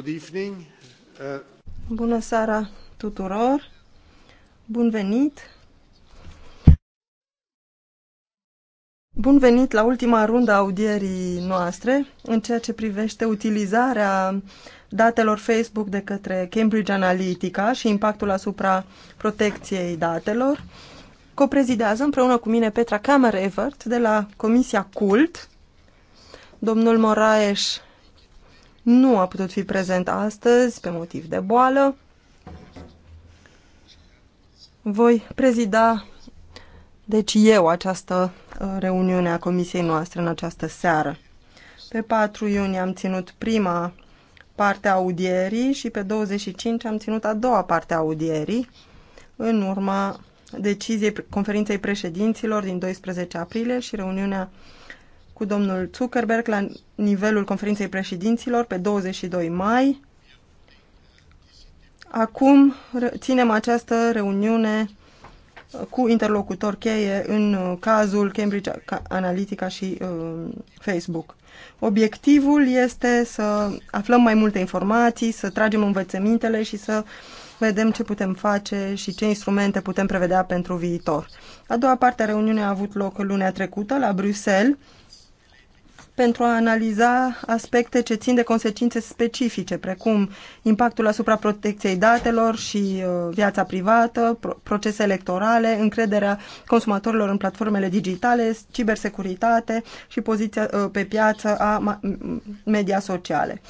Good evening. Uh... Bună seara tuturor. Bun venit. Bun venit la ultima rundă a audierii noastre în ceea ce privește utilizarea datelor Facebook de către Cambridge Analytica și impactul asupra protecției datelor. Coprezidează împreună cu mine Petra Kammer-Evert de la Comisia CULT, domnul Moraes nu a putut fi prezent astăzi pe motiv de boală. Voi prezida, deci eu, această uh, reuniune a comisiei noastre în această seară. Pe 4 iunie am ținut prima parte a audierii și pe 25 am ținut a doua parte a audierii în urma deciziei conferinței președinților din 12 aprilie și reuniunea cu domnul Zuckerberg la nivelul conferinței președinților pe 22 mai. Acum ținem această reuniune uh, cu interlocutor cheie în uh, cazul Cambridge Analytica și uh, Facebook. Obiectivul este să aflăm mai multe informații, să tragem învățămintele și să vedem ce putem face și ce instrumente putem prevedea pentru viitor. A doua parte a reuniunii a avut loc lunea trecută la Bruxelles pentru a analiza aspecte ce țin de consecințe specifice, precum impactul asupra protecției datelor și uh, viața privată, procese electorale, încrederea consumatorilor în platformele digitale, cibersecuritate și poziția uh, pe piață a media sociale.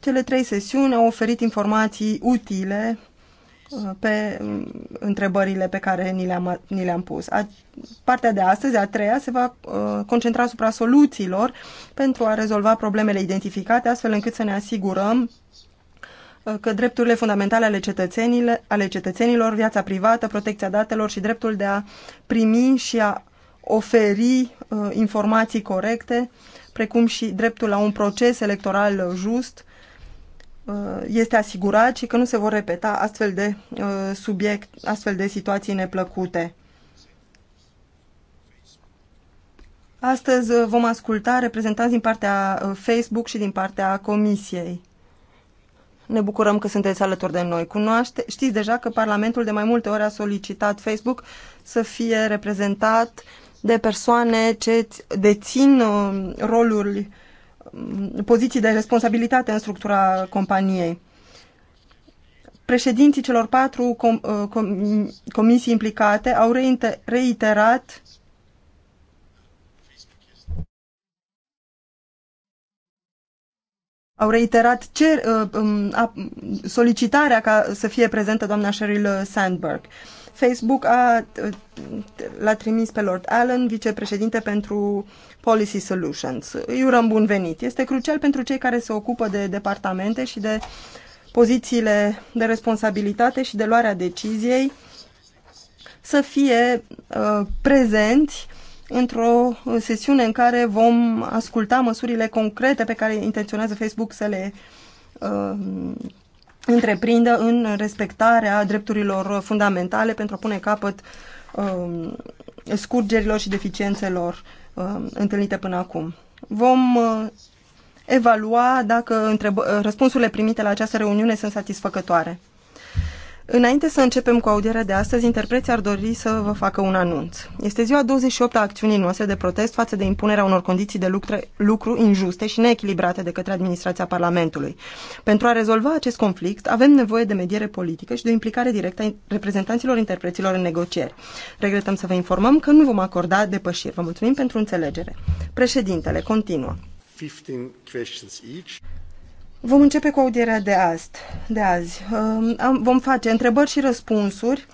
Cele trei sesiuni au oferit informații utile pe mm, întrebările pe care ni le-am, ni le-am pus. A, partea de astăzi, a treia, se va uh, concentra asupra soluțiilor pentru a rezolva problemele identificate, astfel încât să ne asigurăm uh, că drepturile fundamentale ale, cetățenilor, ale cetățenilor, viața privată, protecția datelor și dreptul de a primi și a oferi uh, informații corecte, precum și dreptul la un proces electoral just Uh, este asigurat și că nu se vor repeta astfel de uh, subiect, astfel de situații neplăcute. Astăzi uh, vom asculta reprezentanți din partea Facebook și din partea Comisiei. Ne bucurăm că sunteți alături de noi. Cunoaște, știți deja că Parlamentul de mai multe ori a solicitat Facebook să fie reprezentat de persoane ce dețin roluri poziții de responsabilitate în structura companiei. Președinții celor patru com, uh, com, comisii implicate au reiterat au reiterat cer, uh, um, solicitarea ca să fie prezentă doamna Sheryl Sandberg. Facebook a, uh, l-a trimis pe Lord Allen, vicepreședinte pentru uh, Policy Solutions. Îi urăm bun venit. Este crucial pentru cei care se ocupă de departamente și de pozițiile de responsabilitate și de luarea deciziei să fie uh, prezenți într-o sesiune în care vom asculta măsurile concrete pe care intenționează Facebook să le uh, întreprindă în respectarea drepturilor fundamentale pentru a pune capăt uh, scurgerilor și deficiențelor Um, întâlnite până acum. Vom uh, evalua dacă răspunsurile primite la această reuniune sunt satisfăcătoare. Înainte să începem cu audierea de astăzi, interpreții ar dori să vă facă un anunț. Este ziua 28 a acțiunii noastre de protest față de impunerea unor condiții de lucru, lucru injuste și neechilibrate de către administrația Parlamentului. Pentru a rezolva acest conflict, avem nevoie de mediere politică și de o implicare directă a reprezentanților interpreților în negocieri. Regretăm să vă informăm că nu vom acorda depășiri. Vă mulțumim pentru înțelegere. Președintele continuă. 15 questions each. Vom începe cu audierea de azi. De azi. Vom face întrebări și răspunsuri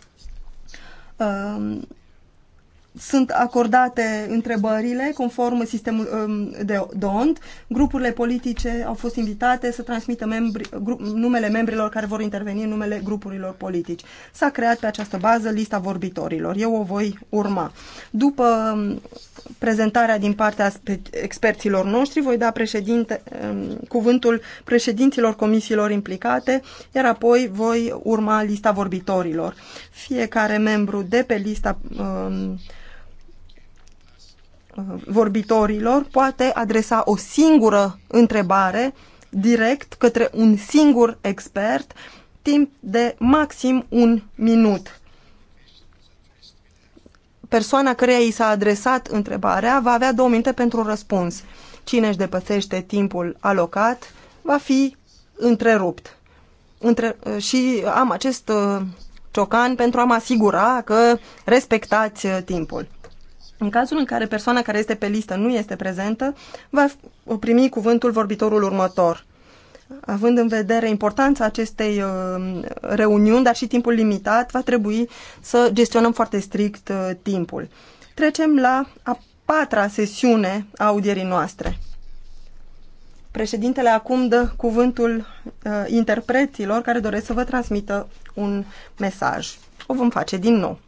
sunt acordate întrebările conform sistemul um, de DONT. Grupurile politice au fost invitate să transmită membri, grup, numele membrilor care vor interveni în numele grupurilor politici. S-a creat pe această bază lista vorbitorilor. Eu o voi urma. După um, prezentarea din partea experților noștri, voi da președinte, um, cuvântul președinților comisiilor implicate, iar apoi voi urma lista vorbitorilor. Fiecare membru de pe lista um, vorbitorilor poate adresa o singură întrebare direct către un singur expert timp de maxim un minut. Persoana căreia i s-a adresat întrebarea va avea două minute pentru răspuns. Cine își depăsește timpul alocat va fi întrerupt. Între... Și am acest uh, ciocan pentru a mă asigura că respectați uh, timpul. În cazul în care persoana care este pe listă nu este prezentă, va primi cuvântul vorbitorul următor. Având în vedere importanța acestei uh, reuniuni, dar și timpul limitat, va trebui să gestionăm foarte strict uh, timpul. Trecem la a patra sesiune a audierii noastre. Președintele acum dă cuvântul uh, interpreților care doresc să vă transmită un mesaj. O vom face din nou.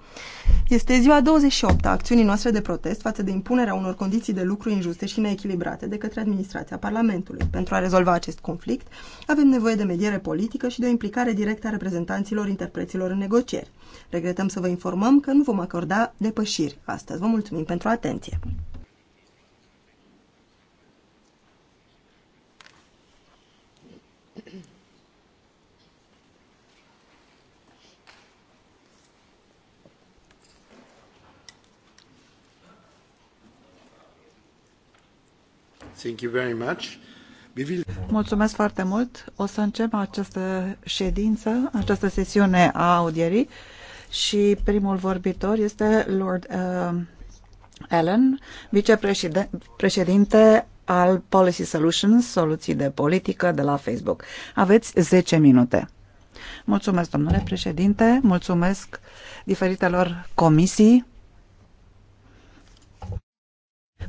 Este ziua 28 a acțiunii noastre de protest față de impunerea unor condiții de lucru injuste și neechilibrate de către administrația Parlamentului. Pentru a rezolva acest conflict, avem nevoie de mediere politică și de o implicare directă a reprezentanților interpreților în negocieri. Regretăm să vă informăm că nu vom acorda depășiri astăzi. Vă mulțumim pentru atenție! Mulțumesc foarte mult. O să încep această ședință, această sesiune a audierii și primul vorbitor este Lord uh, Allen, vicepreședinte al Policy Solutions, soluții de politică de la Facebook. Aveți 10 minute. Mulțumesc, domnule președinte, mulțumesc diferitelor comisii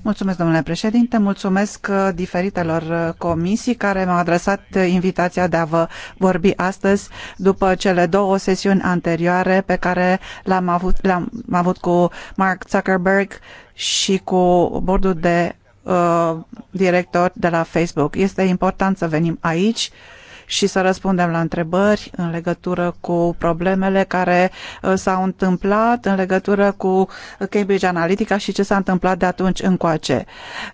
Mulțumesc, domnule președinte, mulțumesc uh, diferitelor uh, comisii care m-au adresat uh, invitația de a vă vorbi astăzi după cele două sesiuni anterioare pe care le-am avut, le avut cu Mark Zuckerberg și cu bordul de uh, director de la Facebook. Este important să venim aici uh, și să răspundem la întrebări în legătură cu problemele care uh, s-au întâmplat în legătură cu Cambridge Analytica și ce s-a întâmplat de atunci încoace.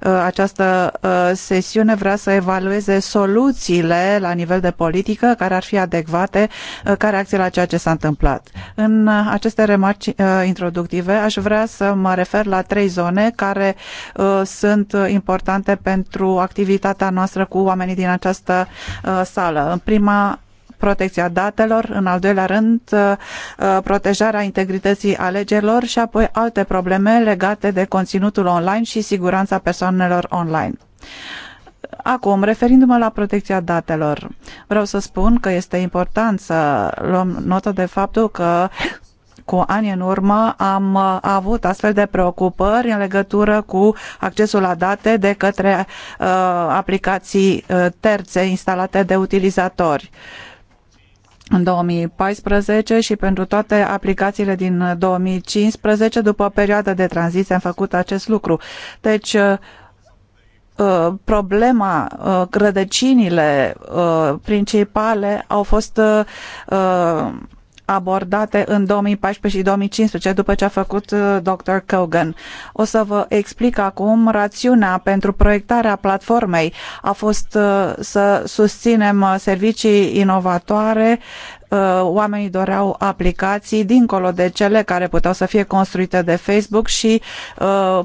Uh, această uh, sesiune vrea să evalueze soluțiile la nivel de politică care ar fi adecvate ca reacție la ceea ce s-a întâmplat. În aceste remarci introductive aș vrea să mă refer la trei zone care sunt importante pentru activitatea noastră cu oamenii din această sală în prima protecția datelor, în al doilea rând uh, uh, protejarea integrității alegerilor și apoi alte probleme legate de conținutul online și siguranța persoanelor online. Acum, referindu-mă la protecția datelor, vreau să spun că este important să luăm notă de faptul că cu ani în urmă am uh, avut astfel de preocupări în legătură cu accesul la date de către uh, aplicații uh, terțe instalate de utilizatori în 2014 și pentru toate aplicațiile din 2015, uh, după perioada de tranziție am făcut acest lucru. Deci, problema, rădăcinile principale au fost abordate în 2014 și 2015 după ce a făcut uh, Dr. Kogan. O să vă explic acum rațiunea pentru proiectarea platformei a fost uh, să susținem uh, servicii inovatoare Uh, oamenii doreau aplicații dincolo de cele care puteau să fie construite de Facebook și uh,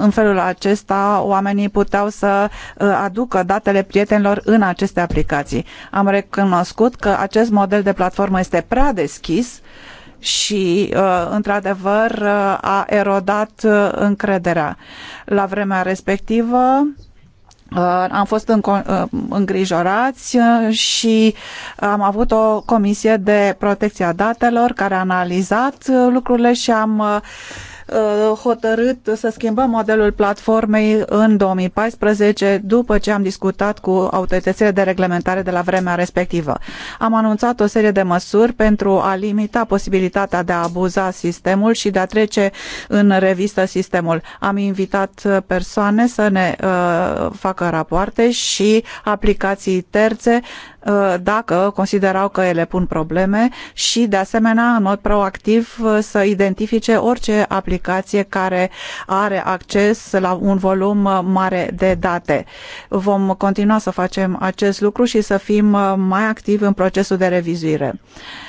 în felul acesta oamenii puteau să uh, aducă datele prietenilor în aceste aplicații. Am recunoscut că acest model de platformă este prea deschis și, într-adevăr, a erodat încrederea. La vremea respectivă, Uh, am fost uh, îngrijorați uh, și am avut o comisie de protecție a datelor care a analizat lucrurile și am Uh, hotărât să schimbăm modelul platformei în 2014 după ce am discutat cu autoritățile de reglementare de la vremea respectivă. Am anunțat o serie de măsuri pentru a limita posibilitatea de a abuza sistemul și de a trece în revistă sistemul. Am invitat persoane să ne uh, facă rapoarte și aplicații terțe uh, dacă considerau că ele pun probleme și de asemenea în mod proactiv uh, să identifice orice aplicație aplicație care are acces la un volum uh, mare de date. Vom continua să facem acest lucru și să fim uh, mai activi în procesul de revizuire.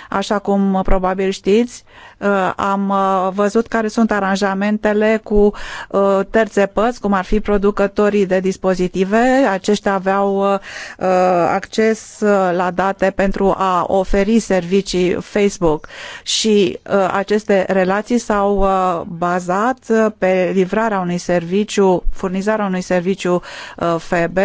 Așa cum uh, probabil știți, Uh, am uh, văzut care sunt aranjamentele cu uh, terțe părți, cum ar fi producătorii de dispozitive. Aceștia aveau acces la date pentru a oferi servicii Facebook și aceste relații s-au bazat pe livrarea unui serviciu, furnizarea unui serviciu FB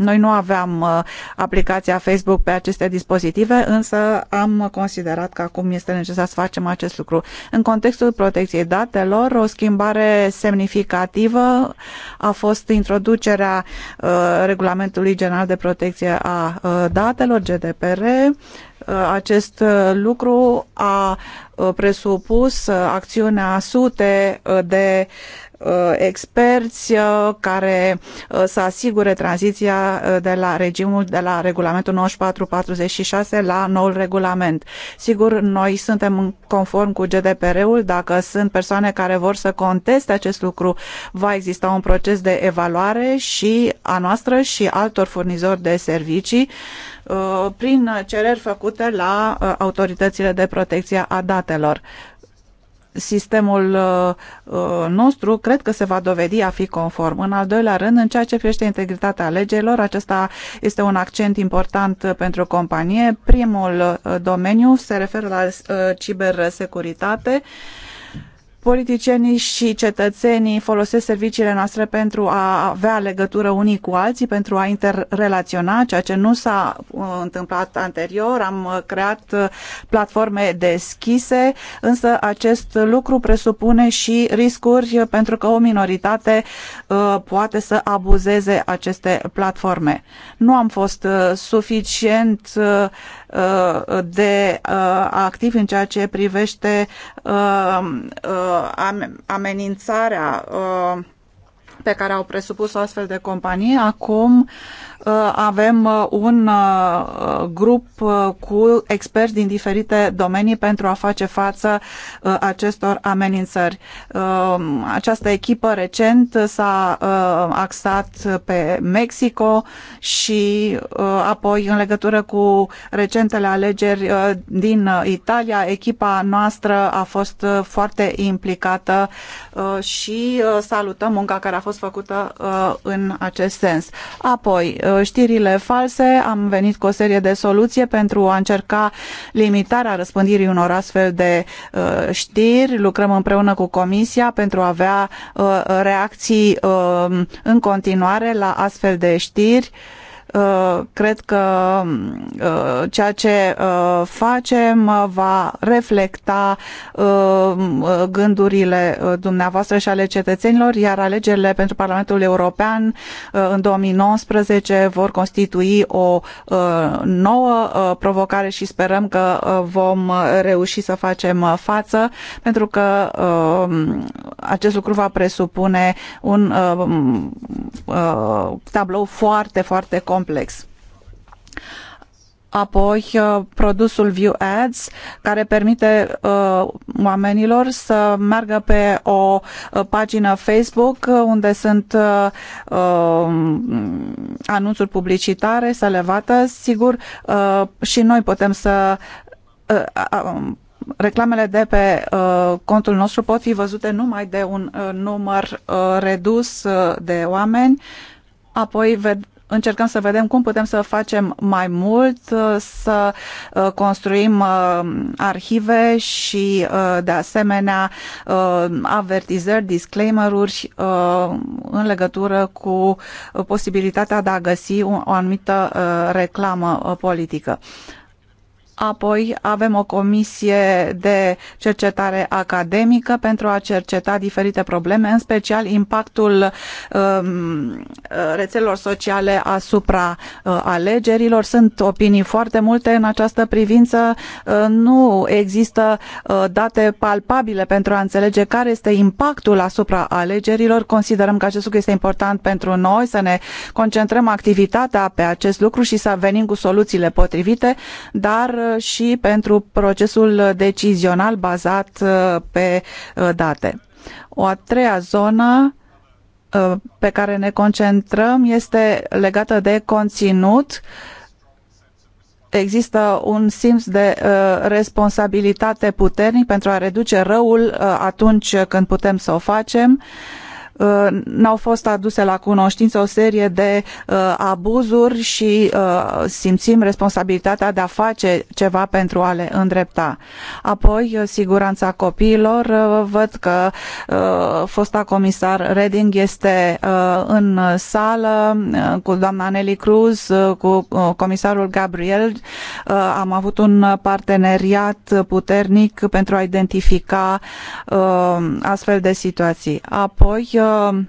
noi nu aveam uh, aplicația Facebook pe aceste dispozitive, însă am considerat că acum este necesar să facem acest lucru. În contextul protecției datelor, o schimbare semnificativă a fost introducerea uh, Regulamentului General de Protecție a uh, Datelor, GDPR, acest lucru a presupus acțiunea sute de Uh, experți uh, care uh, să asigure tranziția de la regimul de la regulamentul 9446 la noul regulament. Sigur, noi suntem conform cu GDPR-ul, dacă sunt persoane care vor să conteste acest lucru, va exista un proces de evaluare și a noastră și altor furnizori de servicii prin cereri făcute la autoritățile de protecție a datelor sistemul uh, uh, nostru cred că se va dovedi a fi conform. În al doilea rând, în ceea ce privește integritatea legilor, acesta este un accent important uh, pentru companie. Primul domeniu se referă la cibersecuritate. Uh, politicienii și cetățenii folosesc serviciile noastre pentru a avea legătură unii cu alții, pentru a interrelaționa, ceea ce nu s-a uh, întâmplat anterior. Am uh, creat uh, platforme deschise, însă acest lucru presupune și riscuri pentru că o minoritate poate să abuzeze aceste platforme. Nu am fost suficient Uh, de uh, activ în ceea ce privește uh, amenințarea pe care au presupus o astfel de companie. Acum uh, avem uh, un uh, grup cu experți din diferite domenii pentru a face față acestor amenințări. Această echipă recent s-a axat pe Mexico și apoi în legătură cu recentele alegeri din Italia, echipa noastră a fost foarte implicată și salutăm munca care a fost fost făcută uh, în acest sens. Apoi, uh, știrile false, am venit cu o serie de soluții pentru a încerca limitarea răspândirii unor astfel de uh, știri. Lucrăm împreună cu Comisia pentru a avea uh, reacții uh, în continuare la astfel de știri. Uh, Uh, cred că uh, ceea ce uh, facem va reflecta gândurile dumneavoastră și ale cetățenilor, iar alegerile pentru Parlamentul European în 2019 vor constitui o nouă provocare și sperăm că vom reuși să facem față, pentru că acest lucru va presupune un tablou foarte, foarte complex complex. Apoi, uh, produsul View Ads, care permite uh, oamenilor să meargă pe o uh, pagină Facebook uh, unde sunt uh, anunțuri publicitare, să le vadă. Sigur, și noi putem să reclamele de pe uh, contul nostru pot fi văzute numai de un uh, număr uh, redus de oameni. Apoi ved, încercăm să vedem cum putem să facem mai mult, să uh, construim uh, arhive și uh, de asemenea avertizări, disclaimer-uri în legătură cu posibilitatea de a găsi o anumită reclamă politică. Apoi avem o comisie de cercetare academică pentru a cerceta diferite probleme, în special impactul um, rețelelor sociale asupra uh, alegerilor. Sunt opinii foarte multe în această privință. Uh, nu există uh, date palpabile pentru a înțelege care este impactul asupra alegerilor. Considerăm că acest lucru este important pentru noi, să ne concentrăm activitatea pe acest lucru și să venim cu soluțiile potrivite, dar uh, și pentru procesul decizional bazat uh, pe uh, date. O a treia zonă uh, pe care ne concentrăm este legată de conținut. Există un simț de responsabilitate puternic pentru a reduce răul atunci când putem să o facem. Uh, Uh, n-au fost aduse la cunoștință o serie de uh, abuzuri și uh, simțim responsabilitatea de a face ceva pentru a le îndrepta. Apoi, siguranța copiilor, văd că fosta comisar Reding este în sală cu doamna Nelly Cruz, cu comisarul Gabriel. Am avut un parteneriat puternic pentru a identifica astfel de situații. Apoi, uh,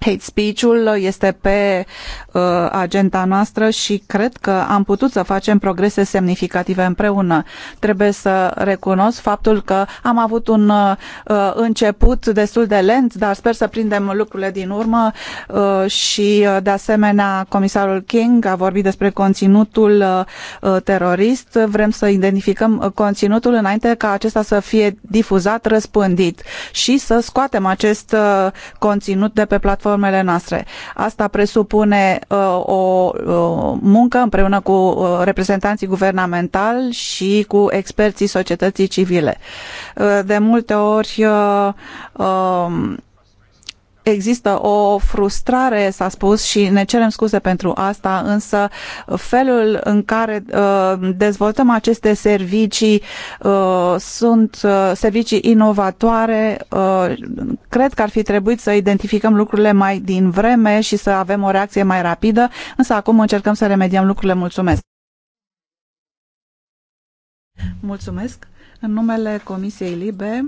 Hate speech-ul este pe uh, agenda noastră și cred că am putut să facem progrese semnificative împreună. Trebuie să recunosc faptul că am avut un uh, uh început destul de lent, dar sper să prindem lucrurile din urmă uh, și uh, de asemenea comisarul King a vorbit despre conținutul uh, uh terorist. Vrem să identificăm conținutul înainte ca acesta să fie difuzat, răspândit și să scoatem acest uh, conținut de pe platformă platformele noastre. Asta presupune uh, o uh, muncă împreună cu uh, reprezentanții guvernamentali și cu experții societății civile. De multe ori um, există o frustrare, s-a spus, și ne cerem scuze pentru asta, însă felul în care uh, dezvoltăm aceste servicii uh, sunt uh, servicii inovatoare. Uh, cred că ar fi trebuit să identificăm lucrurile mai din vreme și să avem o reacție mai rapidă, însă acum încercăm să remediem lucrurile. Mulțumesc! Mulțumesc! În numele Comisiei Libe,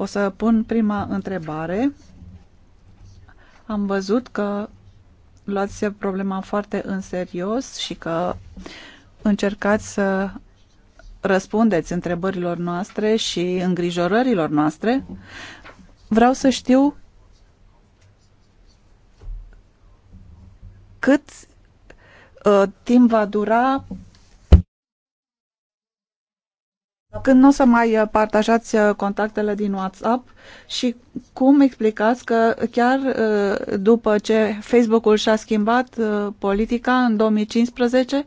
o să pun prima întrebare. Am văzut că luați problema foarte în serios și că încercați să răspundeți întrebărilor noastre și îngrijorărilor noastre. Vreau să știu cât uh, timp va dura când nu o să mai uh, partajați uh, contactele din WhatsApp și cum explicați că chiar uh, după ce Facebook-ul și-a schimbat politica în 2015,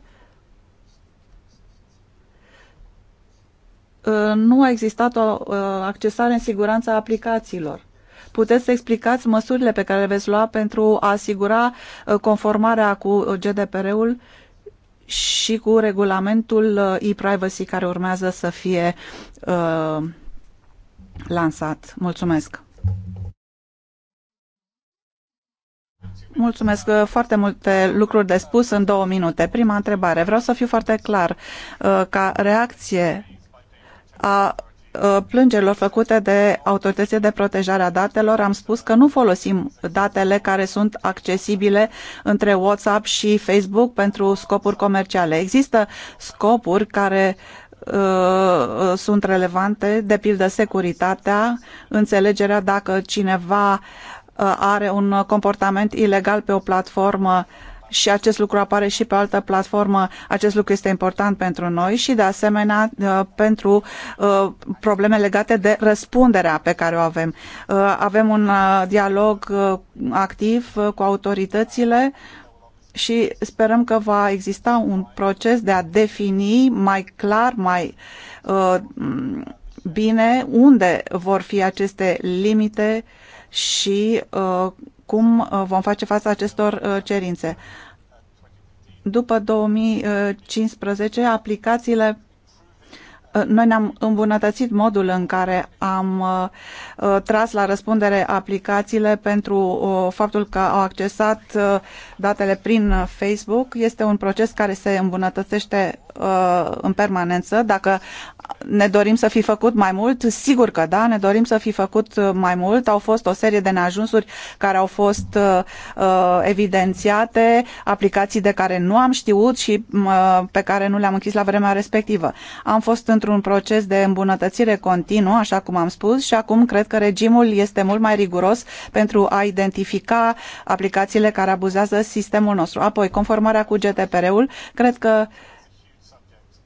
nu a existat o accesare în siguranță a aplicațiilor. Puteți să explicați măsurile pe care le veți lua pentru a asigura conformarea cu GDPR-ul și cu regulamentul uh, e-privacy care urmează să fie uh, lansat. Mulțumesc! Mulțumesc uh, foarte multe lucruri de spus în două minute. Prima întrebare. Vreau să fiu foarte clar. Uh, ca reacție a Uh, plângerilor făcute de autoritățile de protejare a datelor, am spus că nu folosim datele care sunt accesibile între WhatsApp și Facebook pentru scopuri comerciale. Există scopuri care uh, sunt relevante, de pildă securitatea, înțelegerea dacă cineva uh, are un comportament ilegal pe o platformă uh, și acest lucru apare și pe altă platformă, acest lucru este important pentru noi și de asemenea uh, pentru uh, probleme legate de răspunderea pe care o avem. Uh, avem un dialog activ cu autoritățile și sperăm că va exista un proces de a defini mai clar, mai bine unde vor fi aceste limite și cum vom face față acestor cerințe după 2015, aplicațiile uh, noi ne-am îmbunătățit modul în care am uh, tras la răspundere aplicațiile pentru uh, faptul că au accesat uh, datele prin uh, Facebook. Este un proces care se îmbunătățește uh, în permanență. Dacă ne dorim să fi făcut mai mult, sigur că da, ne dorim să fi făcut uh, mai mult. Au fost o serie de neajunsuri care au fost uh, uh, evidențiate, aplicații de care nu am știut și uh, pe care nu le-am închis la vremea respectivă. Am fost într-un proces de îmbunătățire continuă, așa cum am spus, și acum cred că regimul este mult mai riguros pentru a identifica aplicațiile care abuzează sistemul nostru. Apoi, conformarea cu GDPR-ul, cred că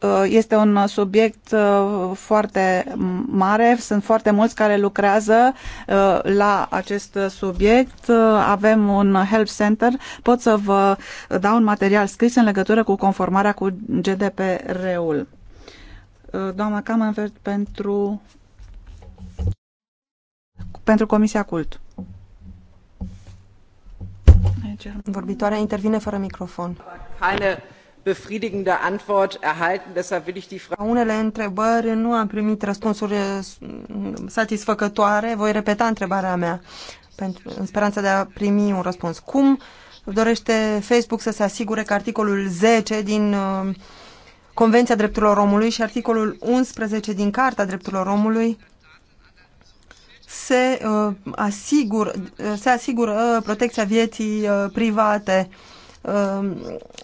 uh, este un subiect uh, foarte mare, sunt foarte mulți care lucrează uh, la acest subiect. Avem un help center, pot să vă dau un material scris în legătură cu conformarea cu GDPR-ul. Doamna Camenvert pentru pentru Comisia Cult. Vorbitoarea intervine fără microfon. Keine befriedigende Antwort erhalten, deshalb will ich die Frage... Unele întrebări nu am primit răspunsuri mm, satisfăcătoare. Voi repeta întrebarea mea pentru, în speranța de a primi un răspuns. Cum dorește Facebook să se asigure că articolul 10 din uh, Convenția Drepturilor Omului și articolul 11 din Carta Drepturilor Omului se, uh, asigur, se asigură protecția vieții uh, private uh,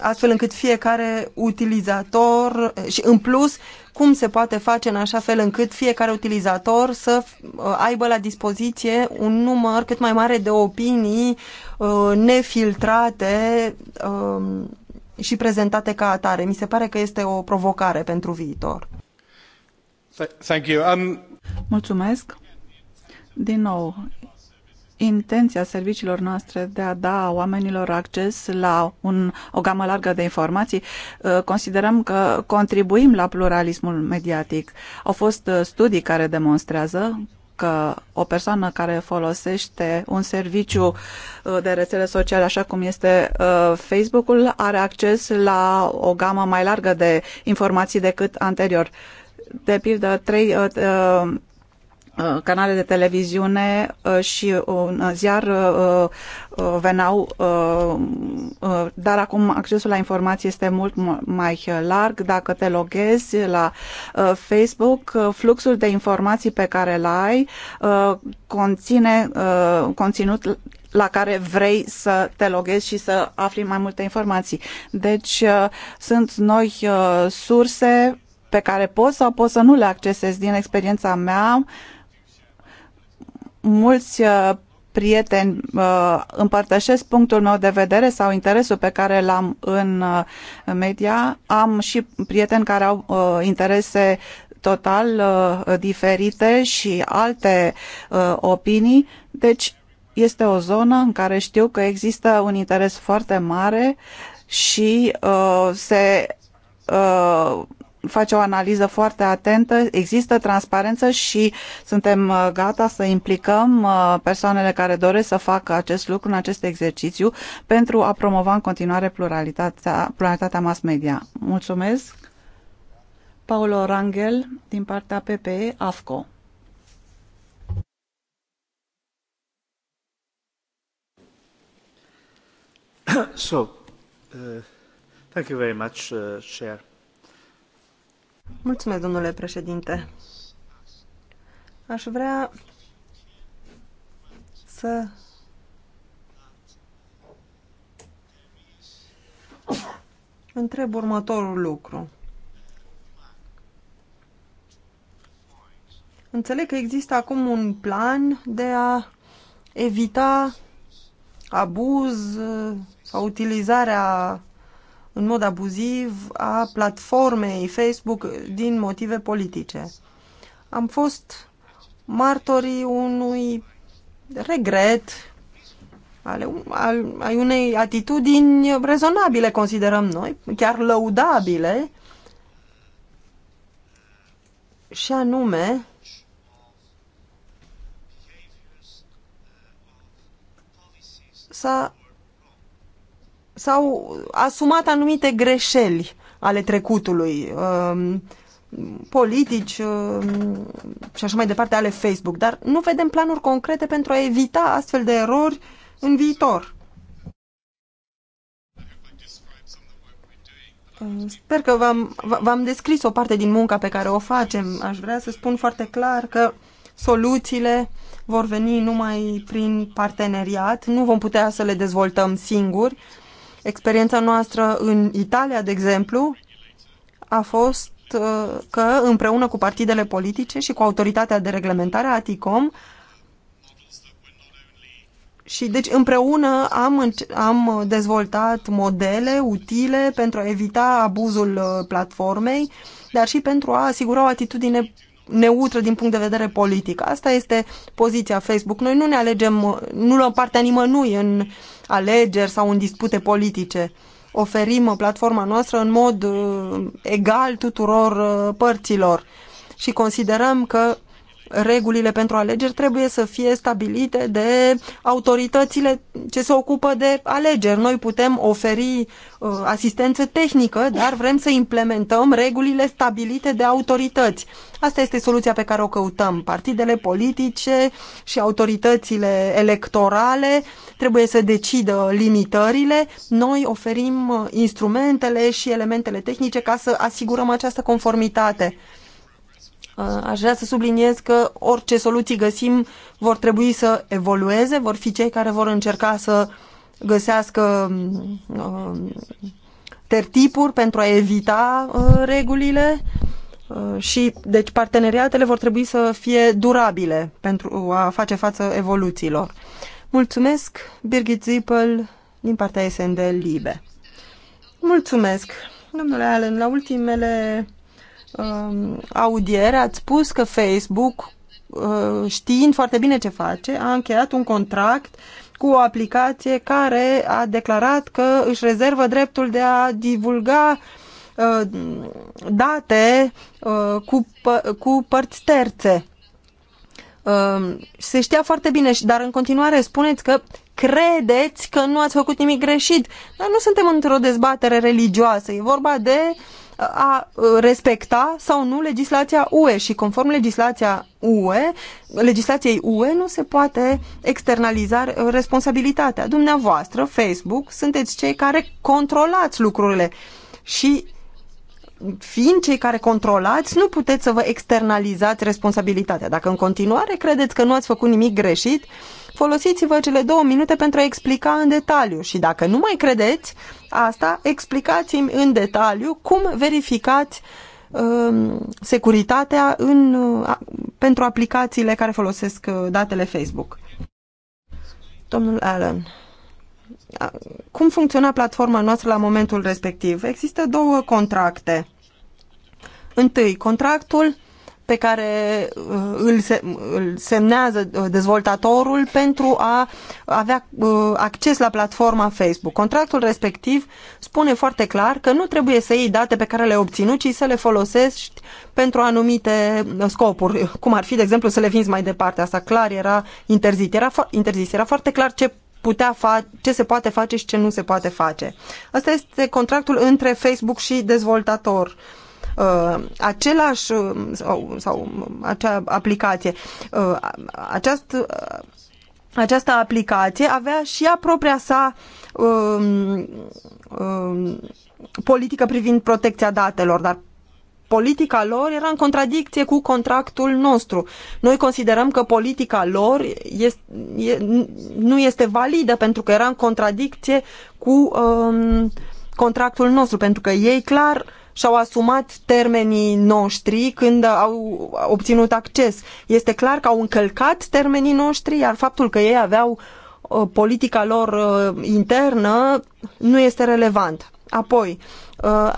astfel încât fiecare utilizator uh, și în plus cum se poate face în așa fel încât fiecare utilizator să uh, aibă la dispoziție un număr cât mai mare de opinii nefiltrate um, și prezentate ca atare. Mi se pare că este o provocare pentru viitor. Thank you. Um... Mulțumesc. Din nou, intenția serviciilor noastre de a da oamenilor acces la un, o gamă largă de informații, uh, considerăm că contribuim la pluralismul mediatic. Au fost uh, studii care demonstrează că o persoană care folosește un serviciu uh, de rețele sociale, așa cum este Facebook-ul, are acces la o gamă mai largă de informații decât anterior. De pildă, trei Uh, canale de televiziune uh, și un uh, ziar veneau, dar acum accesul la informații este mult mai larg. Dacă te loghezi la Facebook, fluxul de informații pe care îl ai conține conținut la care vrei să te loghezi și să afli mai multe informații. Deci sunt noi surse pe care poți sau poți să nu le accesezi din experiența mea. Uh, mulți uh, prieteni uh, împărtășesc punctul meu de vedere sau interesul pe care l-am în uh, media. Am și prieteni care au interese total diferite și alte opinii. Deci este o zonă în care știu că există un interes foarte mare și se face o analiză foarte atentă, există transparență și suntem uh, gata să implicăm uh, persoanele care doresc să facă acest lucru în acest exercițiu pentru a promova în continuare pluralitatea, pluralitatea mass media. Mulțumesc! Paolo Rangel, din partea PPE, AFCO. so, uh, thank you very much, uh, Chair. Mulțumesc, domnule președinte. Aș vrea să întreb următorul lucru. Înțeleg că există acum un plan de a evita abuz sau utilizarea în mod abuziv a platformei Facebook din motive politice. Am fost martorii unui regret ale, al, ai unei atitudini rezonabile, considerăm noi, chiar lăudabile, și anume s-a s-au asumat anumite greșeli ale trecutului, um, politici um, și așa mai departe ale Facebook, dar nu vedem planuri concrete pentru a evita astfel de erori în viitor. Uh, sper că v-am, descris o parte din munca pe care o facem. Aș vrea să spun foarte clar că soluțiile vor veni numai prin parteneriat. Nu vom putea să le dezvoltăm singuri Experiența noastră în Italia, de exemplu, a fost uh, că împreună cu partidele politice și cu autoritatea de reglementare a ATICOM și deci împreună am, am dezvoltat modele utile pentru a evita abuzul uh, platformei, dar și pentru a asigura o atitudine neutră din punct de vedere politic. Asta este poziția Facebook. Noi nu ne alegem, nu luăm partea nimănui în alegeri sau în dispute politice. Oferim platforma noastră în mod uh, egal tuturor uh, părților și considerăm că regulile pentru alegeri trebuie să fie stabilite de autoritățile ce se ocupă de alegeri. Noi putem oferi uh, asistență tehnică, dar vrem să implementăm regulile stabilite de autorități. Asta este soluția pe care o căutăm. Partidele politice și autoritățile electorale trebuie să decidă limitările. Noi oferim uh, instrumentele și elementele tehnice ca să asigurăm această conformitate. Uh, aș vrea să subliniez că orice soluții găsim vor trebui să evolueze, vor fi cei care vor încerca să găsească uh, tertipuri pentru a evita uh, regulile și deci parteneriatele vor trebui să fie durabile pentru a face față evoluțiilor. Mulțumesc, Birgit Zippel, din partea SND Libe. Mulțumesc. Domnule Allen, la ultimele um, audiere ați spus că Facebook, uh, știind foarte bine ce face, a încheiat un contract cu o aplicație care a declarat că își rezervă dreptul de a divulga uh, date uh, cu, cu, cu părți terțe. Uh, se știa foarte bine, dar în continuare spuneți că credeți că nu ați făcut nimic greșit. Dar nu suntem într-o dezbatere religioasă, e vorba de uh, a respecta sau nu legislația UE și conform legislația UE, legislației UE nu se poate externaliza responsabilitatea. Dumneavoastră, Facebook, sunteți cei care controlați lucrurile și fiind cei care controlați, nu puteți să vă externalizați responsabilitatea. Dacă în continuare credeți că nu ați făcut nimic greșit, uh, Folosiți-vă cele două minute pentru a explica în detaliu și dacă nu mai credeți asta, explicați-mi în detaliu cum verificați um, securitatea în, uh, pentru aplicațiile care folosesc uh, datele Facebook. Domnul Allen cum funcționa platforma noastră la momentul respectiv? Există două contracte. Întâi, contractul pe care uh, îl, se, îl semnează uh, dezvoltatorul pentru a avea uh, acces la platforma Facebook. Contractul respectiv spune foarte clar că nu trebuie să iei date pe care le-ai obținut, ci să le folosești pentru anumite scopuri, cum ar fi, de exemplu, să le vinzi mai departe. Asta clar era interzis. Era, interzis. era foarte clar ce putea fa- ce se poate face și ce nu se poate face. Asta este contractul între Facebook și dezvoltator. Uh, Uh, același uh, sau, sau acea aplicație. Uh, aceast, această aplicație avea și ea propria sa um, um, politică privind protecția datelor, dar politica lor era în contradicție cu contractul nostru. Noi considerăm că politica lor este, e, nu este validă pentru că era în contradicție cu um, contractul nostru, pentru că ei clar uh, și-au asumat termenii noștri când au obținut acces. Este clar că au încălcat termenii noștri, iar faptul că ei aveau uh, politica lor uh, internă nu este relevant. Apoi, uh,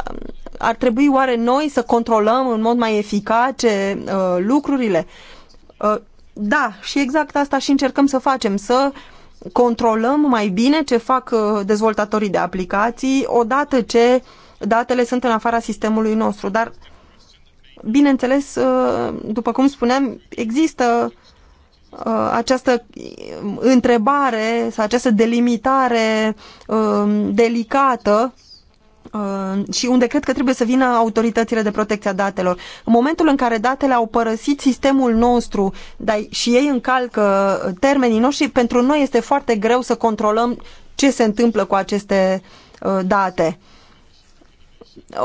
ar trebui oare noi să controlăm în mod mai eficace lucrurile? Da, și exact asta și încercăm să facem, să controlăm mai bine ce fac dezvoltatorii de aplicații odată ce uh, datele sunt în afara sistemului nostru, dar bineînțeles, uh, după cum spuneam, există uh, această um, întrebare sau această delimitare um, delicată uh, și unde cred că trebuie să vină autoritățile de protecție a datelor. În momentul în care datele au părăsit sistemul nostru dar și ei încalcă termenii noștri, pentru noi este foarte greu să controlăm ce se întâmplă cu aceste date.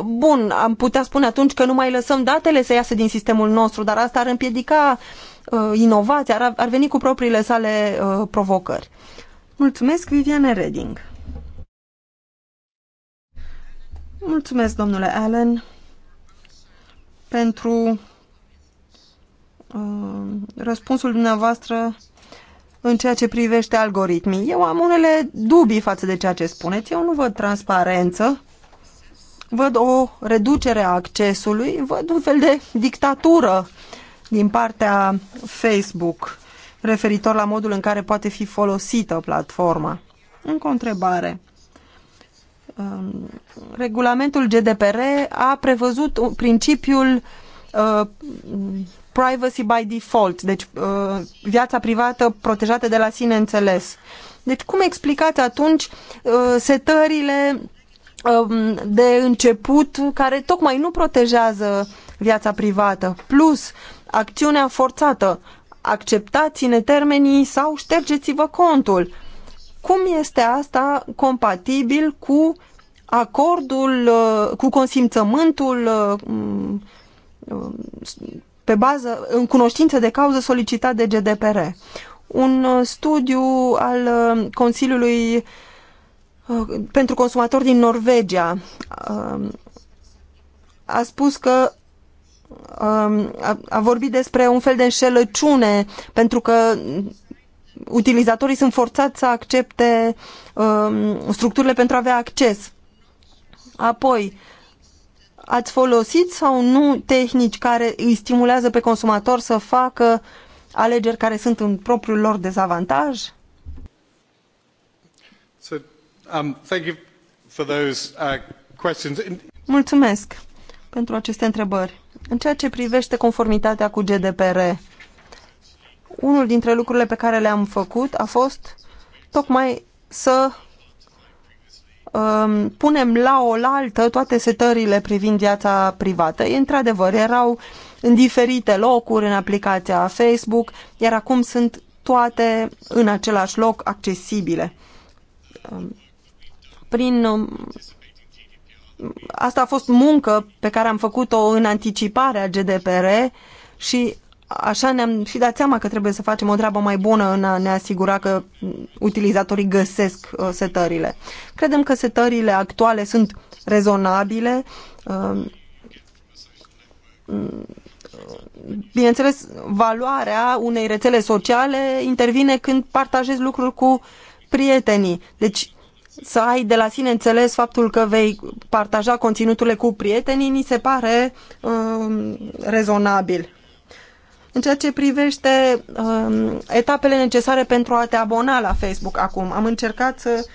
Bun, am putea spune atunci că nu mai lăsăm datele să iasă din sistemul nostru, dar asta ar împiedica uh, inovația, ar, ar veni cu propriile sale uh, provocări. Mulțumesc, Viviane Reding. Mulțumesc, domnule Allen, pentru uh, răspunsul dumneavoastră în ceea ce privește algoritmii. Eu am unele dubii față de ceea ce spuneți. Eu nu văd transparență văd o reducere a accesului, văd un fel de dictatură din partea Facebook referitor la modul în care poate fi folosită platforma. Încă o întrebare. Um, regulamentul GDPR a prevăzut principiul uh, privacy by default, deci uh, viața privată protejată de la sine înțeles. Deci cum explicați atunci uh, setările Um, de început care tocmai nu protejează viața privată. Plus, acțiunea forțată. Acceptați-ne termenii sau ștergeți-vă contul. Cum este asta compatibil cu acordul, uh, cu consimțământul uh, um, pe bază, în cunoștință de cauză solicitat de GDPR? Un uh, studiu al Consiliului Oh, pentru consumatori din Norvegia um, a spus că um, a vorbit despre un fel de înșelăciune pentru că utilizatorii sunt forțați să accepte um, structurile pentru a avea acces. Apoi, ați folosit sau nu tehnici care îi stimulează pe consumator să facă alegeri care sunt în propriul lor dezavantaj? Um, uh, Mulțumesc pentru aceste întrebări. În ceea ce privește conformitatea cu GDPR, unul dintre lucrurile pe care le-am făcut a fost tocmai să um, punem la oaltă toate setările privind viața privată. Într-adevăr, erau în diferite locuri în aplicația Facebook, iar acum sunt toate în același loc accesibile. Um, prin um, asta a fost muncă pe care am făcut-o în anticiparea GDPR și așa ne-am și dat seama că trebuie să facem o treabă mai bună în a ne asigura că utilizatorii găsesc uh, setările. Credem că setările actuale sunt rezonabile. Um, bineînțeles, valoarea unei rețele sociale intervine când partajezi lucruri cu prietenii. Deci, să ai de la sine înțeles faptul că vei partaja conținuturile cu prietenii, ni se pare um, rezonabil. În ceea ce privește um, etapele necesare pentru a te abona la Facebook acum, am încercat să,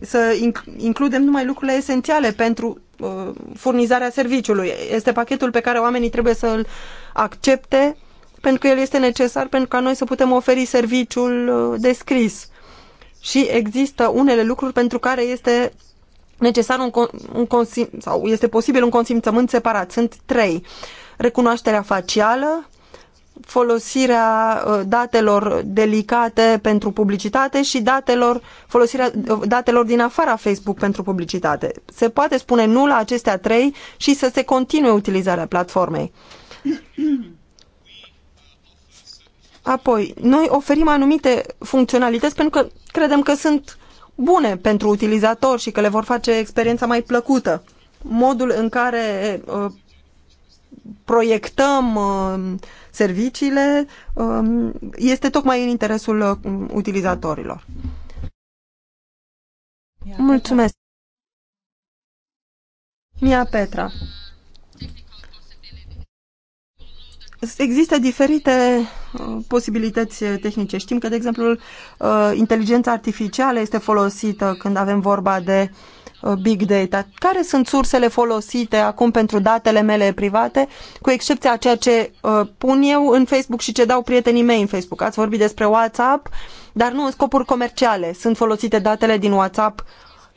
să includem numai lucrurile esențiale pentru uh, furnizarea serviciului. Este pachetul pe care oamenii trebuie să-l accepte pentru că el este necesar pentru ca noi să putem oferi serviciul uh, descris și există unele lucruri pentru care este necesar un, un consim, sau este posibil un consimțământ separat. Sunt trei. Recunoașterea facială, folosirea ă, datelor delicate pentru publicitate și datelor, folosirea ă, datelor din afara Facebook pentru publicitate. Se poate spune nu la acestea trei și să se continue utilizarea platformei. Apoi, noi oferim anumite funcționalități pentru că credem că sunt bune pentru utilizator și că le vor face experiența mai plăcută. Modul în care uh, proiectăm uh, serviciile um, este tocmai în interesul uh, utilizatorilor. Mia Mulțumesc! Petra. Mia Petra. Există diferite uh, posibilități uh, tehnice. Știm că, de exemplu, uh, inteligența artificială este folosită când avem vorba de big data. Care sunt sursele folosite acum pentru datele mele private, cu excepția ceea ce pun eu în Facebook și ce dau prietenii mei în Facebook? Ați vorbit despre WhatsApp, dar nu în scopuri comerciale. Sunt folosite datele din WhatsApp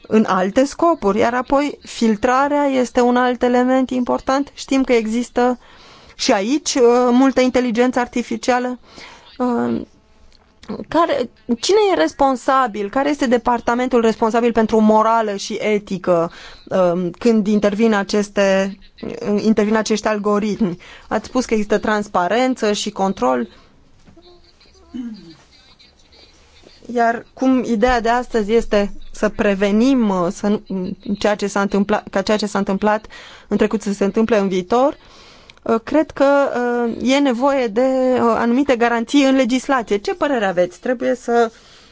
în alte scopuri, iar apoi filtrarea este un alt element important. Știm că există uh, și aici uh, multă inteligență artificială. Uh, care, cine e responsabil? Care este departamentul responsabil pentru morală și etică uh, când intervin, aceste, intervin acești algoritmi? Ați spus că există transparență și control. Iar cum ideea de astăzi este să prevenim să, mm, ceea ce s-a întâmplat, ca ceea ce s-a întâmplat în trecut să se întâmple în viitor, uh, Uh, cred că uh, e nevoie de uh, anumite garanții în legislație. Ce părere aveți? Trebuie să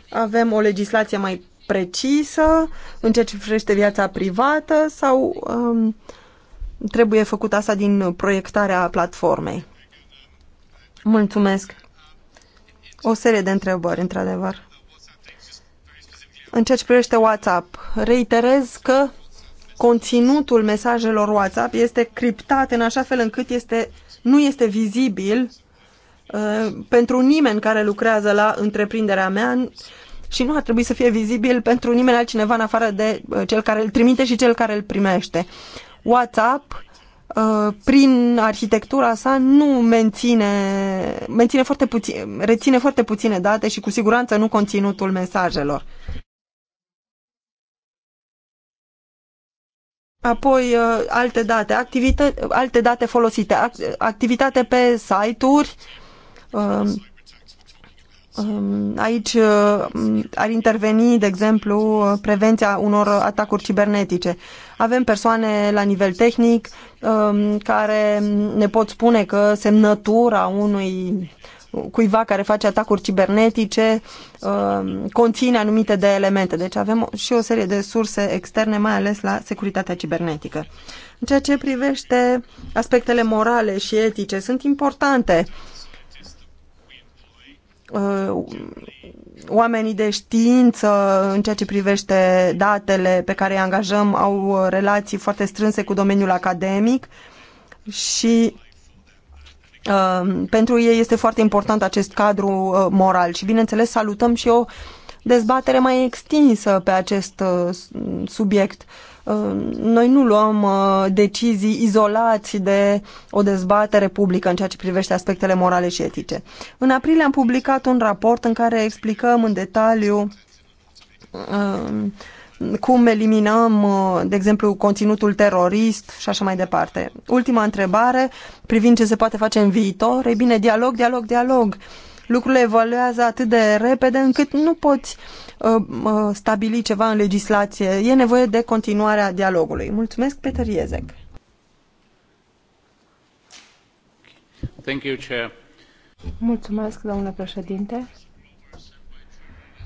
avem o legislație mai precisă în ceea ce privește viața privată sau um, trebuie făcut asta din proiectarea platformei? Mulțumesc. O serie de întrebări, într-adevăr. În ceea ce privește WhatsApp, reiterez că conținutul mesajelor WhatsApp este criptat în așa fel încât este, nu este vizibil uh, pentru nimeni care lucrează la întreprinderea mea și nu ar trebui să fie vizibil pentru nimeni altcineva în afară de uh, cel care îl trimite și cel care îl primește. WhatsApp uh, prin arhitectura sa nu menține, menține foarte puțin, reține foarte puține date și cu siguranță nu conținutul mesajelor. Apoi uh, alte date, activită, alte date folosite, activitate pe site-uri. Um, um, aici uh, ar interveni, de exemplu, prevenția unor atacuri cibernetice. Avem persoane la nivel tehnic um, care ne pot spune că semnătura unui cuiva care face atacuri cibernetice uh, conține anumite de elemente. Deci avem și o serie de surse externe, mai ales la securitatea cibernetică. În ceea ce privește aspectele morale și etice, sunt importante uh, oamenii de știință în ceea ce privește datele pe care îi angajăm au relații foarte strânse cu domeniul academic și Uh, pentru ei este foarte important acest cadru uh, moral și, bineînțeles, salutăm și o dezbatere mai extinsă pe acest uh, subiect. Noi nu luăm decizii izolați de o dezbatere publică în ceea ce privește aspectele morale și etice. În aprilie am publicat un raport în care explicăm în detaliu cum eliminăm, uh, de exemplu, conținutul terorist și așa mai departe. Ultima întrebare, privind ce se poate face în viitor, e bine, dialog, dialog, dialog. Lucrurile evoluează atât de repede încât nu poți uh, uh, stabili ceva în legislație. E nevoie de continuarea dialogului. Mulțumesc, Peter Iezec. Thank you, Chair. Mulțumesc, domnule președinte.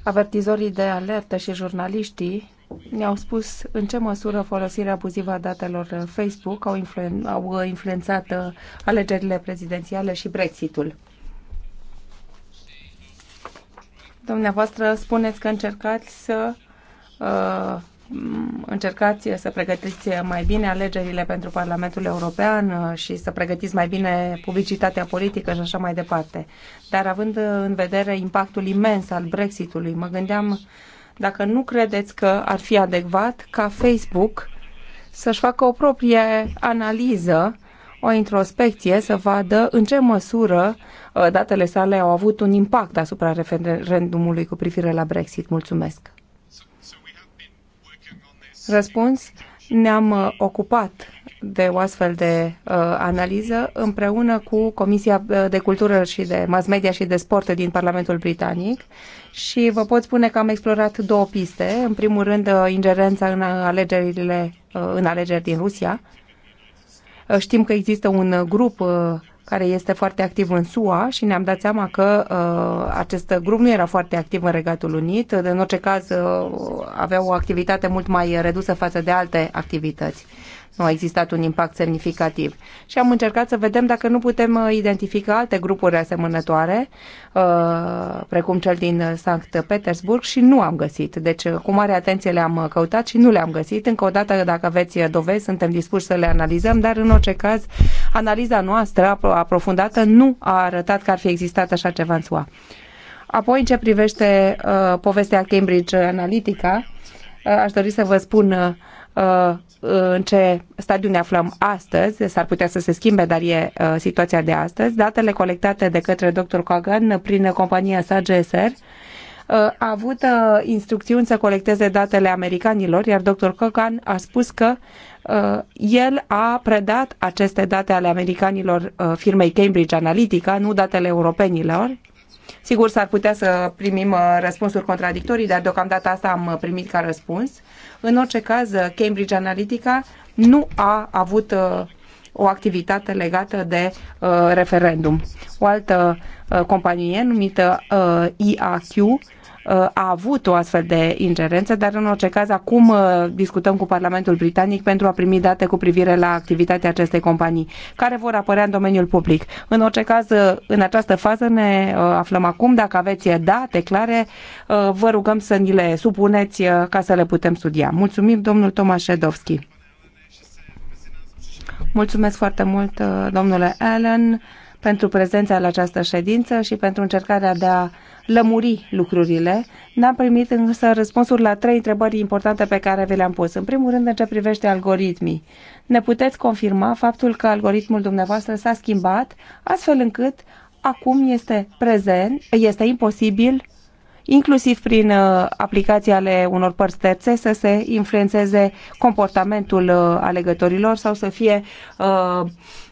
Avertizorii de alertă și jurnaliștii ne-au spus în ce măsură folosirea abuzivă a datelor Facebook au, influen- au influențat uh, alegerile prezidențiale și Brexitul. Dumneavoastră spuneți că încercați să uh, încercați să pregătiți mai bine alegerile pentru Parlamentul European uh, și să pregătiți mai bine publicitatea politică și așa mai departe. Dar având în vedere impactul imens al Brexitului, mă gândeam uh, dacă nu credeți că ar fi adecvat ca Facebook să-și facă o proprie analiză, o introspecție, să vadă în ce măsură uh, datele sale au avut un impact asupra referendumului cu privire la Brexit. Mulțumesc. Răspuns. Ne-am uh, ocupat de o astfel de uh, analiză împreună cu Comisia uh, de Cultură și de Mass Media și de Sport din Parlamentul Britanic și vă pot spune că am explorat două piste. În primul rând, uh, ingerența în alegerile uh, în alegeri din Rusia. Uh, știm că există un grup uh, care este foarte activ în SUA și ne-am dat seama că uh, acest grup nu era foarte activ în Regatul Unit, în orice caz uh, avea o activitate mult mai redusă față de alte activități. Uh, nu a existat un impact semnificativ. Și am încercat să vedem dacă nu putem uh, identifica alte grupuri asemănătoare, uh, precum cel din Sankt Petersburg, și nu am găsit. Deci, uh, cu mare atenție le-am căutat și nu le-am găsit. Încă o dată, dacă aveți dovezi, suntem dispuși să le analizăm, dar, în orice caz, analiza noastră aprofundată nu a arătat că ar fi existat așa ceva în SUA. Apoi, în ce privește uh, povestea Cambridge Analytica, uh, aș dori să vă spun uh, în ce stadiu ne aflăm astăzi, s-ar putea să se schimbe, dar e uh, situația de astăzi. Datele colectate de către dr. Cogan prin compania sa GSR uh, a avut uh, instrucțiuni să colecteze datele americanilor, iar dr. Cogan a spus că el a predat aceste date ale americanilor firmei Cambridge Analytica, nu datele europenilor, Sigur, s-ar putea să primim uh, răspunsuri contradictorii, dar deocamdată asta am uh, primit ca răspuns. În orice caz, uh, Cambridge Analytica nu a avut o activitate legată de referendum. O altă companie numită IAQ a avut o astfel de ingerență, dar în orice caz acum uh, discutăm cu Parlamentul Britanic pentru a primi date cu privire la activitatea acestei companii, care vor apărea în domeniul public. În orice caz, uh, în această fază ne uh, aflăm acum. Dacă aveți date clare, vă rugăm să ni le supuneți ca să le putem studia. Mulțumim, domnul Tomaședovski. Mulțumesc foarte mult, domnule Allen pentru prezența la această ședință și pentru încercarea de a lămuri lucrurile. N-am primit însă răspunsuri la trei întrebări importante pe care vi le-am pus. În primul rând, în ce privește algoritmii. Ne puteți confirma faptul că algoritmul dumneavoastră s-a schimbat astfel încât acum este prezent, este imposibil inclusiv prin uh, aplicații ale unor părți terțe, să se influențeze comportamentul uh, alegătorilor sau să fie uh,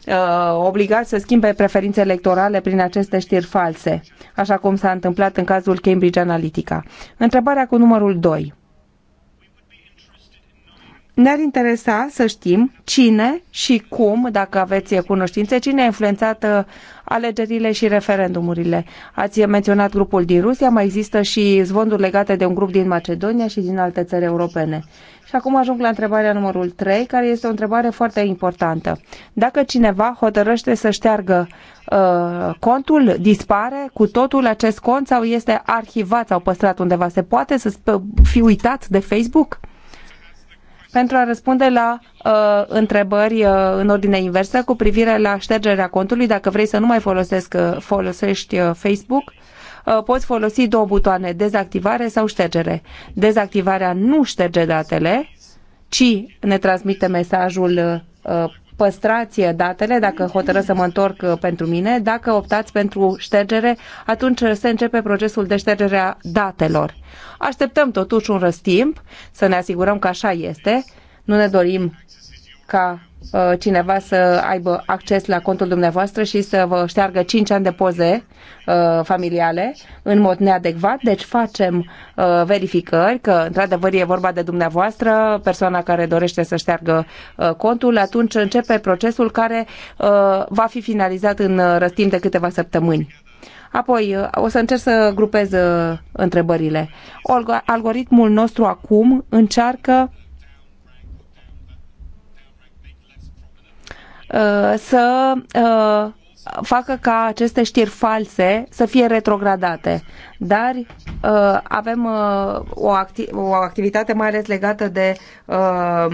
Uh, obligați să schimbe preferințe electorale prin aceste știri false, așa cum s-a întâmplat în cazul Cambridge Analytica. Întrebarea cu numărul 2. Ne-ar interesa să știm cine și cum, dacă aveți cunoștințe, cine a influențat uh, alegerile și referendumurile. Ați menționat grupul din Rusia, mai există și zvonuri legate de un grup din Macedonia și din alte țări europene. Și acum ajung la întrebarea numărul 3, care este o întrebare foarte importantă. Dacă cineva hotărăște să șteargă uh, contul, dispare cu totul acest cont sau este arhivat sau păstrat undeva, se poate să fi uitat de Facebook? pentru a răspunde la uh, întrebări uh, în ordine inversă cu privire la ștergerea contului. Dacă vrei să nu mai folosesc, uh, folosești uh, Facebook, uh, poți folosi două butoane, dezactivare sau ștergere. Dezactivarea nu șterge datele, ci ne transmite mesajul uh, păstrați datele, dacă hotărăți să mă întorc uh, pentru mine, dacă optați pentru ștergere, atunci se începe procesul de ștergere a datelor. Așteptăm totuși un răstimp să ne asigurăm că așa este. Nu ne dorim ca uh, cineva să aibă acces la contul dumneavoastră și să vă șteargă 5 ani de poze uh, familiale în mod neadecvat. Deci facem uh, verificări că într-adevăr e vorba de dumneavoastră, persoana care dorește să șteargă contul, atunci începe procesul care va fi finalizat în răstim de câteva săptămâni. Apoi o să încerc să grupez întrebările. Algoritmul nostru acum încearcă Uh, să uh, facă ca aceste știri false să fie retrogradate dar uh, avem uh, o, acti- o activitate mai ales legată de uh,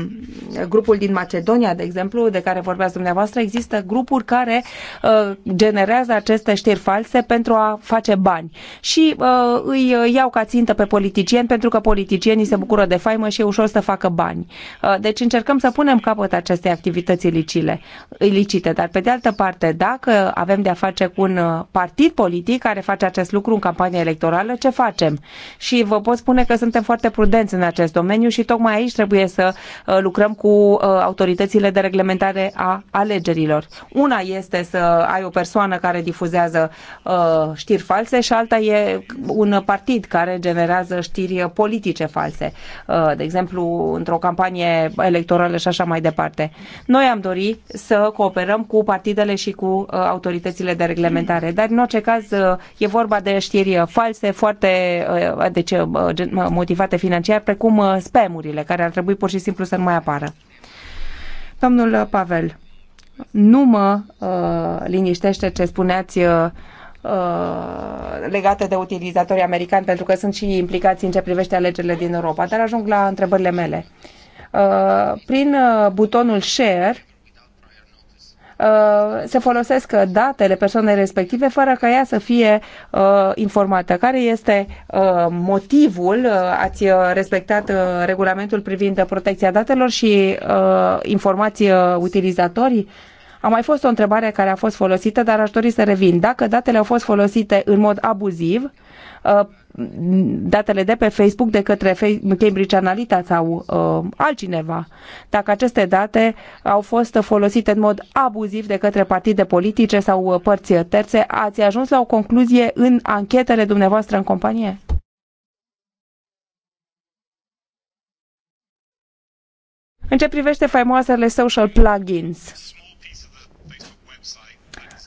grupul din Macedonia, de exemplu, de care vorbeați dumneavoastră. Există grupuri care uh, generează aceste știri false pentru a face bani și uh, îi iau ca țintă pe politicieni pentru că politicienii se bucură de faimă și e ușor să facă bani. Uh, deci încercăm să punem capăt acestei activități ilicile, ilicite, dar pe de altă parte, dacă avem de a face cu un uh, partid politic care face acest lucru în campanie electorală, electorală, ce facem? Și vă pot spune că suntem foarte prudenți în acest domeniu și tocmai aici trebuie să uh, lucrăm cu uh, autoritățile de reglementare a alegerilor. Una este să ai o persoană care difuzează uh, știri false și alta e un partid care generează știri politice false. De exemplu, într-o campanie electorală și așa mai departe. Noi am dorit să cooperăm cu partidele și cu autoritățile de reglementare, dar în orice caz e vorba de știri false false, foarte uh, deci, uh, uh, motivate financiar, precum spemurile, care ar trebui pur și simplu să nu mai apară. Domnul Pavel, nu mă uh, liniștește ce spuneați uh, legate de utilizatorii americani, pentru că sunt și implicați în ce privește alegerile din Europa. Dar ajung la întrebările mele. Uh, prin butonul share Uh, se folosesc datele persoanei respective fără ca ea să fie uh, informată. Care este uh, motivul? Ați respectat regulamentul privind protecția datelor și informații utilizatorii? A mai fost o întrebare care a fost folosită, dar aș dori să revin. Dacă datele au fost folosite în mod abuziv, Uh, datele de pe Facebook de către Cambridge Analytica sau uh, altcineva. Dacă aceste date au fost folosite în mod abuziv de către partide politice sau uh, părți terțe, ați ajuns la o concluzie în anchetele dumneavoastră în companie? În ce privește faimoasele social plugins,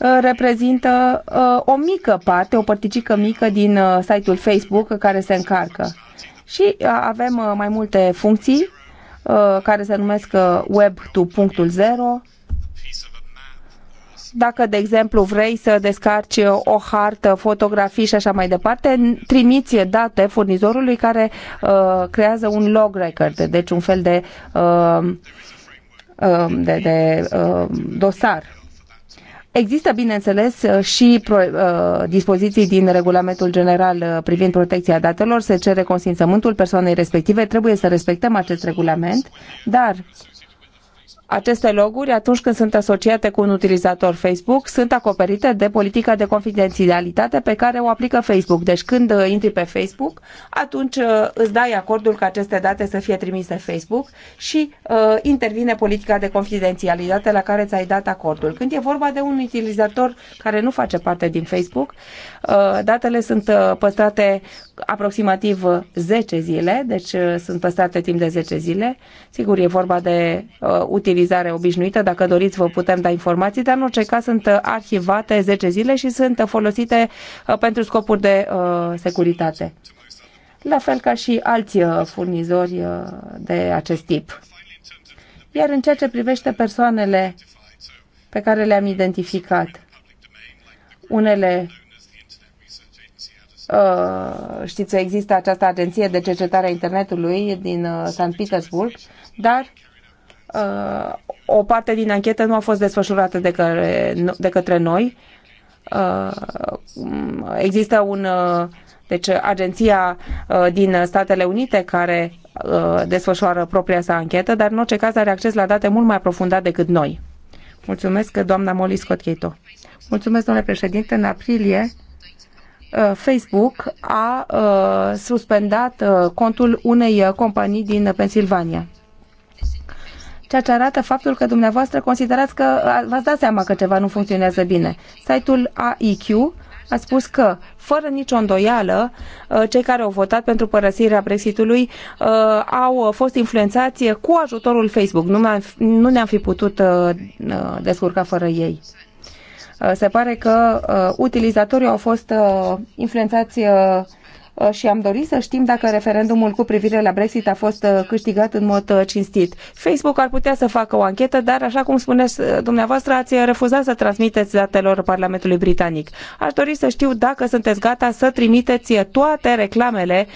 Uh, reprezintă uh, o mică parte, o părticică mică din uh, site-ul Facebook care se încarcă. Și avem mai multe funcții care se numesc Web 2.0, dacă, de exemplu, vrei să descarci o hartă, fotografii și așa mai departe, trimiți date furnizorului care uh, creează un log record, deci un fel de, uh, de, de uh, dosar Există, bineînțeles, uh, și pro, uh, dispoziții din regulamentul general uh, privind protecția datelor. Se cere consimțământul persoanei respective. Trebuie să respectăm acest regulament, dar aceste loguri, atunci când sunt asociate cu un utilizator Facebook, sunt acoperite de politica de confidențialitate pe care o aplică Facebook. Deci când uh, intri pe Facebook, atunci uh, îți dai acordul ca aceste date să fie trimise Facebook și uh, intervine politica de confidențialitate la care ți-ai dat acordul. Când e vorba de un utilizator care nu face parte din Facebook, uh, datele sunt uh, păstrate aproximativ 10 zile, deci uh, sunt păstrate timp de 10 zile. Sigur, e vorba de uh, utilizatori utilizare obișnuită. Dacă doriți, vă putem da informații, dar în orice caz sunt uh, arhivate 10 zile și sunt uh, folosite uh, pentru scopuri de securitate. La fel ca și alți furnizori de acest tip. Iar în ceea ce privește persoanele pe care le-am identificat, unele știți, există această agenție de cercetare a internetului din St. Petersburg, dar Uh, o parte din anchetă nu a fost desfășurată de care, de către noi. Uh, există un. Uh, deci, agenția din Statele Unite care desfășoară propria sa anchetă, dar în orice caz are acces la date mult mai aprofundat decât noi. Mulțumesc, doamna Molly Scott Cato. Mulțumesc, domnule președinte. În aprilie, Facebook a suspendat contul unei companii din Pennsylvania ceea ce arată faptul că dumneavoastră considerați că v-ați dat seama că ceva nu funcționează bine. Site-ul AIQ a spus că, fără nicio îndoială, ă, cei care au votat pentru părăsirea Brexitului ă, au fost influențați cu ajutorul Facebook. Nu ne-am fi putut ă, descurca fără ei. Se pare că utilizatorii au fost influențați Uh, și am dorit să știm dacă referendumul cu privire la Brexit a fost uh, câștigat în mod uh, cinstit. Facebook ar putea să facă o anchetă, dar așa cum spuneți dumneavoastră, ați refuzat să transmiteți datelor Parlamentului Britanic. Aș dori să știu dacă sunteți gata să trimiteți toate reclamele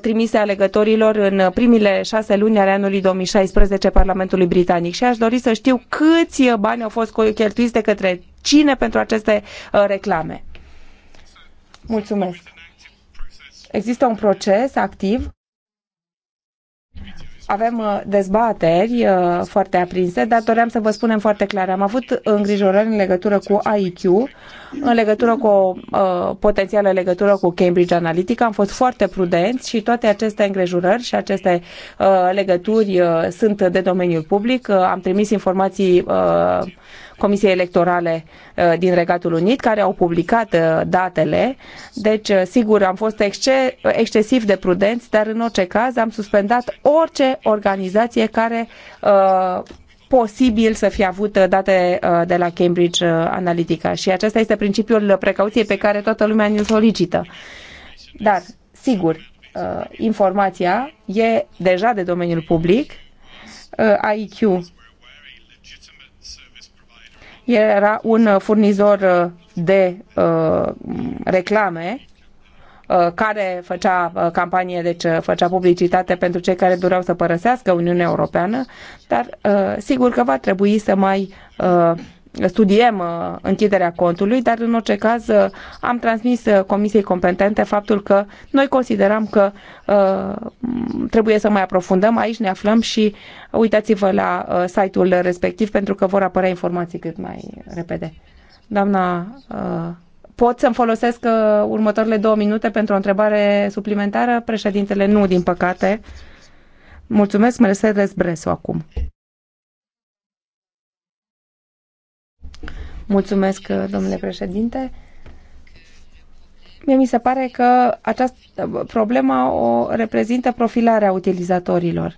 trimise alegătorilor în primile șase luni ale anului 2016 Parlamentului Britanic și aș dori să știu câți bani au fost cheltuiți de către cine pentru aceste reclame. Mulțumesc. Există un proces activ. Avem uh, dezbateri uh, foarte aprinse, dar doream să vă spunem foarte clar. Am avut îngrijorări în legătură cu IQ, în legătură cu o uh, potențială legătură cu Cambridge Analytica. Am fost foarte prudenți și toate aceste îngrijorări și aceste legături sunt de domeniul public. am trimis informații Comisiei Electorale uh, din Regatul Unit, care au publicat uh, datele. Deci, uh, sigur, am fost exce- excesiv de prudenți, dar în orice caz am suspendat orice organizație care posibil să fie avut date de la Cambridge Analytica și acesta este principiul precauției pe care toată lumea ne solicită. Dar, sigur, informația e deja de domeniul public, IQ era un uh, furnizor uh, de uh, reclame care făcea campanie, deci făcea publicitate pentru cei care doreau să părăsească Uniunea Europeană, dar sigur că va trebui să mai studiem uh, închiderea contului, dar în orice caz uh, am transmis uh, comisiei competente faptul că noi considerăm că trebuie să mai aprofundăm. Aici ne aflăm și uitați-vă la site-ul respectiv pentru că vor apărea informații cât mai repede. Doamna, pot să-mi folosesc următoarele două minute pentru o întrebare suplimentară? Președintele, nu, din păcate. Mulțumesc, Mercedes Bresu, acum. Mulțumesc, domnule președinte. Mie mi se pare că această problemă o reprezintă profilarea utilizatorilor.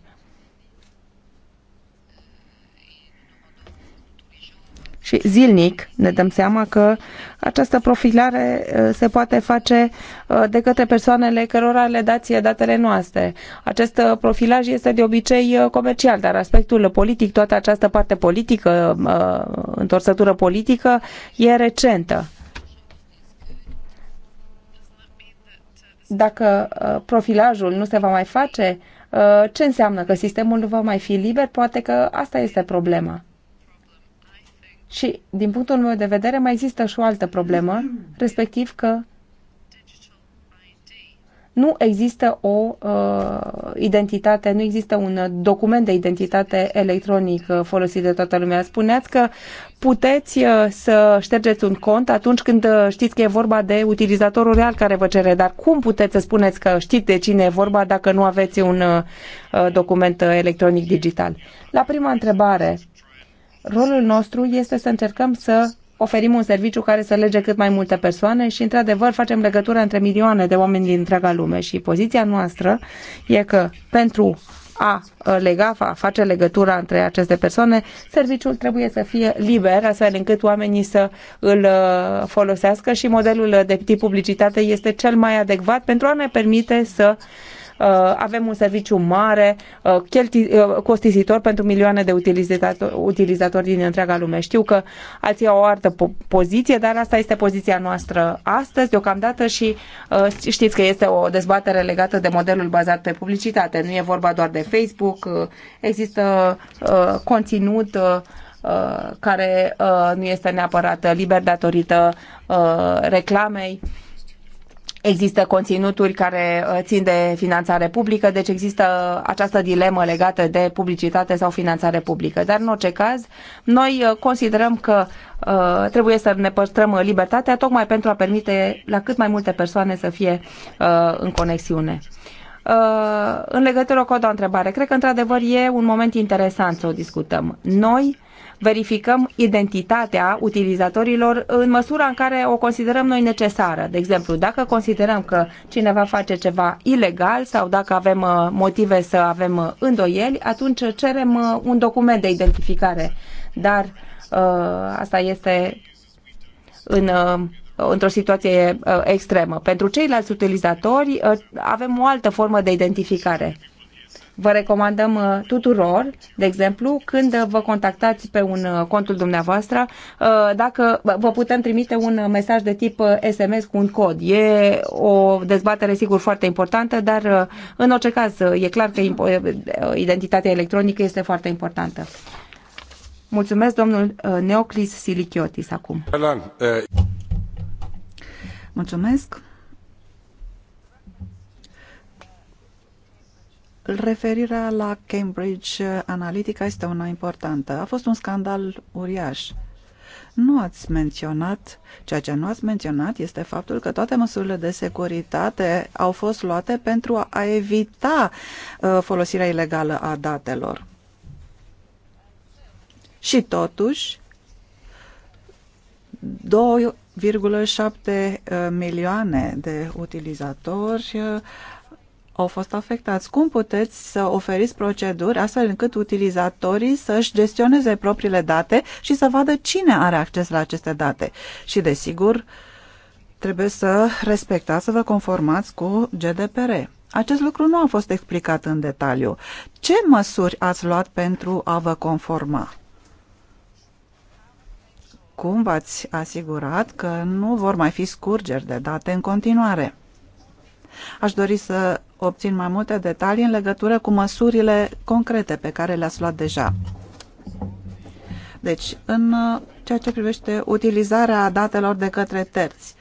și zilnic ne dăm seama că această profilare uh, se poate face uh, de către persoanele cărora le dați datele noastre. Acest uh, profilaj este de obicei comercial, dar aspectul politic, toată această parte politică, întorsătură politică, e recentă. Dacă profilajul nu se va mai face, ce înseamnă că sistemul nu va mai fi liber? Poate că asta este problema. Și, din punctul meu de vedere, mai există și o altă problemă, respectiv că nu există o uh, identitate, nu există un document de identitate electronic uh, folosit de toată lumea. Spuneați că puteți uh, să ștergeți un cont atunci când uh, știți că e vorba de utilizatorul real care vă cere, dar cum puteți să spuneți că știți de cine e vorba dacă nu aveți un uh, document uh, electronic digital? La prima întrebare, rolul nostru este să încercăm să oferim un serviciu care să lege cât mai multe persoane și, într-adevăr, facem legătura între milioane de oameni din întreaga lume și poziția noastră e că pentru a uh, lega, a face legătura între aceste persoane, serviciul trebuie să fie liber, astfel încât oamenii să îl uh, folosească și modelul de tip publicitate este cel mai adecvat pentru a ne permite să uh, Uh, avem un serviciu mare, uh, uh, costisitor pentru milioane de utilizatori, utilizatori din întreaga lume. Știu că alții au o altă poziție, dar asta este poziția noastră astăzi, deocamdată, și știți că este o dezbatere legată de modelul bazat pe publicitate. Nu e vorba doar de Facebook, există conținut care nu este neapărat liber datorită reclamei. Există conținuturi care uh, țin de finanțare publică, deci există această dilemă legată de publicitate sau finanțare publică. Dar, în orice caz, noi uh, considerăm că uh, trebuie să ne păstrăm uh, libertatea tocmai pentru a permite la cât mai multe persoane să fie uh, în conexiune. Uh, în legătură cu o întrebare, cred că într-adevăr e un moment interesant să o discutăm. Noi verificăm identitatea utilizatorilor în măsura în care o considerăm noi necesară. De exemplu, dacă considerăm că cineva face ceva ilegal sau dacă avem uh, motive să avem uh, îndoieli, atunci cerem uh, un document de identificare. Dar asta este în într-o situație extremă. Pentru ceilalți utilizatori avem o altă formă de identificare. Vă recomandăm uh, tuturor, de exemplu, când vă contactați pe un uh, contul dumneavoastră, uh, dacă vă putem trimite un mesaj de tip SMS cu un cod. E o dezbatere, sigur, foarte importantă, dar în orice caz e clar că identitatea electronică este foarte importantă. Mulțumesc, domnul Neoclis Silichiotis, acum. Mulțumesc. Referirea la Cambridge Analytica este una importantă. A fost un scandal uriaș. Nu ați menționat, ceea ce nu ați menționat este faptul că toate măsurile de securitate au fost luate pentru a evita uh, folosirea ilegală a datelor. Și totuși, 2,7 uh, milioane de utilizatori uh, au fost afectați. Cum puteți să oferiți proceduri astfel încât utilizatorii să-și gestioneze propriile date și să vadă cine are acces la aceste date? Și, desigur, trebuie să respectați, să vă conformați cu GDPR. Acest lucru nu a fost explicat în detaliu. Ce măsuri ați luat pentru a vă conforma? Cum v-ați asigurat că nu vor mai fi scurgeri de date în continuare? Aș dori să obțin mai multe detalii în legătură cu măsurile concrete pe care le-ați luat deja. Deci, în uh, ceea ce privește utilizarea datelor de către terți,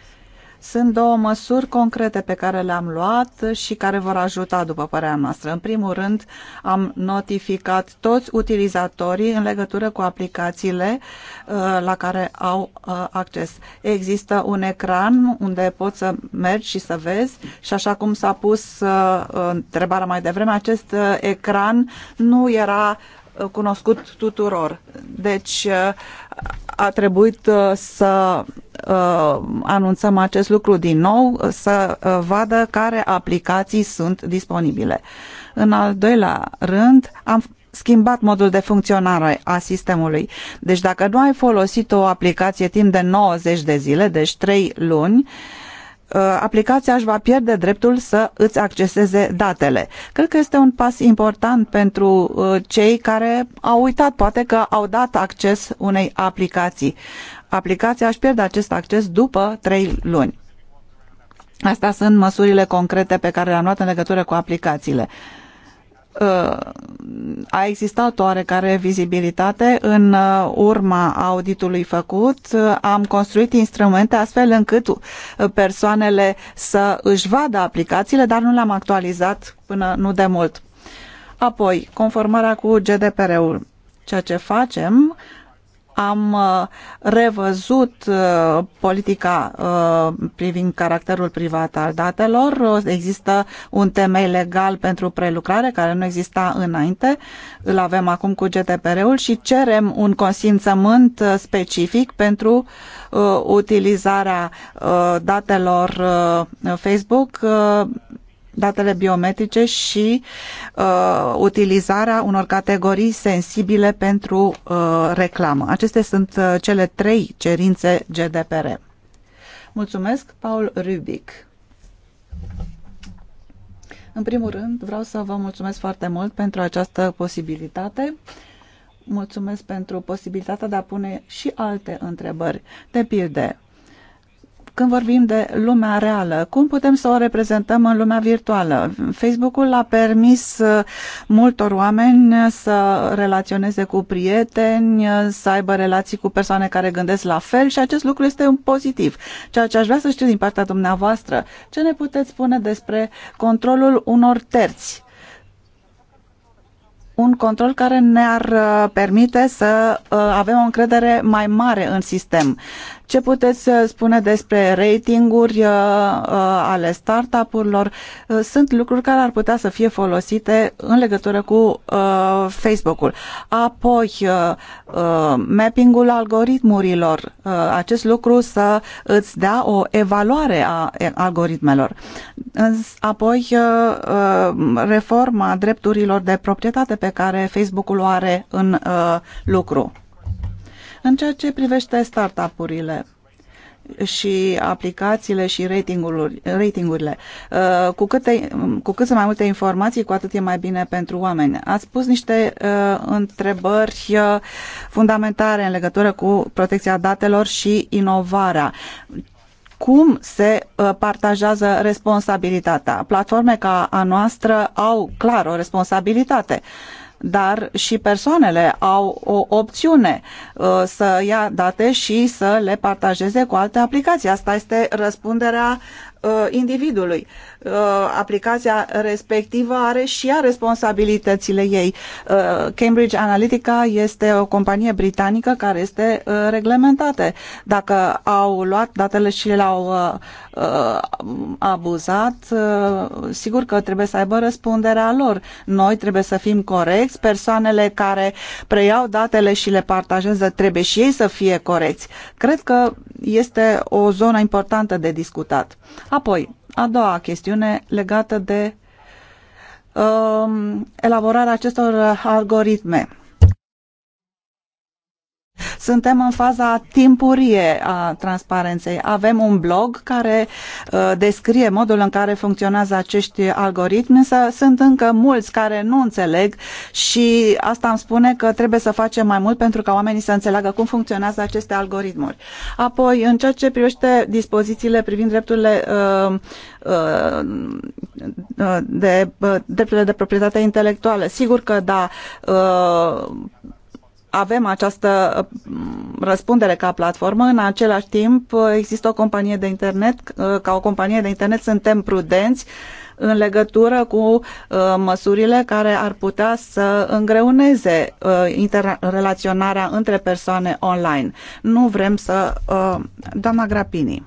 sunt două măsuri concrete pe care le-am luat și care vor ajuta, după părerea noastră. În primul rând, am notificat toți utilizatorii în legătură cu aplicațiile uh, la care au uh, acces. Există un ecran unde poți să mergi și să vezi și așa cum s-a pus uh, întrebarea mai devreme, acest ecran nu era cunoscut tuturor. Deci a trebuit uh, să uh, anunțăm acest lucru din nou, să uh, vadă care aplicații sunt disponibile. În al doilea rând, am schimbat modul de funcționare a sistemului. Deci dacă nu ai folosit o aplicație timp de 90 de zile, deci 3 luni, uh, Uh, aplicația își va pierde dreptul să îți acceseze datele. Cred că este un pas important pentru uh, cei care au uitat, poate că au dat acces unei aplicații. Aplicația își pierde acest acces după trei luni. Astea sunt măsurile concrete pe care le-am luat în legătură cu aplicațiile. Uh, Uh, a existat oarecare vizibilitate în uh, urma auditului făcut. Uh, am construit instrumente astfel încât persoanele să își vadă aplicațiile, dar nu le-am actualizat până nu de mult. Apoi, conformarea cu GDPR-ul. Ceea ce facem am uh, revăzut uh, politica uh, privind caracterul privat al datelor. Există un temei legal pentru prelucrare care nu exista înainte. Îl avem acum cu GDPR-ul și cerem un consimțământ specific pentru utilizarea datelor Facebook datele biometrice și uh, utilizarea unor categorii sensibile pentru uh, reclamă. Acestea sunt uh, cele trei cerințe GDPR. Mulțumesc, Paul Rubic. În primul rând, vreau să vă mulțumesc foarte mult pentru această posibilitate. Mulțumesc pentru posibilitatea de a pune și alte întrebări. De pildă, când vorbim de lumea reală, cum putem să o reprezentăm în lumea virtuală? Facebook-ul a permis uh, multor oameni să relaționeze cu prieteni, uh, să aibă relații cu persoane care gândesc la fel și acest lucru este un pozitiv. Ceea ce aș vrea să știu din partea dumneavoastră, ce ne puteți spune despre controlul unor terți? un control care ne-ar uh, permite să avem o încredere mai mare în sistem. Ce puteți uh, spune despre ratinguri uh, uh, ale startup-urilor? Sunt lucruri care ar putea să fie folosite în legătură cu Facebook-ul. Apoi, mapping-ul algoritmurilor. Acest lucru să îți dea o evaluare a algoritmelor. Apoi, reforma drepturilor de proprietate pe care Facebook-ul o are în lucru. În ceea ce privește startup-urile, și aplicațiile și ratingurile. Uh, cu, câte, cu cât sunt mai multe informații, cu atât e mai bine pentru oameni. Ați pus niște uh, întrebări uh, fundamentare în legătură cu protecția datelor și inovarea cum se partajează responsabilitatea. Platforme ca a noastră au clar o responsabilitate. Uh, dar și persoanele au o opțiune uh, să ia date și să le partajeze cu alte aplicații. Asta este răspunderea uh, individului. Uh, aplicația respectivă are și ea responsabilitățile ei. Uh, Cambridge Analytica este o companie britanică care este uh, reglementată. Dacă au luat datele și le-au uh, uh, abuzat, uh, sigur că trebuie să aibă răspunderea lor. Noi trebuie să fim corecți, persoanele care preiau datele și le partajează trebuie și ei să fie corecți. Cred că este o zonă importantă de discutat. Apoi, a doua chestiune legată de um, elaborarea acestor algoritme. Suntem în faza timpurie a transparenței. Avem un blog care uh, descrie modul în care funcționează acești algoritmi, însă sunt încă mulți care nu înțeleg și asta îmi spune că trebuie să facem mai mult pentru ca oamenii să înțeleagă cum funcționează aceste algoritmuri. Apoi, în ceea ce privește dispozițiile privind drepturile uh, uh, de uh, drepturile de proprietate intelectuală, sigur că da, uh, avem această mm, răspundere ca platformă, în același timp există o companie de internet, uh, ca o companie de internet suntem prudenți în legătură cu uh, măsurile care ar putea să îngreuneze uh, interrelaționarea între persoane online. Nu vrem să... Doamna Grapini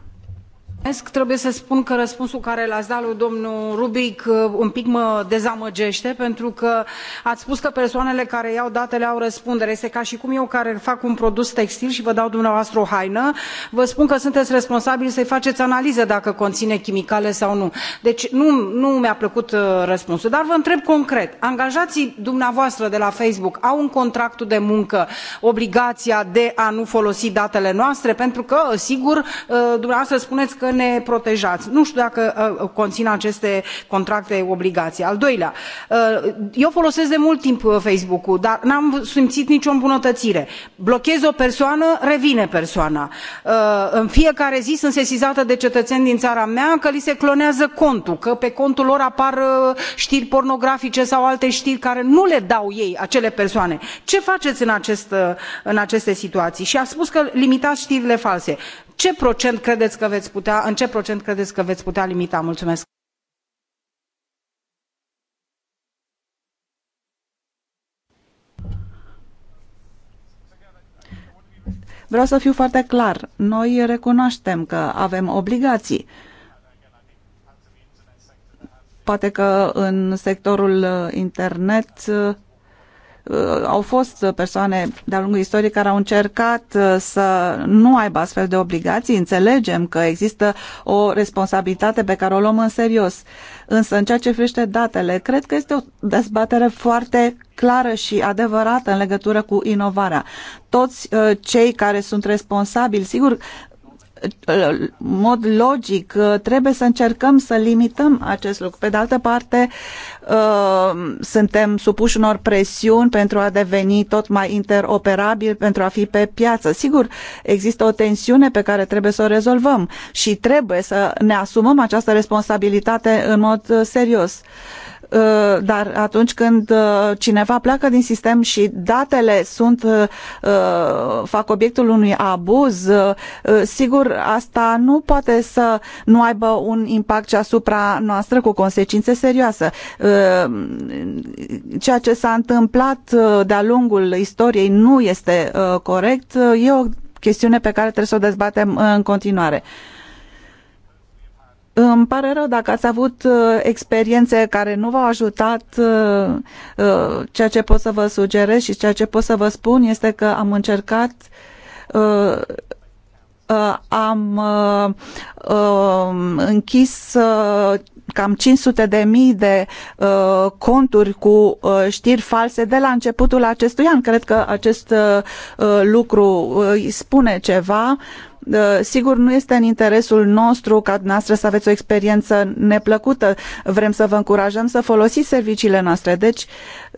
trebuie să spun că răspunsul pe care l ați dat lui domnul rbig uh, un pic mă dezamăgește pentru că ați spus că persoanele care iau datele au răspundere. este ca și cum eu care fac un produs textil și vă dau dumneavoastră o haină vă spun că sunteți responsabili să i faceți analiză dacă conține chimicale sau nu. deci nu, nu mi a plăcut uh, răspunsul dar vă întreb concret angajații dumneavoastră de la facebook au în contractul de muncă obligația de a nu folosi datele noastre pentru că sigur uh, dumneavoastră spuneți că ne protejați. Nu știu dacă uh, uh, conțin aceste contracte obligații. Al doilea, uh, eu folosesc de mult timp Facebook-ul, dar n-am simțit nicio îmbunătățire. Blochez o persoană, revine persoana. în fiecare zi sunt sesizată de cetățeni din țara mea că li se clonează contul, că pe contul lor apar știri pornografice sau alte știri care nu le dau ei, acele persoane. Ce faceți în, acest, în aceste situații? Și a spus că limitați știrile false ce procent credeți că veți putea, în ce procent credeți că veți putea limita? Mulțumesc! Vreau să fiu foarte clar. Noi recunoaștem că avem obligații. Poate că în sectorul internet Uh, au fost persoane de-a lungul istoriei care au încercat uh, să nu aibă astfel de obligații. Înțelegem că există o responsabilitate pe care o luăm în serios. Însă, în ceea ce privește datele, cred că este o dezbatere foarte clară și adevărată în legătură cu inovarea. Toți uh, cei care sunt responsabili, sigur, mod logic uh, trebuie să încercăm să limităm acest lucru. Pe de altă parte, uh, suntem supuși unor presiuni pentru a deveni tot mai interoperabil, pentru a fi pe piață. Sigur, există o tensiune pe care trebuie să o rezolvăm și trebuie să ne asumăm această responsabilitate în mod uh, serios. Uh, Uh, dar atunci când uh, cineva pleacă din sistem și datele sunt uh, fac obiectul unui abuz, sigur asta nu poate să nu aibă un impact și asupra noastră cu consecințe serioase. Ceea ce s-a întâmplat de-a lungul istoriei nu este corect. E o chestiune pe care trebuie să o dezbatem în continuare. Îmi pare rău dacă ați avut uh, experiențe care nu v-au ajutat. Uh, uh, ceea ce pot să vă sugerez și ceea ce pot să vă spun este că am încercat am um, închis cam 500 de mii de conturi cu știri false de la începutul acestui an. Cred că acest lucru îi spune ceva. Ă, sigur nu este în interesul nostru ca dumneavoastră să aveți o experiență neplăcută. Vrem să vă încurajăm să folosiți serviciile noastre. Deci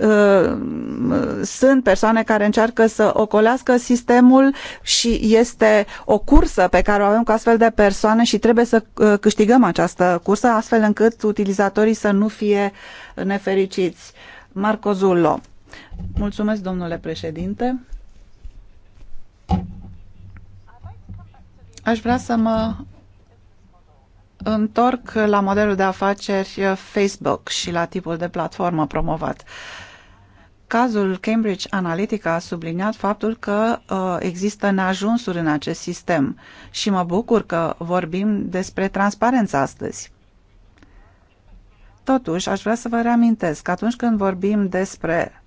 ă, sunt persoane care încearcă să ocolească sistemul și este o cursă pe care o avem cu astfel de persoane și trebuie să ă, câștigăm această cursă astfel încât utilizatorii să nu fie nefericiți. Marco Zullo. Mulțumesc, domnule președinte. Aș vrea să mă întorc la modelul de afaceri uh, Facebook și la tipul de platformă promovat. Cazul Cambridge Analytica a subliniat faptul că uh, există neajunsuri în acest sistem și mă bucur că vorbim despre transparență astăzi. Totuși, aș vrea să vă reamintesc că atunci când vorbim despre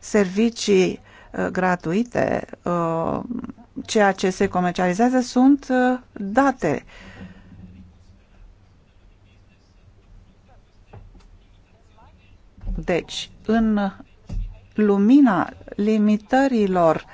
servicii uh, gratuite, uh, ceea ce se comercializează sunt uh, date. Deci, în lumina limitărilor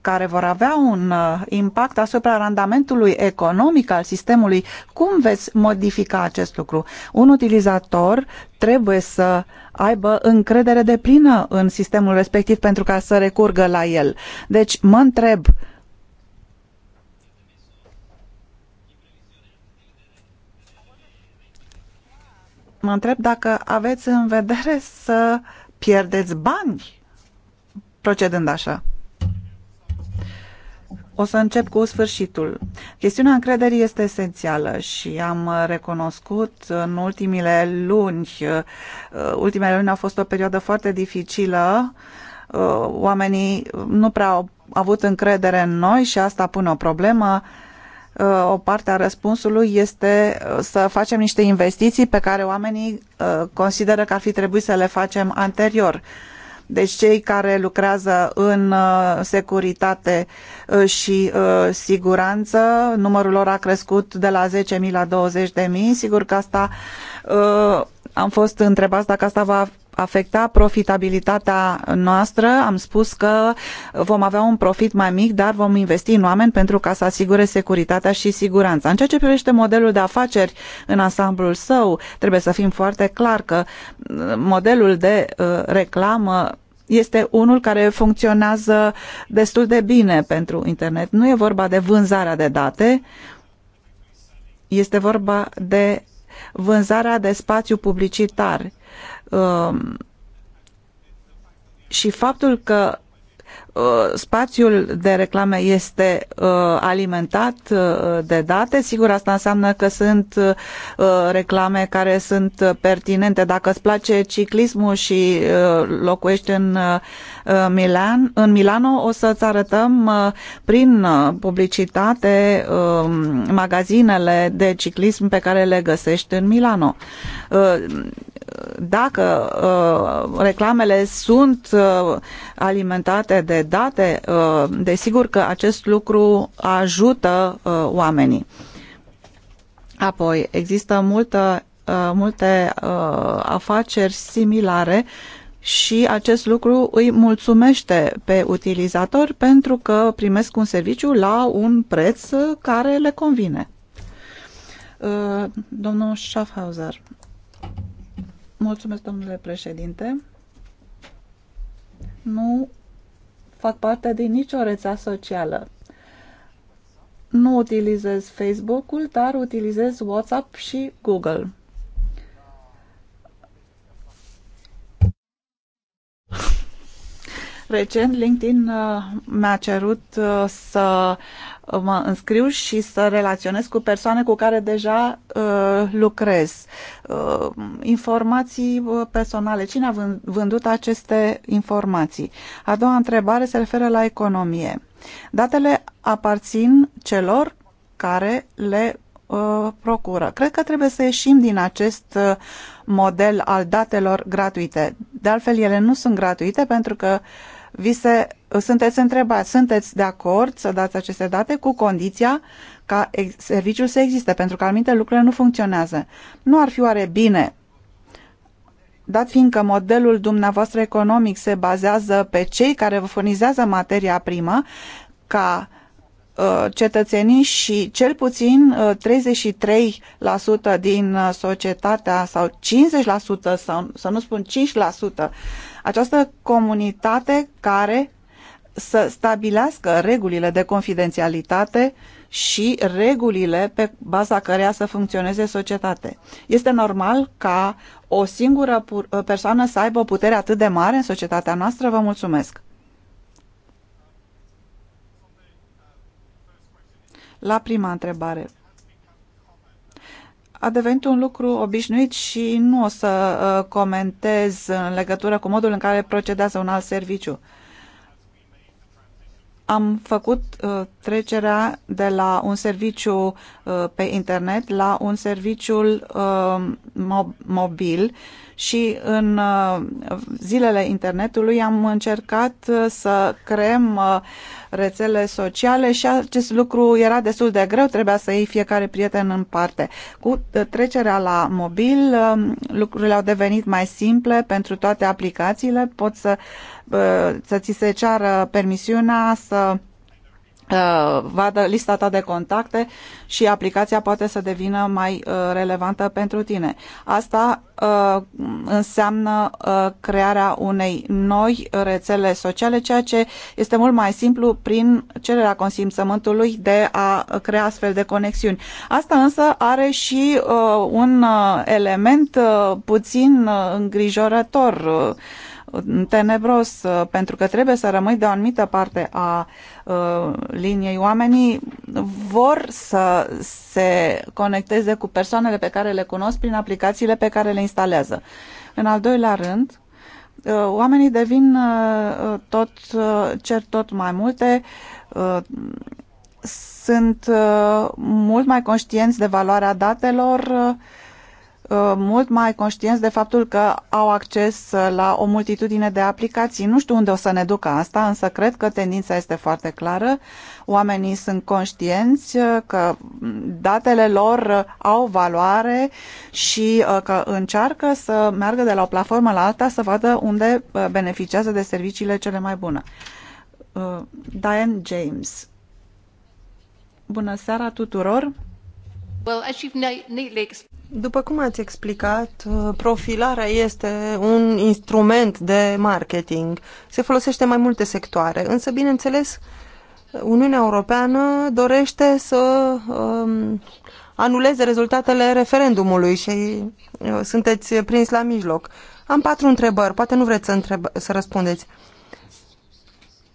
care vor avea un uh, impact asupra randamentului economic al sistemului, cum veți modifica acest lucru? Un utilizator trebuie să aibă încredere deplină în sistemul respectiv pentru ca să recurgă la el. Deci, mă întreb, uh, mă întreb dacă aveți în vedere să pierdeți bani procedând așa. O să încep cu sfârșitul. Chestiunea încrederii este esențială și am recunoscut în ultimile luni, uh, ultimele luni a fost o perioadă foarte dificilă, uh, oamenii nu prea au avut încredere în noi și asta pune o problemă. Uh, o parte a răspunsului este uh, să facem niște investiții pe care oamenii uh, consideră că ar fi trebuit să le facem anterior. Deci cei care lucrează în securitate și siguranță, numărul lor a crescut de la 10.000 la 20.000. Sigur că asta am fost întrebați dacă asta va afecta profitabilitatea noastră. Am spus că vom avea un profit mai mic, dar vom investi în oameni pentru ca să asigure securitatea și siguranța. În ceea ce privește modelul de afaceri în ansamblul său, trebuie să fim foarte clar că uh, modelul de uh, reclamă este unul care funcționează destul de bine pentru internet. Nu e vorba de vânzarea de date, este vorba de vânzarea de spațiu publicitar Um, și faptul că uh, spațiul de reclame este uh, alimentat uh, de date, sigur asta înseamnă că sunt reclame care sunt pertinente. Dacă îți place ciclismul și locuiești în Milan, în Milano, o să-ți arătăm prin publicitate um, magazinele de ciclism pe care le găsești în Milano dacă uh, reclamele sunt uh, alimentate de date, uh, desigur că acest lucru ajută oamenii. Apoi, există multă, multe afaceri similare și acest lucru îi mulțumește pe utilizatori pentru că primesc un serviciu la un preț care le convine. Domnul Schaffhauser, Mulțumesc, domnule președinte. Nu fac parte din nicio rețea socială. Nu utilizez Facebook-ul, dar utilizez WhatsApp și Google. Recent, LinkedIn uh, mi-a cerut uh, să mă înscriu și să relaționez cu persoane cu care deja uh, lucrez. Informații personale. Cine a vândut aceste informații? A doua întrebare se referă la economie. Datele aparțin celor care le procură. Cred că trebuie să ieșim din acest model al datelor gratuite. De altfel, ele nu sunt gratuite pentru că vi se, sunteți întrebați, sunteți de acord să dați aceste date cu condiția ca serviciul să existe, pentru că anumite lucrurile nu funcționează. Nu ar fi oare bine, dat fiindcă modelul dumneavoastră economic se bazează pe cei care vă furnizează materia primă, ca uh, cetățenii și cel puțin 33% uh, din uh, societatea sau 50% sau să nu spun 5% această comunitate care să stabilească regulile de confidențialitate și regulile pe baza căreia să funcționeze societate. Este normal ca o singură persoană să aibă o putere atât de mare în societatea noastră? Vă mulțumesc! La prima întrebare, a devenit un lucru obișnuit și nu o să uh, comentez în legătură cu modul în care procedează un alt serviciu am făcut uh, trecerea de la un serviciu uh, pe internet la un serviciul uh, mob mobil și în uh, zilele internetului am încercat uh, să creăm uh, rețele sociale și acest lucru era destul de greu, trebuia să iei fiecare prieten în parte. Cu trecerea la mobil, lucrurile au devenit mai simple pentru toate aplicațiile, poți să uh, Uh, să ți se ceară permisiunea să uh, vadă lista ta de contacte și aplicația poate să devină mai uh, relevantă pentru tine. Asta înseamnă crearea unei noi rețele sociale, ceea ce este mult mai simplu prin cererea consimțământului de a crea astfel de conexiuni. Asta însă are și un element puțin îngrijorător tenebros, uh, pentru că trebuie să rămâi de o anumită parte a uh, liniei. Oamenii vor să se conecteze cu persoanele pe care le cunosc prin aplicațiile pe care le instalează. În al doilea rând, uh, oamenii devin tot, cer tot mai multe sunt mult mai conștienți de valoarea datelor, Uh, mult mai conștienți de faptul că au acces la o multitudine de aplicații. Nu știu unde o să ne ducă asta, însă cred că tendința este foarte clară. Oamenii sunt conștienți uh, că datele lor au valoare și uh, că încearcă să meargă de la o platformă la alta să vadă unde beneficiază de serviciile cele mai bune. Diane James. Bună seara tuturor! Well, as you've neatly explained... După cum ați explicat, uh, profilarea este un instrument de marketing. Se folosește în mai multe sectoare, însă, bineînțeles, Uniunea Europeană dorește să um, anuleze rezultatele referendumului și uh, sunteți prins la mijloc. Am patru întrebări, poate nu vreți să, întreb- să răspundeți. Uh,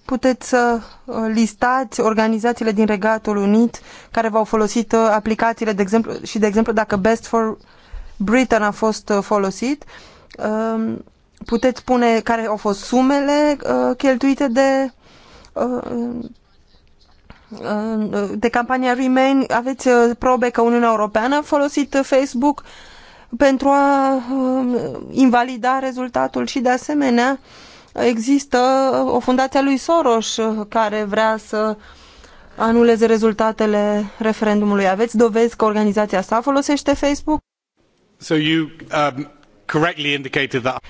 puteți să uh, listați organizațiile din Regatul Unit care v-au folosit uh, aplicațiile, de exemplu, și de exemplu dacă Best for Britain a fost uh, folosit, um, puteți spune care au fost sumele cheltuite de de campania Remain, aveți probe că Uniunea Europeană a folosit Facebook pentru a um, invalida rezultatul și de asemenea Există uh, o fundație a lui Soros uh, care vrea să anuleze rezultatele referendumului. Aveți dovezi că organizația sa folosește Facebook? So you, um, correctly indicated that...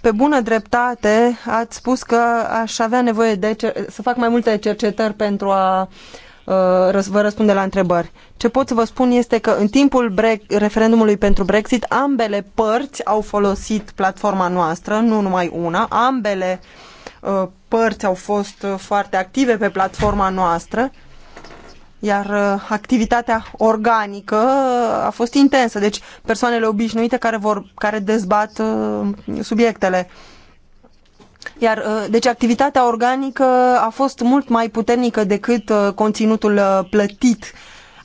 Pe bună dreptate ați spus că aș avea nevoie de să fac mai multe cercetări pentru a uh, vă răspunde la întrebări. Ce pot să vă spun este că în timpul referendumului pentru Brexit ambele părți au folosit platforma noastră, nu numai una, ambele uh, părți au fost uh, foarte active pe platforma noastră, iar uh, activitatea organică uh, a fost intensă, deci persoanele obișnuite care, vor, care dezbat uh, subiectele. Iar, deci activitatea organică a fost mult mai puternică decât conținutul plătit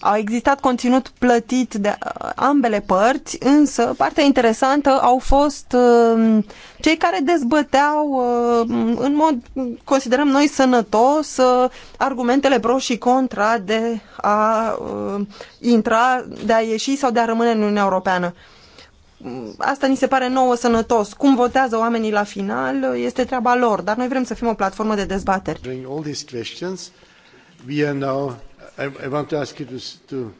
a existat conținut plătit de uh, ambele părți, însă partea interesantă au fost uh, cei care dezbăteau uh, în mod, considerăm noi, sănătos argumentele pro și contra de a intra, de a ieși sau de a rămâne în Uniunea Europeană mm, asta ni se pare nouă sănătos. Cum votează oamenii la final este treaba lor, dar noi vrem să fim o platformă de dezbateri. I, I want to ask you to, to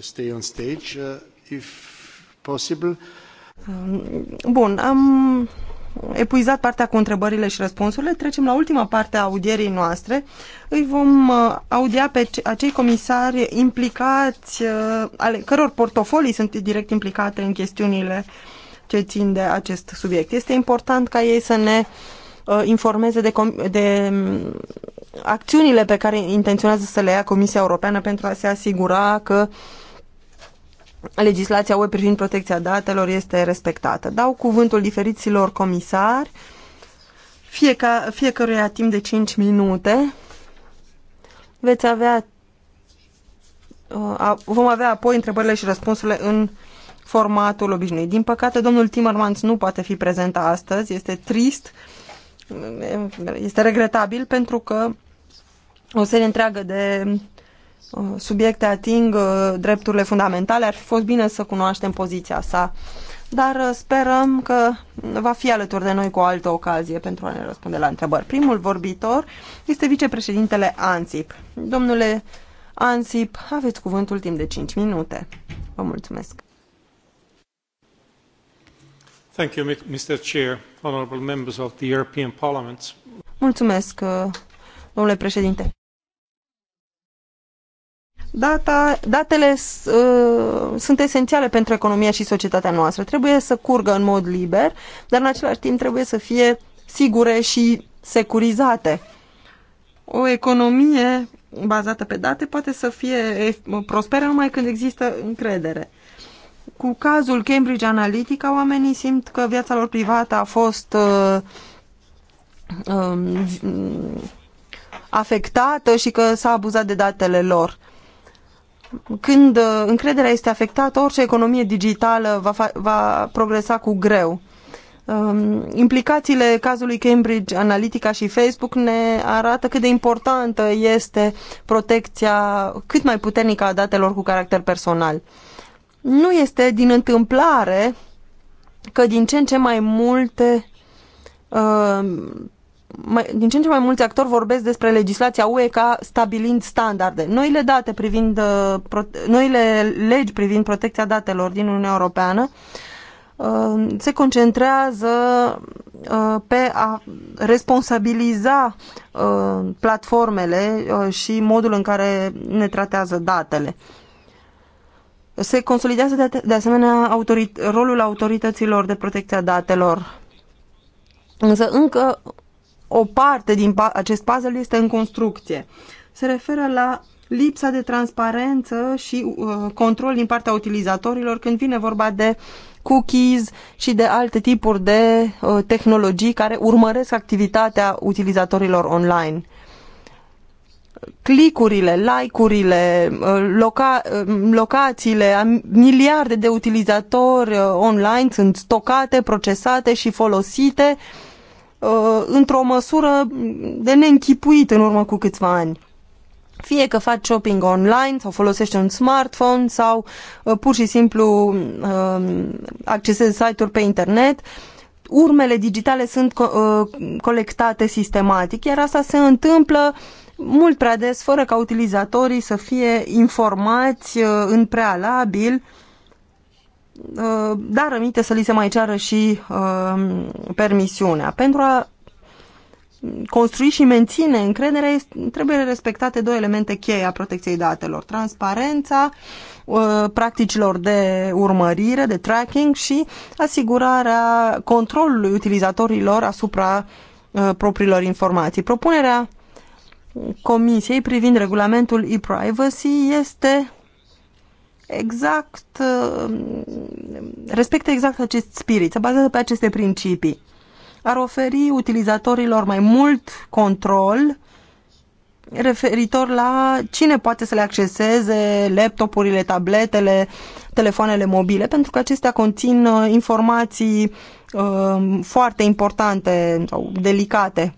stay on stage, uh, if possible. Um, bun, am epuizat partea cu întrebările și răspunsurile. Trecem la ultima parte a audierii noastre. Îi vom uh, audia pe acei comisari implicați, uh, ale căror portofolii sunt direct implicate în chestiunile ce țin de acest subiect. Este important ca ei să ne uh, uh, informeze de, de mm, acțiunile pe care intenționează să le ia Comisia Europeană pentru a se asigura că legislația UE privind protecția datelor este respectată. Dau cuvântul diferiților comisari, fieca, fiecăruia timp de 5 minute. Veți avea, uh, vom avea apoi întrebările și răspunsurile în formatul obișnuit. Din păcate, domnul Timmermans nu poate fi prezent astăzi, este trist, uh, este regretabil pentru că o serie întreagă de uh, subiecte ating uh, drepturile fundamentale. Ar fi fost bine să cunoaștem poziția sa, dar uh, sperăm că va fi alături de noi cu o altă ocazie pentru a ne răspunde la întrebări. Primul vorbitor este vicepreședintele ANSIP. Domnule ANSIP, aveți cuvântul timp de 5 minute. Vă mulțumesc. Mulțumesc, uh, domnule președinte. Data, datele uh, sunt esențiale pentru economia și societatea noastră. Trebuie să curgă în mod liber, dar în același timp trebuie să fie sigure și securizate. O economie bazată pe date poate să fie prosperă numai când există încredere cu cazul Cambridge Analytica, oamenii simt că viața lor privată a fost uh, uh, afectată și că s-a abuzat de datele lor. Când uh, încrederea este afectată, orice economie digitală va, va progresa cu greu. Um, implicațiile cazului Cambridge Analytica și Facebook ne arată cât de importantă este protecția cât mai puternică a datelor cu caracter personal. Nu este din întâmplare că din ce în ce mai multe uh, din ce în ce mai mulți actori vorbesc despre legislația UE ca stabilind standarde. Noile date privind uh, noile legi privind protecția datelor din Uniunea Europeană uh, se concentrează pe a responsabiliza platformele și modul în care ne tratează datele. Se consolidează de, de asemenea autorit rolul autorităților de protecție a datelor. Însă încă o parte din pa acest puzzle este în construcție. Se referă la lipsa de transparență și uh, control din partea utilizatorilor când vine vorba de cookies și de alte tipuri de uh, tehnologii care urmăresc activitatea utilizatorilor online clicurile, like-urile, uh, loca uh, locațiile, miliarde de utilizatori uh, online sunt stocate, procesate și folosite într-o măsură de neînchipuit în urmă cu câțiva ani. Fie că faci shopping online sau folosești un smartphone sau pur și simplu accesezi site-uri pe internet, urmele digitale sunt colectate sistematic, iar asta se întâmplă uh, mult prea des fără ca utilizatorii să fie informați uh, în prealabil uh, dar rămite să li se mai ceară și uh, permisiunea. Pentru a construi și menține încrederea, trebuie respectate două elemente cheie a protecției datelor. Transparența uh, practicilor de urmărire, de tracking și asigurarea controlului utilizatorilor asupra propriilor informații. Propunerea Comisiei privind regulamentul e-privacy este exact, respectă exact acest spirit, se bazează pe aceste principii. Ar oferi utilizatorilor mai mult control referitor la cine poate să le acceseze laptopurile, tabletele, telefoanele mobile, pentru că acestea conțin uh, informații uh, foarte importante sau delicate.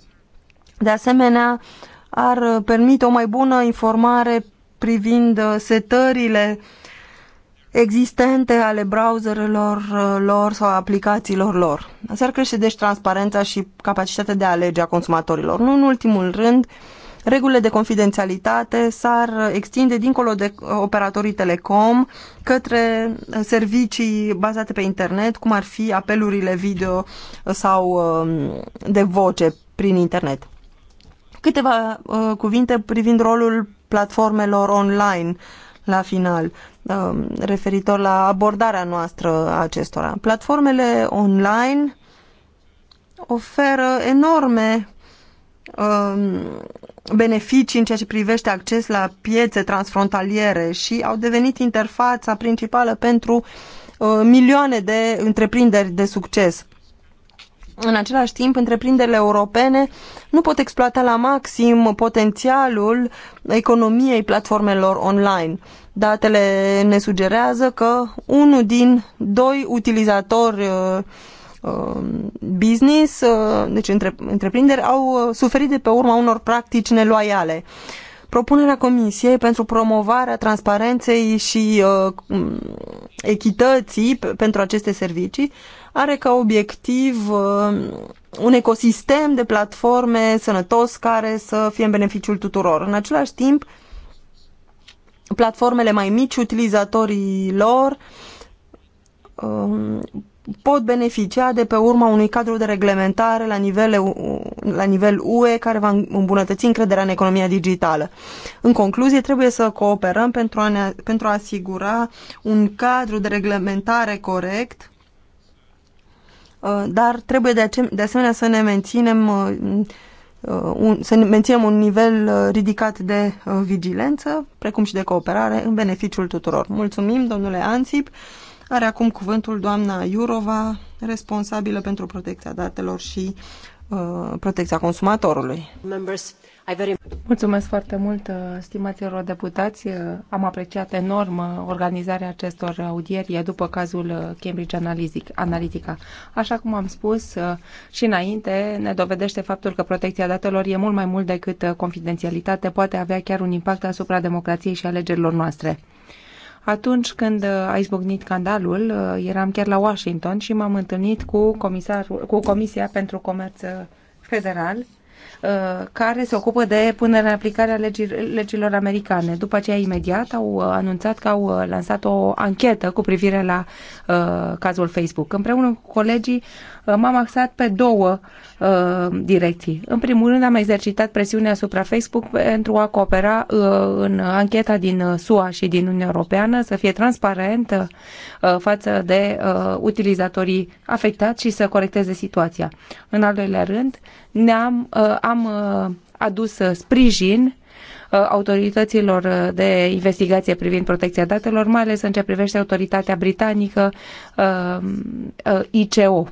De asemenea, uh, ar permite o mai bună informare privind uh, setările existente ale browserelor uh, lor sau aplicațiilor lor. Asta ar crește deci transparența și capacitatea de a alege a consumatorilor. Nu în ultimul rând, regulile de confidențialitate s-ar extinde dincolo de uh, operatorii telecom către servicii bazate pe internet, cum ar fi apelurile video sau um, de voce prin internet. Câteva uh, cuvinte privind rolul platformelor online la final, uh, referitor la abordarea noastră a acestora. Platformele online oferă enorme uh, beneficii în ceea ce privește acces la piețe transfrontaliere și au devenit interfața principală pentru uh, milioane de întreprinderi de succes în același timp, întreprinderile europene nu pot exploata la maxim potențialul economiei platformelor online. Datele ne sugerează că unul din doi utilizatori uh, uh, business, uh, deci întreprinderi, au suferit de pe urma unor practici neloiale. Propunerea Comisiei pentru promovarea transparenței și uh, echității pentru aceste servicii are ca obiectiv uh, un ecosistem de platforme sănătos care să fie în beneficiul tuturor. În același timp, platformele mai mici, utilizatorii lor, uh, pot beneficia de pe urma unui cadru de reglementare la nivel, la nivel UE care va îmbunătăți încrederea în economia digitală. În concluzie, trebuie să cooperăm pentru a, ne, pentru a asigura un cadru de reglementare corect, uh, dar trebuie de, ace- de asemenea să ne menținem uh, uh, un, să menținem un nivel ridicat de vigilență, precum și de cooperare, în beneficiul tuturor. Mulțumim, domnule Ansip. Are acum cuvântul doamna Iurova, responsabilă pentru protecția datelor și uh, protecția consumatorului. Mulțumesc foarte mult, uh, stimați deputați. Uh, am apreciat enorm uh, organizarea acestor audieri după cazul Cambridge Analytica. Așa cum am spus și înainte, ne dovedește faptul că protecția datelor e mult mai mult decât confidențialitate, poate avea chiar un impact asupra democrației și alegerilor noastre. Atunci când uh, a izbucnit scandalul, uh, eram chiar la Washington și m-am întâlnit cu, comisarul, cu Comisia pentru Comerț uh, Federal, care se ocupă de punerea în aplicare a legilor americane. După aceea, imediat, au anunțat că au lansat o anchetă cu privire la uh, cazul Facebook. Împreună cu colegii m-am axat pe două uh, direcții. În primul rând am exercitat presiunea asupra Facebook pentru a coopera uh, în ancheta din uh, SUA și din Uniunea Europeană, să fie transparentă uh, față de uh, utilizatorii afectați și să corecteze situația. În al doilea rând, ne-am uh, am uh, adus uh, sprijin uh, autorităților de investigație privind protecția datelor, mai ales în ce privește autoritatea britanică ICO.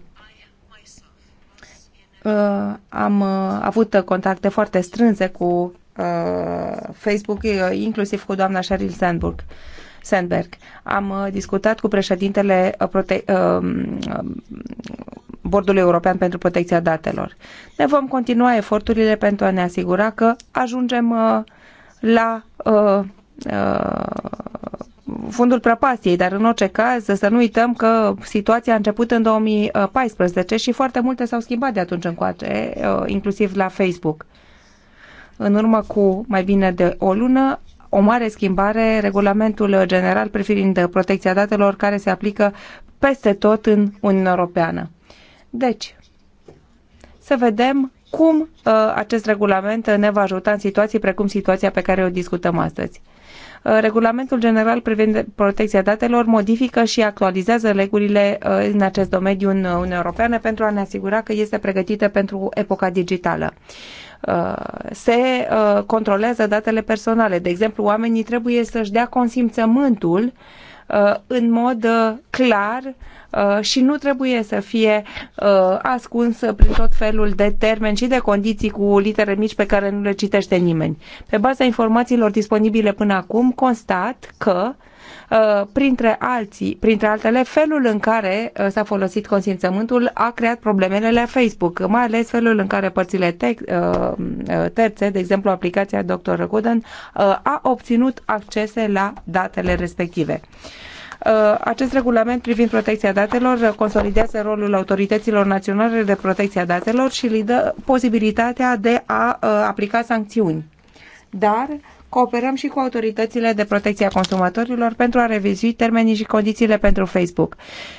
Uh, am uh, avut contacte foarte strânse cu uh, Facebook, inclusiv cu doamna Sheryl Sandberg. Sandberg. Am discutat cu președintele prote- mm, Bordului European pentru Protecția Datelor. Ne vom continua eforturile pentru a ne asigura că ajungem la fundul prăpastiei, dar în orice caz să nu uităm că situația a început în 2014 și foarte multe s-au schimbat de atunci încoace, uh, inclusiv la Facebook. În urmă cu mai bine de o lună, o mare schimbare, regulamentul general privind protecția datelor care se aplică peste tot în Uniunea Europeană. Deci, să vedem cum uh, acest regulament ne va ajuta în situații precum situația pe care o discutăm astăzi. Uh, Regulamentul general privind protecția datelor modifică și actualizează regulile uh, în acest domeniu în Uniunea Europeană pentru a ne asigura că este pregătită pentru epoca digitală uh, se controlează datele personale. De exemplu, oamenii trebuie să-și dea consimțământul Uh, în mod uh, clar uh, și nu trebuie să fie ascuns prin tot felul de termeni și de condiții cu litere mici pe care nu le citește nimeni. Pe baza informațiilor disponibile până acum, constat că Uh, printre alții, printre altele, felul în care uh, s-a folosit consimțământul a creat problemele la Facebook, mai ales felul în care părțile uh, terțe, de exemplu aplicația Dr. Gooden, a obținut accese la datele respective. Acest regulament privind protecția datelor consolidează rolul autorităților naționale de protecția datelor și le dă posibilitatea de a aplica sancțiuni. Dar cooperăm și cu autoritățile de protecție a consumatorilor pentru a revizui termenii și condițiile pentru Facebook.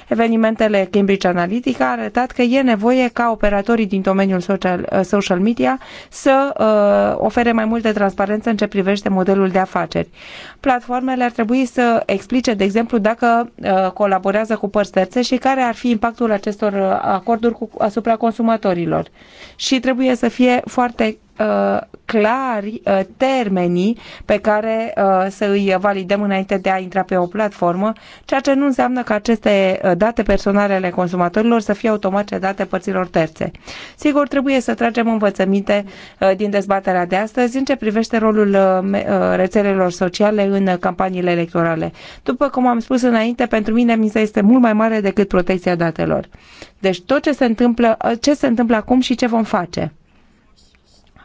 Evenimentele Cambridge Analytica a arătat că e nevoie ca operatorii din domeniul social, uh, social media să uh, ofere mai multă transparență în ce privește modelul de afaceri. Platformele ar trebui să explice, de exemplu, dacă uh, colaborează cu părți terțe și care ar fi impactul acestor uh, acorduri cu, asupra consumatorilor. Și trebuie să fie foarte Uh, clari uh, termenii pe care uh, să îi validăm înainte de a intra pe o platformă, ceea ce nu înseamnă că aceste date personale ale consumatorilor să fie automat date părților terțe. Sigur, trebuie să tragem învățăminte din dezbaterea de astăzi în ce privește rolul rețelelor sociale în campaniile electorale. După cum am spus înainte, pentru mine miza este mult mai mare decât protecția datelor. Deci tot ce se întâmplă, ce se întâmplă acum și ce vom face.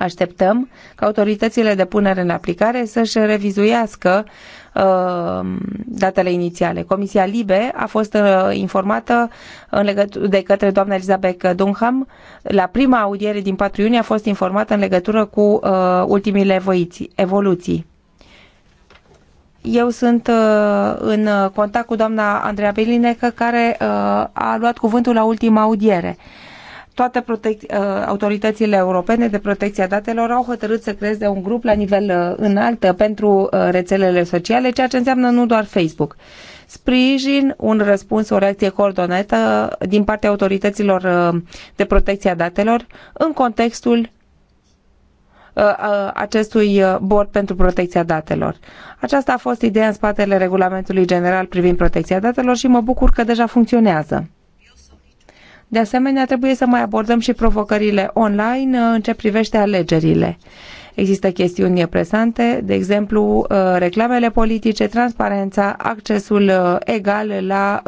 Așteptăm ca autoritățile de punere în aplicare să-și revizuiască uh, datele inițiale. Comisia Libe a fost uh, informată în legătură de către doamna Elizabeth Dunham. La prima audiere din 4 iunie a fost informată în legătură cu uh, ultimile evoluții. Eu sunt în contact cu doamna Andreea Belinecă, care a luat cuvântul la ultima audiere. Uh, toate uh, autoritățile europene de protecție a datelor au hotărât să creeze un grup la nivel uh, înalt uh, pentru rețelele sociale, ceea ce înseamnă nu doar Facebook sprijin, un răspuns, o reacție coordonată din partea autorităților de protecție a datelor în contextul acestui bord pentru protecția datelor. Aceasta a fost ideea în spatele regulamentului general privind protecția datelor și mă bucur că deja funcționează. De asemenea, trebuie să mai abordăm și provocările online uh, în ce privește alegerile. Există chestiuni presante, de exemplu, uh, reclamele politice, transparența, accesul uh, egal la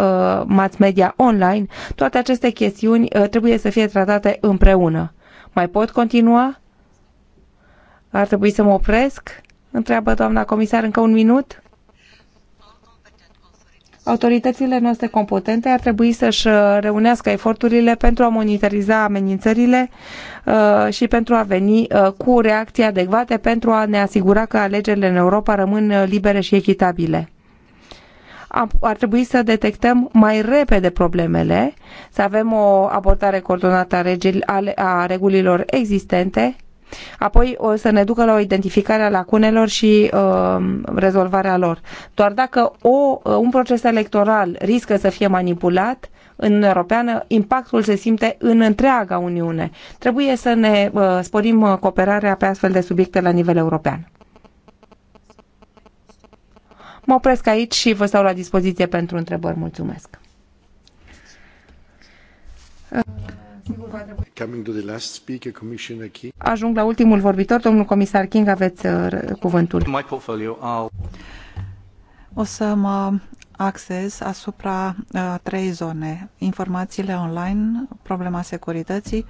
mass media online. Toate aceste chestiuni trebuie să fie tratate împreună. Mai pot continua? Ar trebui să mă opresc? Întreabă doamna comisar încă un minut autoritățile noastre competente ar trebui să-și uh, reunească eforturile pentru a monitoriza amenințările uh, și pentru a veni uh, cu reacții adecvate pentru a ne asigura că alegerile în Europa rămân libere și echitabile ar trebui să detectăm mai repede problemele, să avem o abordare coordonată a, regulilor existente Apoi o să ne ducă la o identificare a lacunelor și uh, rezolvarea lor. Doar dacă o, un proces electoral riscă să fie manipulat, în Uniunea Europeană, impactul se simte în întreaga Uniune. Trebuie să ne uh, sporim uh, cooperarea pe astfel de subiecte la nivel european. Mă opresc aici și vă stau la dispoziție pentru întrebări. Mulțumesc! Coming to the last speaker, Commissioner King. Ajung la ultimul vorbitor, domnul comisar King, aveți uh, cuvântul. My portfolio, O să mă acces asupra uh, trei zone. Informațiile online, problema securității, uh,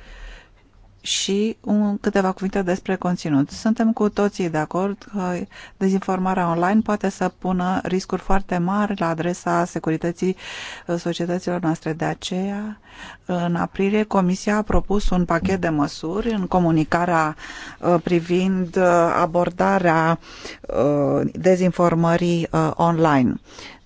și un, câteva cuvinte despre conținut. Suntem cu toții de acord că dezinformarea online poate să pună riscuri foarte mari la adresa securității uh, societăților noastre. De aceea, în aprilie, Comisia a propus un pachet de măsuri în comunicarea uh, privind uh, abordarea dezinformării online.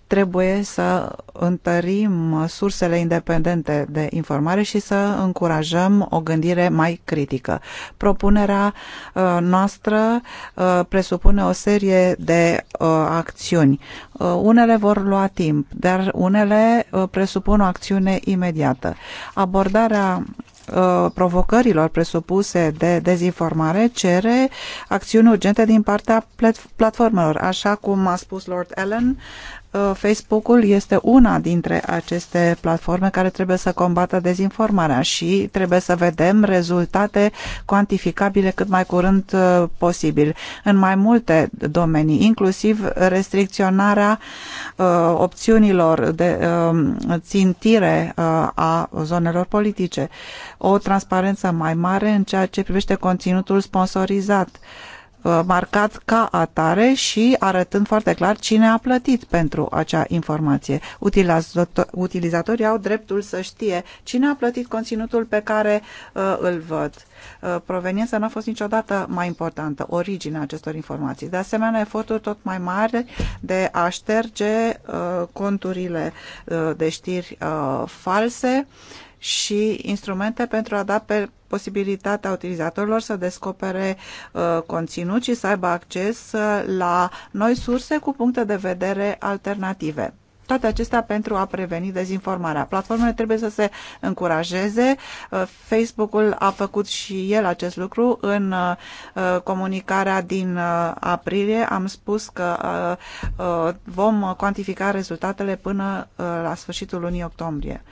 Trebuie să întărim sursele independente de informare și să încurajăm o gândire mai critică. Propunerea uh, noastră uh, presupune o serie de uh, acțiuni. Unele vor lua timp, dar unele presupun o acțiune imediată. Abordarea provocărilor presupuse de dezinformare cere acțiuni urgente din partea platformelor. Așa cum a spus Lord Allen, Uh, Facebook-ul este una dintre aceste platforme care trebuie să combată dezinformarea și trebuie să vedem rezultate cuantificabile cât mai curând uh, posibil în mai multe domenii, inclusiv restricționarea uh, opțiunilor de uh, țintire uh, a zonelor politice, o transparență mai mare în ceea ce privește conținutul sponsorizat. Uh, Uh, marcat ca atare și arătând foarte clar cine a plătit pentru acea informație. Utilizatorii au dreptul să știe cine a plătit conținutul pe care uh, îl văd. Uh, proveniența nu a fost niciodată mai importantă, originea acestor informații. De asemenea, eforturi tot mai mari de a șterge uh, conturile uh, de știri uh, false uh, și instrumente pentru a da pe posibilitatea utilizatorilor să descopere uh, conținut și să aibă acces uh, la noi surse cu puncte de vedere alternative. Toate acestea pentru a preveni dezinformarea. Platformele trebuie să se încurajeze. Uh, Facebook-ul a făcut și el acest lucru în uh, comunicarea din aprilie. Am spus că vom cuantifica rezultatele până la sfârșitul lunii octombrie.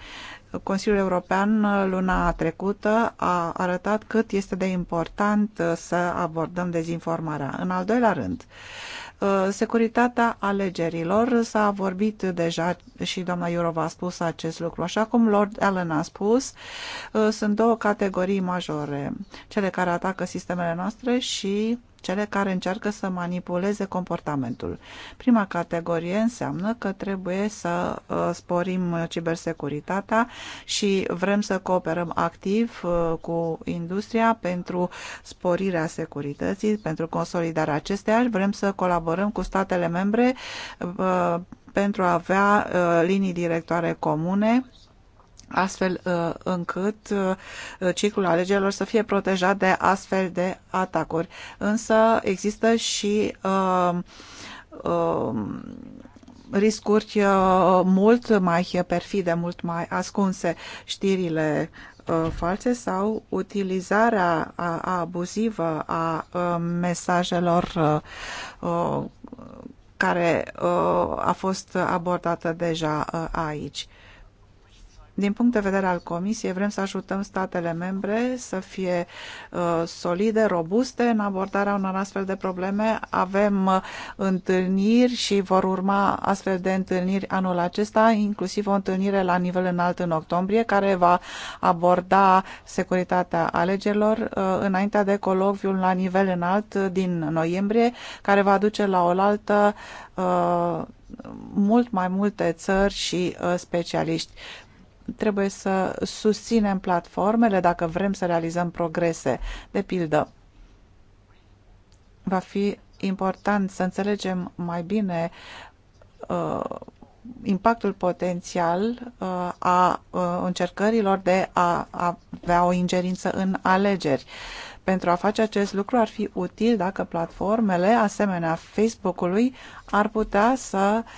Consiliul European uh, luna trecută a arătat cât este de important uh, să abordăm dezinformarea. În al doilea rând, uh, securitatea alegerilor s-a vorbit deja și doamna Iurova a spus acest lucru. Așa cum Lord Allen a spus, sunt două categorii majore, cele care atacă sistemele noastre și cele care încearcă să manipuleze comportamentul. Prima categorie înseamnă că trebuie să uh, sporim cibersecuritatea și vrem să cooperăm activ uh, cu industria pentru sporirea securității, pentru consolidarea acesteia. Vrem să colaborăm cu statele membre uh, pentru a avea linii directoare comune astfel uh, încât uh, ciclul alegerilor să fie protejat de astfel de atacuri. Însă există și uh, uh, riscuri uh, mult mai perfide, mult mai ascunse. Știrile false sau utilizarea abuzivă a mesajelor care a fost abordată deja aici. Din punct de vedere al Comisiei, vrem să ajutăm statele membre să fie uh, solide, robuste în abordarea unor astfel de probleme. Avem uh, întâlniri și vor urma astfel de întâlniri anul acesta, inclusiv o întâlnire la nivel înalt în octombrie, care va aborda securitatea alegerilor uh, înaintea de colocviul la nivel înalt din noiembrie, care va duce la oaltă uh, mult mai multe țări și uh, specialiști trebuie să susținem platformele dacă vrem să realizăm progrese. De pildă, va fi important să înțelegem mai bine uh, impactul potențial uh, a uh, încercărilor de a, a avea o ingerință în alegeri. Pentru a face acest lucru ar fi util dacă platformele, asemenea Facebook-ului, ar putea să uh,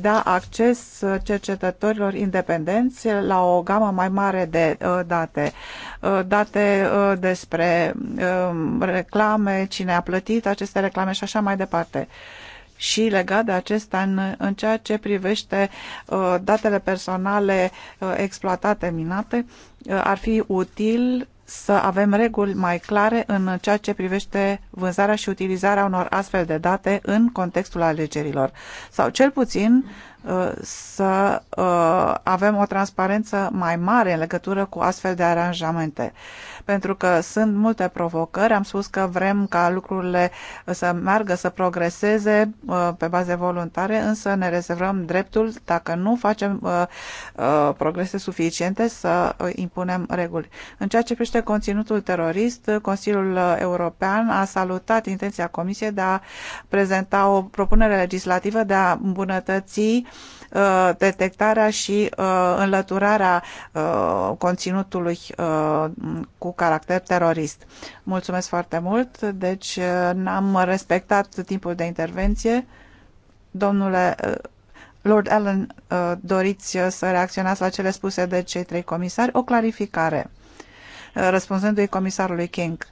da acces cercetătorilor independenți la o gamă mai mare de uh, date. Uh, date uh, despre um, reclame, cine a plătit aceste reclame și așa mai departe. Și legat de acesta, în, în ceea ce privește datele personale exploatate, minate, ar fi util să avem reguli mai clare în ceea ce privește vânzarea și utilizarea unor astfel de date în contextul alegerilor sau cel puțin uh, să uh, avem o transparență mai mare în legătură cu astfel de aranjamente pentru că sunt multe provocări. Am spus că vrem ca lucrurile să meargă, să progreseze uh, pe baze voluntare, însă ne rezervăm dreptul, dacă nu facem uh, uh, progrese suficiente, să impunem reguli. În ceea ce privește conținutul terorist, Consiliul European a salutat intenția Comisiei de a prezenta o propunere legislativă de a îmbunătăți detectarea și înlăturarea conținutului cu caracter terorist. Mulțumesc foarte mult, deci uh, n-am respectat timpul de intervenție. Domnule uh, Lord Allen, uh, doriți să reacționați la cele spuse de cei trei comisari? O clarificare, răspunzându-i comisarului King.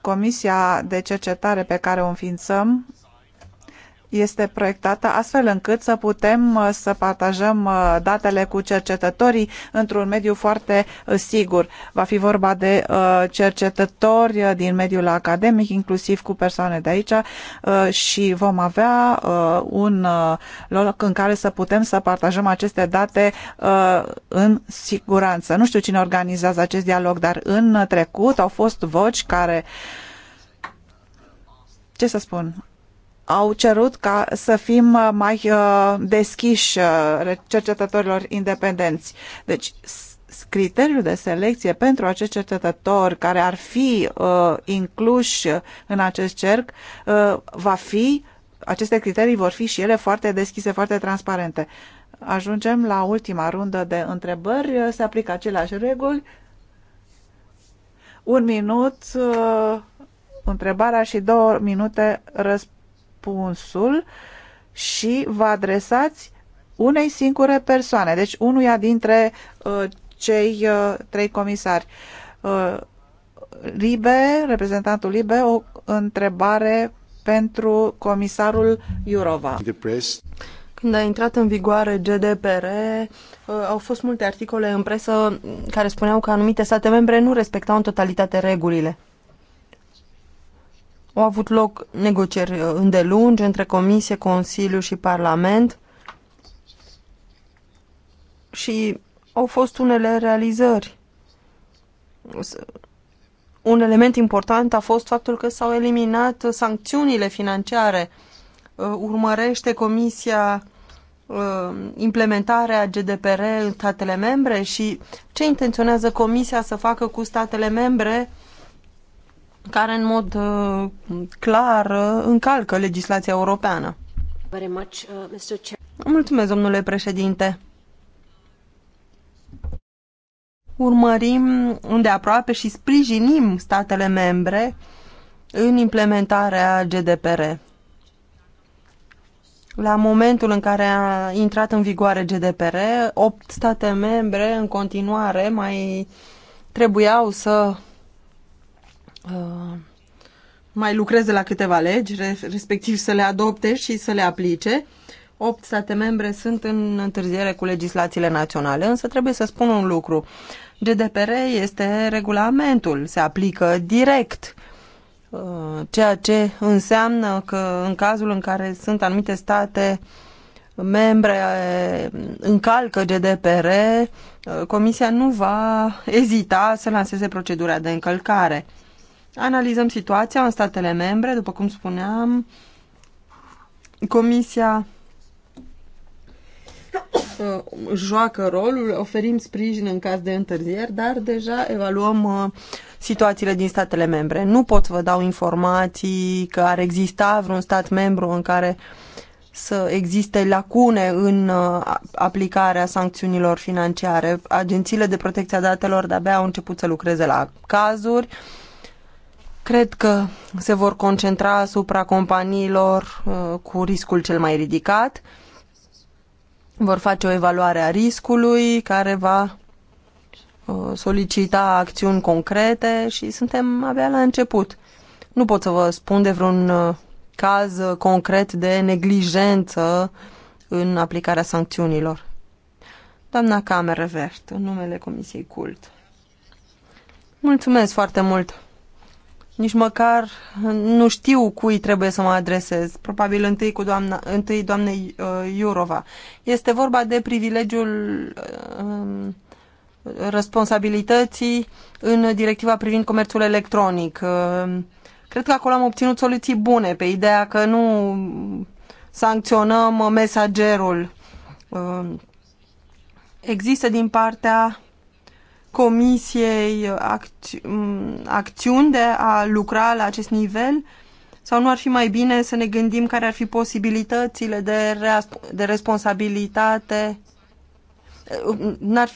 Comisia de cercetare pe care o înființăm este proiectată astfel încât să putem uh, să partajăm uh, datele cu cercetătorii într-un mediu foarte uh, sigur. Va fi vorba de cercetători din mediul academic, inclusiv cu persoane de aici și vom avea un loc în care să putem să partajăm aceste date în siguranță. Nu știu cine organizează acest dialog, dar în trecut au fost voci care ce să spun, au cerut ca să fim uh, mai uh, deschiși uh, cercetătorilor independenți. Deci, criteriul de selecție pentru acești cercetători care ar fi uh, incluși în acest cerc uh, va fi, aceste criterii vor fi și ele foarte deschise, foarte transparente. Ajungem la ultima rundă de întrebări. Se aplică aceleași reguli. Un minut uh, întrebarea și două minute răspunsul răspunsul și vă adresați unei singure persoane, deci unuia dintre uh, cei uh, trei comisari. Uh, Libe, reprezentantul Libe, o întrebare pentru comisarul Iurova. Când a intrat în vigoare GDPR, uh, au fost multe articole în presă care spuneau că anumite state membre nu respectau în totalitate regulile. Au avut loc negocieri uh, îndelungi între Comisie, Consiliu și Parlament și au fost unele realizări. Un element important a fost faptul că s-au eliminat uh, sancțiunile financiare. Uh, urmărește Comisia implementarea GDPR în statele membre și ce intenționează Comisia să facă cu statele membre care în mod uh, clar uh, încalcă legislația europeană. Uh, Mulțumesc, domnule președinte. Urmărim îndeaproape și sprijinim statele membre în implementarea GDPR. La momentul în care a intrat în vigoare GDPR, opt state membre în continuare mai trebuiau să Uh, mai lucreze la câteva legi, respectiv să le adopte și să le aplice. Opt state membre sunt în întârziere cu legislațiile naționale, însă trebuie să spun un lucru. GDPR este regulamentul, se aplică direct, uh, ceea ce înseamnă că în cazul în care sunt anumite state membre uh, încalcă GDPR, Comisia nu va ezita să lanseze procedura de încălcare. Analizăm situația în statele membre, după cum spuneam. Comisia uh, joacă rolul, oferim sprijin în caz de întârzieri, dar deja evaluăm uh, situațiile din statele membre. Nu pot să vă dau informații că ar exista vreun stat membru în care să existe lacune în uh, aplicarea sancțiunilor financiare. Agențiile de protecție a datelor de-abia au început să lucreze la cazuri Cred că se vor concentra asupra companiilor uh, cu riscul cel mai ridicat. Vor face o evaluare a riscului care va uh, solicita acțiuni concrete și suntem abia la început. Nu pot să vă spun de vreun uh, caz concret de neglijență în aplicarea sancțiunilor. Doamna Cameră Vert, în numele Comisiei Cult. Mulțumesc foarte mult! nici măcar nu știu cui trebuie să mă adresez. Probabil întâi, cu doamna, întâi doamnei uh, Iurova. Este vorba de privilegiul uh, responsabilității în directiva privind comerțul electronic. Uh, cred că acolo am obținut soluții bune pe ideea că nu sancționăm mesagerul. Uh, există din partea Comisiei acți acțiuni de a lucra la acest nivel? Sau nu ar fi mai bine să ne gândim care ar fi posibilitățile de, de responsabilitate? N-ar,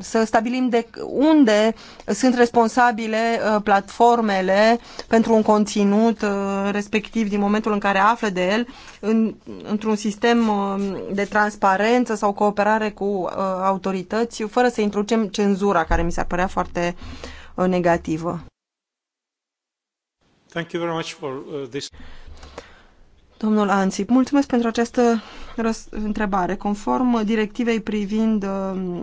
să stabilim de unde sunt responsabile uh, platformele pentru un conținut uh, respectiv din momentul în care află de el în, într-un sistem uh, de transparență sau cooperare cu autorități fără să introducem cenzura care mi s-ar părea foarte negativă. Thank you very much for this. Domnul Anzi, mulțumesc pentru această întrebare. Conform directivei privind uh,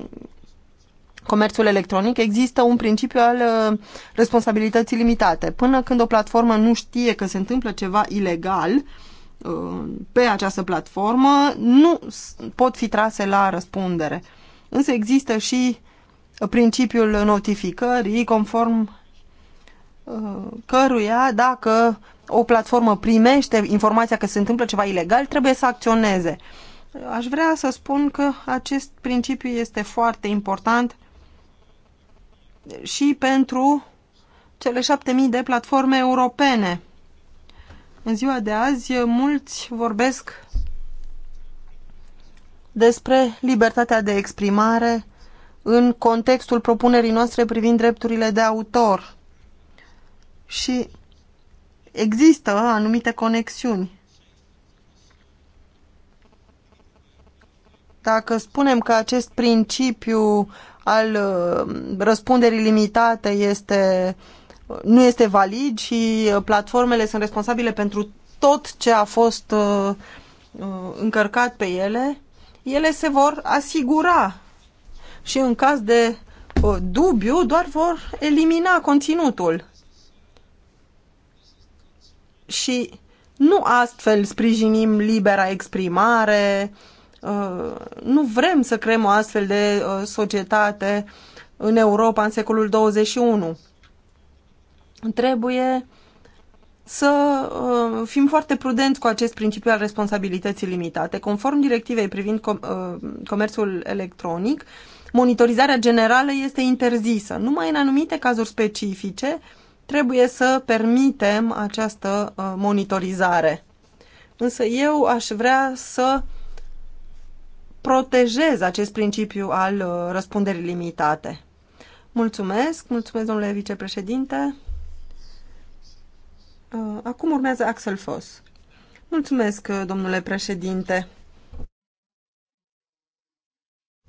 comerțul electronic, există un principiu al uh, responsabilității limitate. Până când o platformă nu știe că se întâmplă ceva ilegal uh, pe această platformă, nu pot fi trase la răspundere. Însă există și principiul notificării conform căruia dacă o platformă primește informația că se întâmplă ceva ilegal, trebuie să acționeze. Aș vrea să spun că acest principiu este foarte important și pentru cele șapte mii de platforme europene. În ziua de azi, mulți vorbesc despre libertatea de exprimare în contextul propunerii noastre privind drepturile de autor. Și există anumite conexiuni. Dacă spunem că acest principiu al uh, răspunderii limitate este, uh, nu este valid și uh, platformele sunt responsabile pentru tot ce a fost încărcat pe ele, ele se vor asigura și în caz de dubiu doar vor elimina conținutul și nu astfel sprijinim libera exprimare, uh, nu vrem să creăm o astfel de uh, societate în Europa în secolul 21. Trebuie să uh, fim foarte prudenți cu acest principiu al responsabilității limitate. Conform directivei privind comerțul electronic, monitorizarea generală este interzisă. Numai în anumite cazuri specifice, trebuie să permitem această uh, monitorizare. Însă eu aș vrea să protejez acest principiu al uh, răspunderii limitate. Mulțumesc, mulțumesc domnule vicepreședinte. Uh, acum urmează Axel Foss. Mulțumesc, domnule președinte.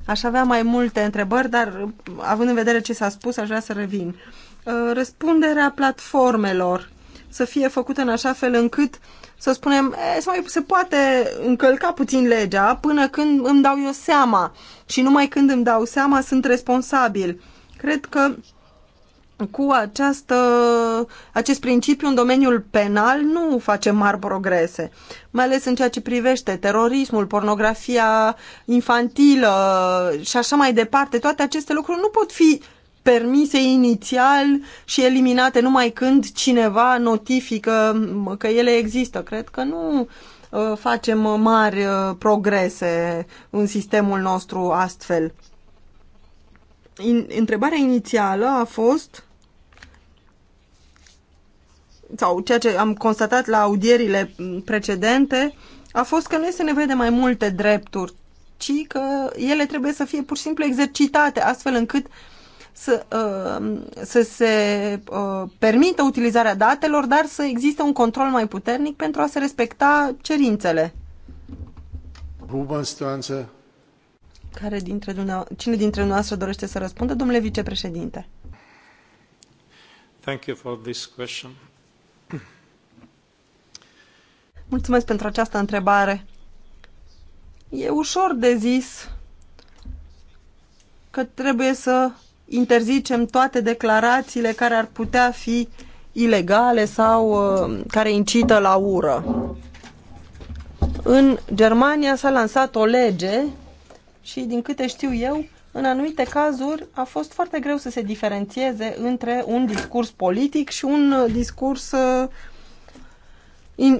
Aș avea mai multe întrebări, dar având în vedere ce s-a spus, aș vrea să revin. Uh, Uh, răspunderea platformelor să fie făcută în așa fel încât să spunem, e, eh, se, mai, se poate încălca puțin legea până când îmi dau eu seama și numai când îmi dau seama sunt responsabil. Cred că cu această, acest principiu în domeniul penal nu facem mari progrese, mai ales în ceea ce privește terorismul, pornografia infantilă și așa mai departe. Toate aceste lucruri nu pot fi uh, permise inițial și eliminate numai când cineva notifică că ele există. Cred că nu ă, facem mari ă, progrese în sistemul nostru astfel. Întrebarea inițială a fost sau ceea ce am constatat la audierile precedente a fost că nu este nevoie de mai multe drepturi, ci că ele trebuie să fie pur și simplu exercitate, astfel încât uh, să, uh, să se uh, permită utilizarea datelor, dar să existe un control mai puternic pentru a se respecta cerințele. Rubens Care dintre cine dintre noastre dorește să răspundă? Domnule vicepreședinte. Thank you for this question. Mulțumesc pentru această întrebare. E ușor de zis că trebuie să interzicem toate declarațiile care ar putea fi ilegale sau uh, care incită la ură. În Germania s-a lansat o lege și, din câte știu eu, în anumite cazuri a fost foarte greu să se diferențieze între un discurs politic și un uh, discurs uh,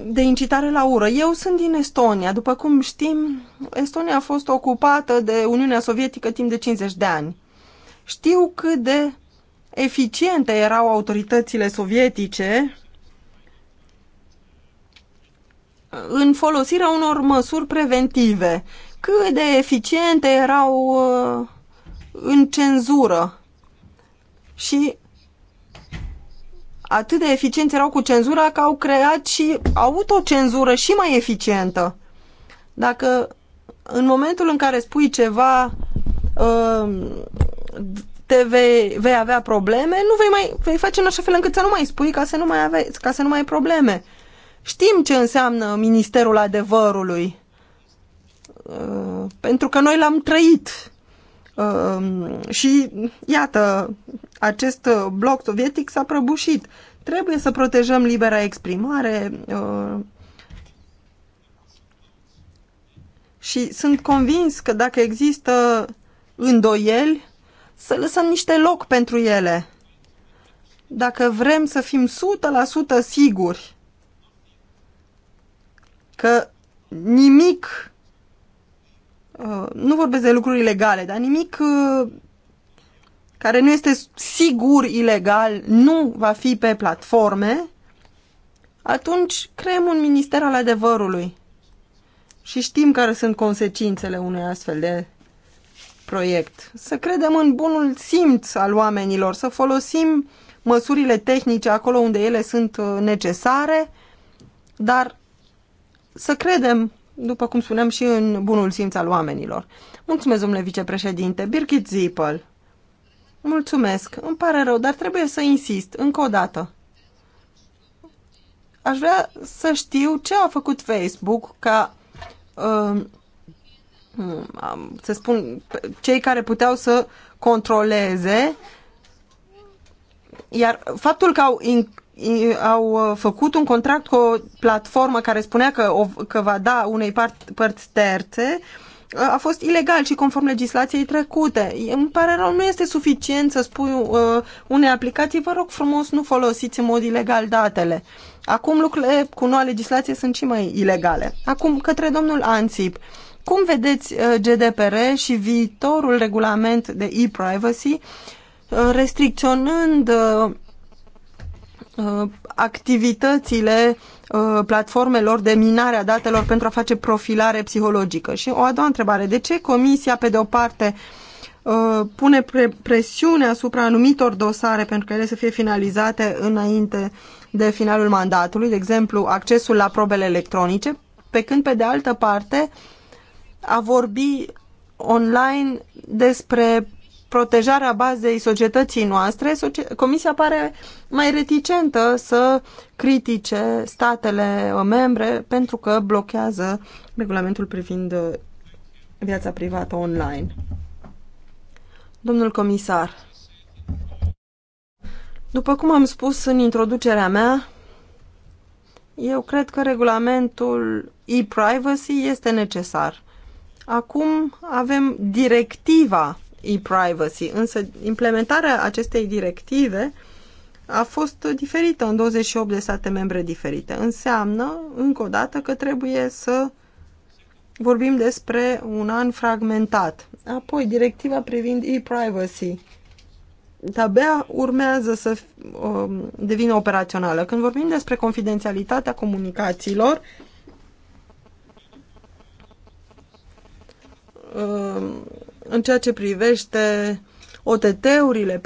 de incitare la ură. Eu sunt din Estonia. După cum știm, Estonia a fost ocupată de Uniunea Sovietică timp de 50 de ani. Știu cât de eficiente erau autoritățile sovietice în folosirea unor măsuri preventive, cât de eficiente erau uh, în cenzură și atât de eficienți erau cu cenzura că au creat și autocenzură și mai eficientă. Dacă în momentul în care spui ceva uh, te vei, vei avea probleme, nu vei mai vei face în așa fel încât să nu mai spui ca să nu mai aveți, ca să nu mai ai probleme. Știm ce înseamnă Ministerul Adevărului. Uh, pentru că noi l-am trăit. Uh, și iată, acest bloc sovietic s-a prăbușit. Trebuie să protejăm libera exprimare uh, și sunt convins că dacă există îndoieli, să lăsăm niște loc pentru ele. Dacă vrem să fim 100% siguri că nimic, uh, nu vorbesc de lucruri ilegale, dar nimic uh, care nu este sigur ilegal nu va fi pe platforme, atunci creăm un minister al adevărului. Și știm care sunt consecințele unei astfel de proiect. Să credem în bunul simț al oamenilor, să folosim măsurile tehnice acolo unde ele sunt uh, necesare, dar să credem, după cum spuneam, și în bunul simț al oamenilor. Mulțumesc, domnule vicepreședinte. Birgit Zipel. Mulțumesc. Îmi pare rău, dar trebuie să insist încă o dată. Aș vrea să știu ce a făcut Facebook ca uh, să spun, cei care puteau să controleze, iar faptul că au, in, au uh, făcut un contract cu o platformă care spunea că, o, că va da unei part, părți terțe, uh, a fost ilegal și conform legislației trecute. Îmi pare rău, nu este suficient să spui uh, unei aplicații, vă rog frumos, nu folosiți în mod ilegal datele. Acum lucrurile cu noua legislație sunt și mai ilegale. Acum, către domnul Ansip. Uh, cum vedeți uh, GDPR și viitorul regulament de e-privacy uh, restricționând uh, activitățile platformelor de minare a datelor pentru a face profilare psihologică. Și o a doua întrebare, de ce Comisia, pe de o parte, pune presiune asupra anumitor dosare pentru că ele să fie finalizate înainte de finalul mandatului, de exemplu, accesul la probele electronice, pe când, pe de altă parte, uh, a vorbi online despre protejarea bazei societății noastre, Comisia pare mai reticentă să critique statele membre pentru că blochează regulamentul privind uh, viața privată online. Domnul comisar, după cum am spus în introducerea mea, eu cred că regulamentul e-privacy este necesar. Acum avem directiva e-privacy, însă implementarea acestei directive a fost diferită în 28 de state membre diferite. Înseamnă, încă o dată, că trebuie să vorbim despre un an fragmentat. Apoi, directiva privind e-privacy. De-abia urmează să um, devină operațională. Când vorbim despre confidențialitatea comunicațiilor, Um, în ceea ce privește OTT-urile,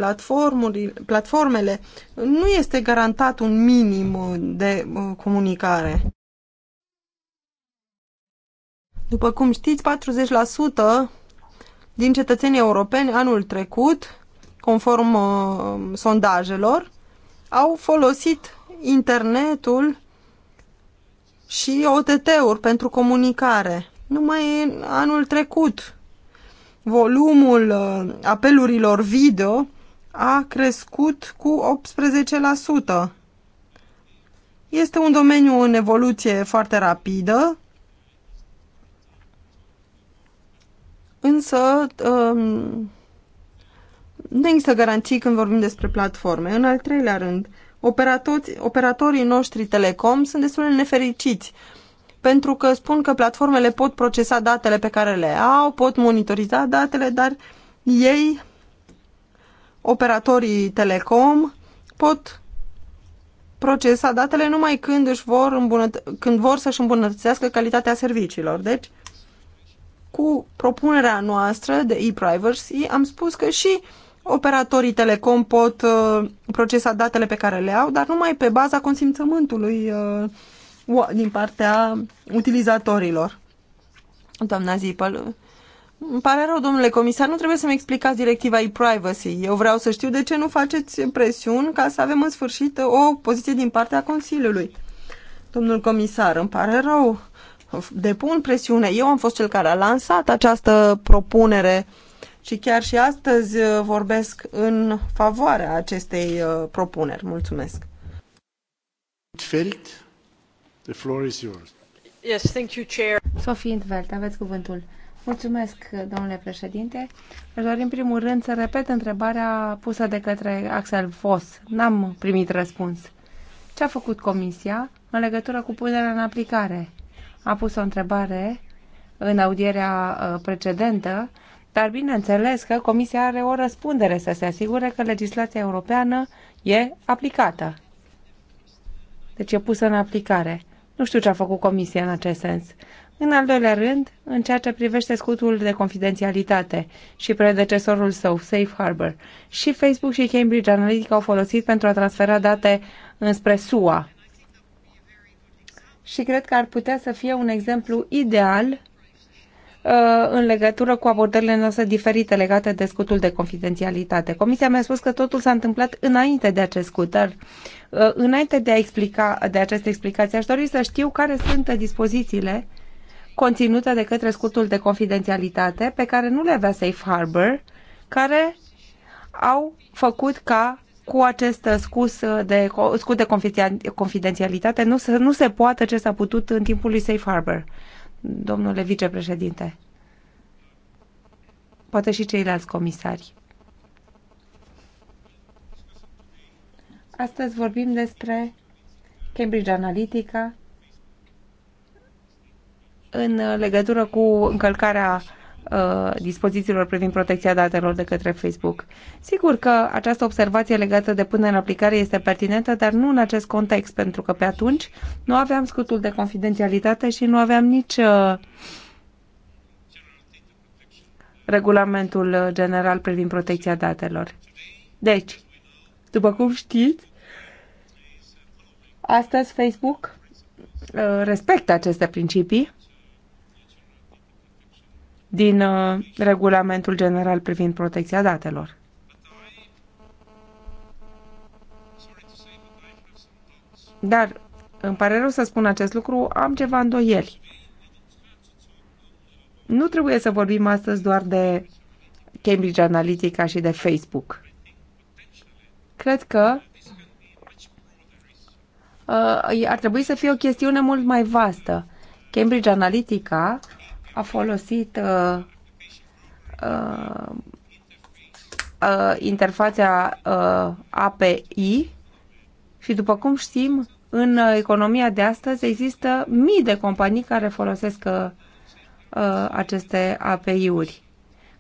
platformele, nu este garantat un minim uh, de uh, comunicare. După cum știți, 40% din cetățenii europeni anul trecut, conform uh, sondajelor, au folosit internetul și OTT-uri pentru comunicare. Numai anul trecut, volumul uh, apelurilor video a crescut cu 18%. Este un domeniu în evoluție foarte rapidă, însă um, nu există garanții când vorbim despre platforme. În al treilea rând, operatorii noștri telecom sunt destul de nefericiți pentru că spun că platformele pot procesa datele pe care le au, pot monitoriza datele, dar ei, operatorii telecom, pot procesa datele numai când, își vor, îmbunăt- când vor să-și îmbunătățească calitatea serviciilor. Deci, cu propunerea noastră de e-privacy, am spus că și operatorii telecom pot uh, procesa datele pe care le au, dar numai pe baza consimțământului uh, din partea utilizatorilor. Doamna Zipăl, îmi pare rău, domnule comisar, nu trebuie să-mi explicați directiva e-privacy. Eu vreau să știu de ce nu faceți presiuni ca să avem în sfârșit o poziție din partea Consiliului. Domnul comisar, îmi pare rău, depun presiune. Eu am fost cel care a lansat această propunere și chiar și astăzi uh, vorbesc în favoarea acestei uh, propuneri. Mulțumesc. Felt. The floor is yours. Yes, thank you, Chair. Sophie Intveld, aveți cuvântul. Mulțumesc, domnule președinte. Aș dori în primul rând să repet întrebarea pusă de către Axel Voss. N-am primit răspuns. Ce a făcut Comisia în legătură cu punerea în aplicare? A pus o întrebare în audierea uh, precedentă, dar bineînțeles că Comisia are o răspundere să se asigure că legislația europeană e aplicată. Deci e pusă în aplicare. Nu știu ce a făcut Comisia în acest sens. În al doilea rând, în ceea ce privește scutul de confidențialitate și predecesorul său, Safe Harbor, și Facebook și Cambridge Analytica au folosit pentru a transfera date înspre SUA. Și cred că ar putea să fie un exemplu ideal Uh, în legătură cu abordările noastre diferite legate de scutul de confidențialitate. Comisia mi-a spus că totul s-a întâmplat înainte de acest scut, dar uh, înainte de, a explica, de această explicație aș dori să știu care sunt dispozițiile conținute de către scutul de confidențialitate pe care nu le avea Safe Harbor, care au făcut ca cu acest scus de, scut de confidențialitate nu se, nu se poate ce s-a putut în timpul lui Safe Harbor domnule vicepreședinte. Poate și ceilalți comisari. Astăzi vorbim despre Cambridge Analytica în legătură cu încălcarea Uh, dispozițiilor privind protecția datelor de către Facebook. Sigur că această observație legată de până în aplicare este pertinentă, dar nu în acest context, pentru că pe atunci nu aveam scutul de confidențialitate și nu aveam nici uh, regulamentul uh, general privind protecția datelor. Deci, după cum știți, astăzi Facebook respectă aceste principii din uh, regulamentul general privind protecția datelor. Dar, îmi pare rău să spun acest lucru, am ceva îndoieli. Nu trebuie să vorbim astăzi doar de Cambridge Analytica și de Facebook. Cred că uh, ar trebui să fie o chestiune mult mai vastă. Cambridge Analytica a folosit uh, uh, uh, interfața uh, API și după cum știm, în economia de astăzi există mii de companii care folosesc uh, uh aceste API-uri,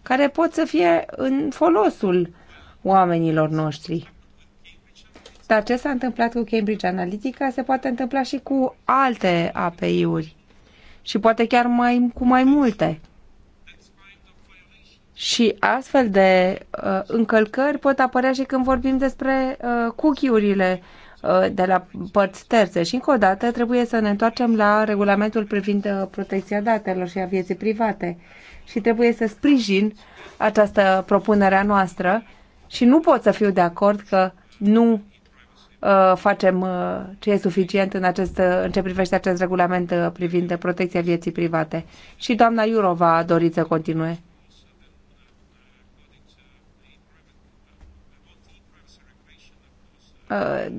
care pot să fie în folosul oamenilor noștri. Dar ce s-a întâmplat cu Cambridge Analytica se poate întâmpla și cu alte API-uri și poate chiar mai, cu mai multe. Și astfel de uh, încălcări pot apărea și când vorbim despre uh, cookie-urile uh, de la părți terțe. Și încă o dată trebuie să ne întoarcem la regulamentul privind uh, protecția datelor și a vieții private. Și trebuie să sprijin această propunere a noastră și nu pot să fiu de acord că nu Uh, facem uh, ce e suficient în, acest, uh, în ce privește acest regulament privind protecția vieții private. Și doamna Iurova a dorit să continue.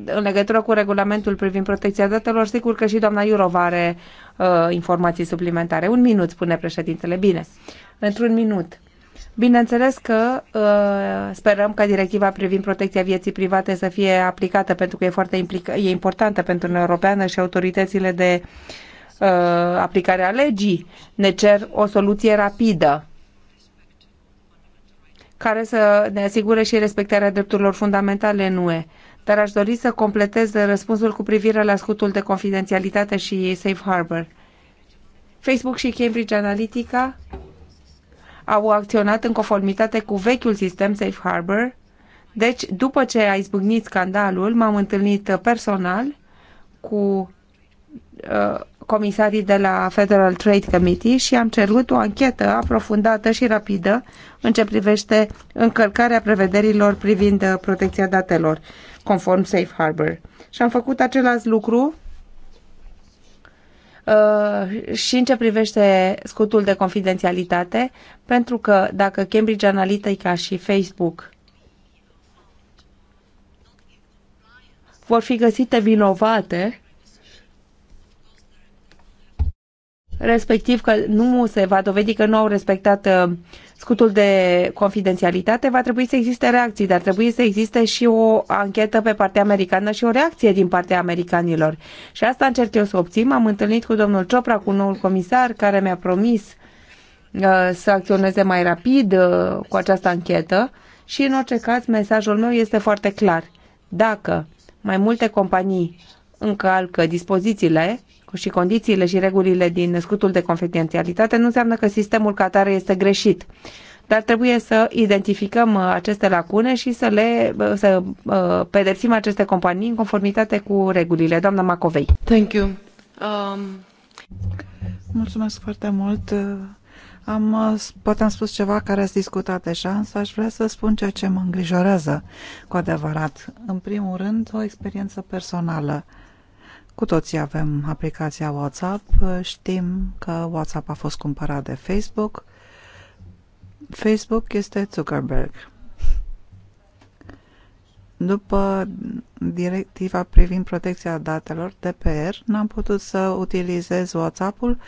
În legătură cu regulamentul privind protecția datelor, sigur că și doamna Iurova are uh, informații suplimentare. Un minut, spune președintele. Bine, într-un minut. Bineînțeles că uh, sperăm ca directiva privind protecția vieții private să fie aplicată pentru că e foarte e importantă pentru Uniunea Europeană și autoritățile de uh, aplicare a legii ne cer o soluție rapidă care să ne asigure și respectarea drepturilor fundamentale în UE. Dar aș dori să completez răspunsul cu privire la scutul de confidențialitate și Safe Harbor. Facebook și Cambridge Analytica au acționat în conformitate cu vechiul sistem Safe Harbor. Deci, după ce a izbucnit scandalul, m-am întâlnit personal cu uh, comisarii de la Federal Trade Committee și am cerut o anchetă aprofundată și rapidă în ce privește încălcarea prevederilor privind uh, protecția datelor, conform Safe Harbor. Și am făcut același lucru Uh, și în ce privește scutul de confidențialitate, pentru că dacă Cambridge Analytica și Facebook vor fi găsite vinovate, respectiv că nu se va dovedi că nu au respectat uh, scutul de confidențialitate, va trebui să existe reacții, dar trebuie să existe și o anchetă pe partea americană și o reacție din partea americanilor. Și asta încerc eu să obțin. M-am întâlnit cu domnul Ciopra, cu noul comisar, care mi-a promis uh, să acționeze mai rapid uh, cu această anchetă și, în orice caz, mesajul meu este foarte clar. Dacă mai multe companii încalcă dispozițiile și condițiile și regulile din scutul de confidențialitate, nu înseamnă că sistemul Qatar este greșit. Dar trebuie să identificăm uh, aceste lacune și să le uh, să uh, pedepsim aceste companii în conformitate cu regulile. Doamna Macovei. Thank you. Um... Mulțumesc foarte mult. Am, poate am spus ceva care ați discutat deja, însă aș vrea să spun ceea ce mă îngrijorează cu adevărat. În primul rând, o experiență personală. Uh, cu toții avem aplicația WhatsApp, știm că WhatsApp a fost cumpărat de Facebook. Facebook este Zuckerberg. După directiva privind protecția datelor, DPR, n-am putut să utilizez WhatsApp-ul.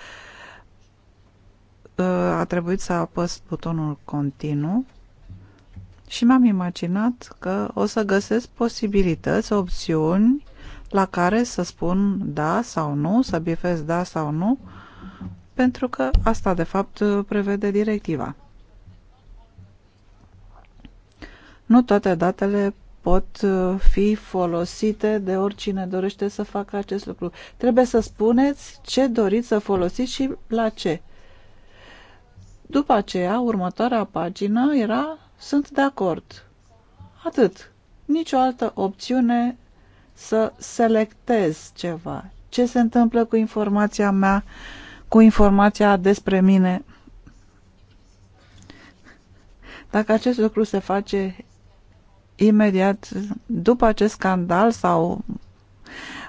A trebuit să apăs butonul continuu și m-am imaginat că o să găsesc posibilități, opțiuni la care să spun da sau nu, să bifez da sau nu, pentru că asta de fapt prevede directiva. Nu toate datele pot uh, fi folosite de oricine dorește să facă acest lucru. Trebuie să spuneți ce doriți să folosiți și la ce. După aceea, următoarea pagină era sunt de acord. Atât. Nicio altă opțiune să selectez ceva. Ce se întâmplă cu informația mea, cu informația despre mine? Dacă acest lucru se face imediat după acest scandal sau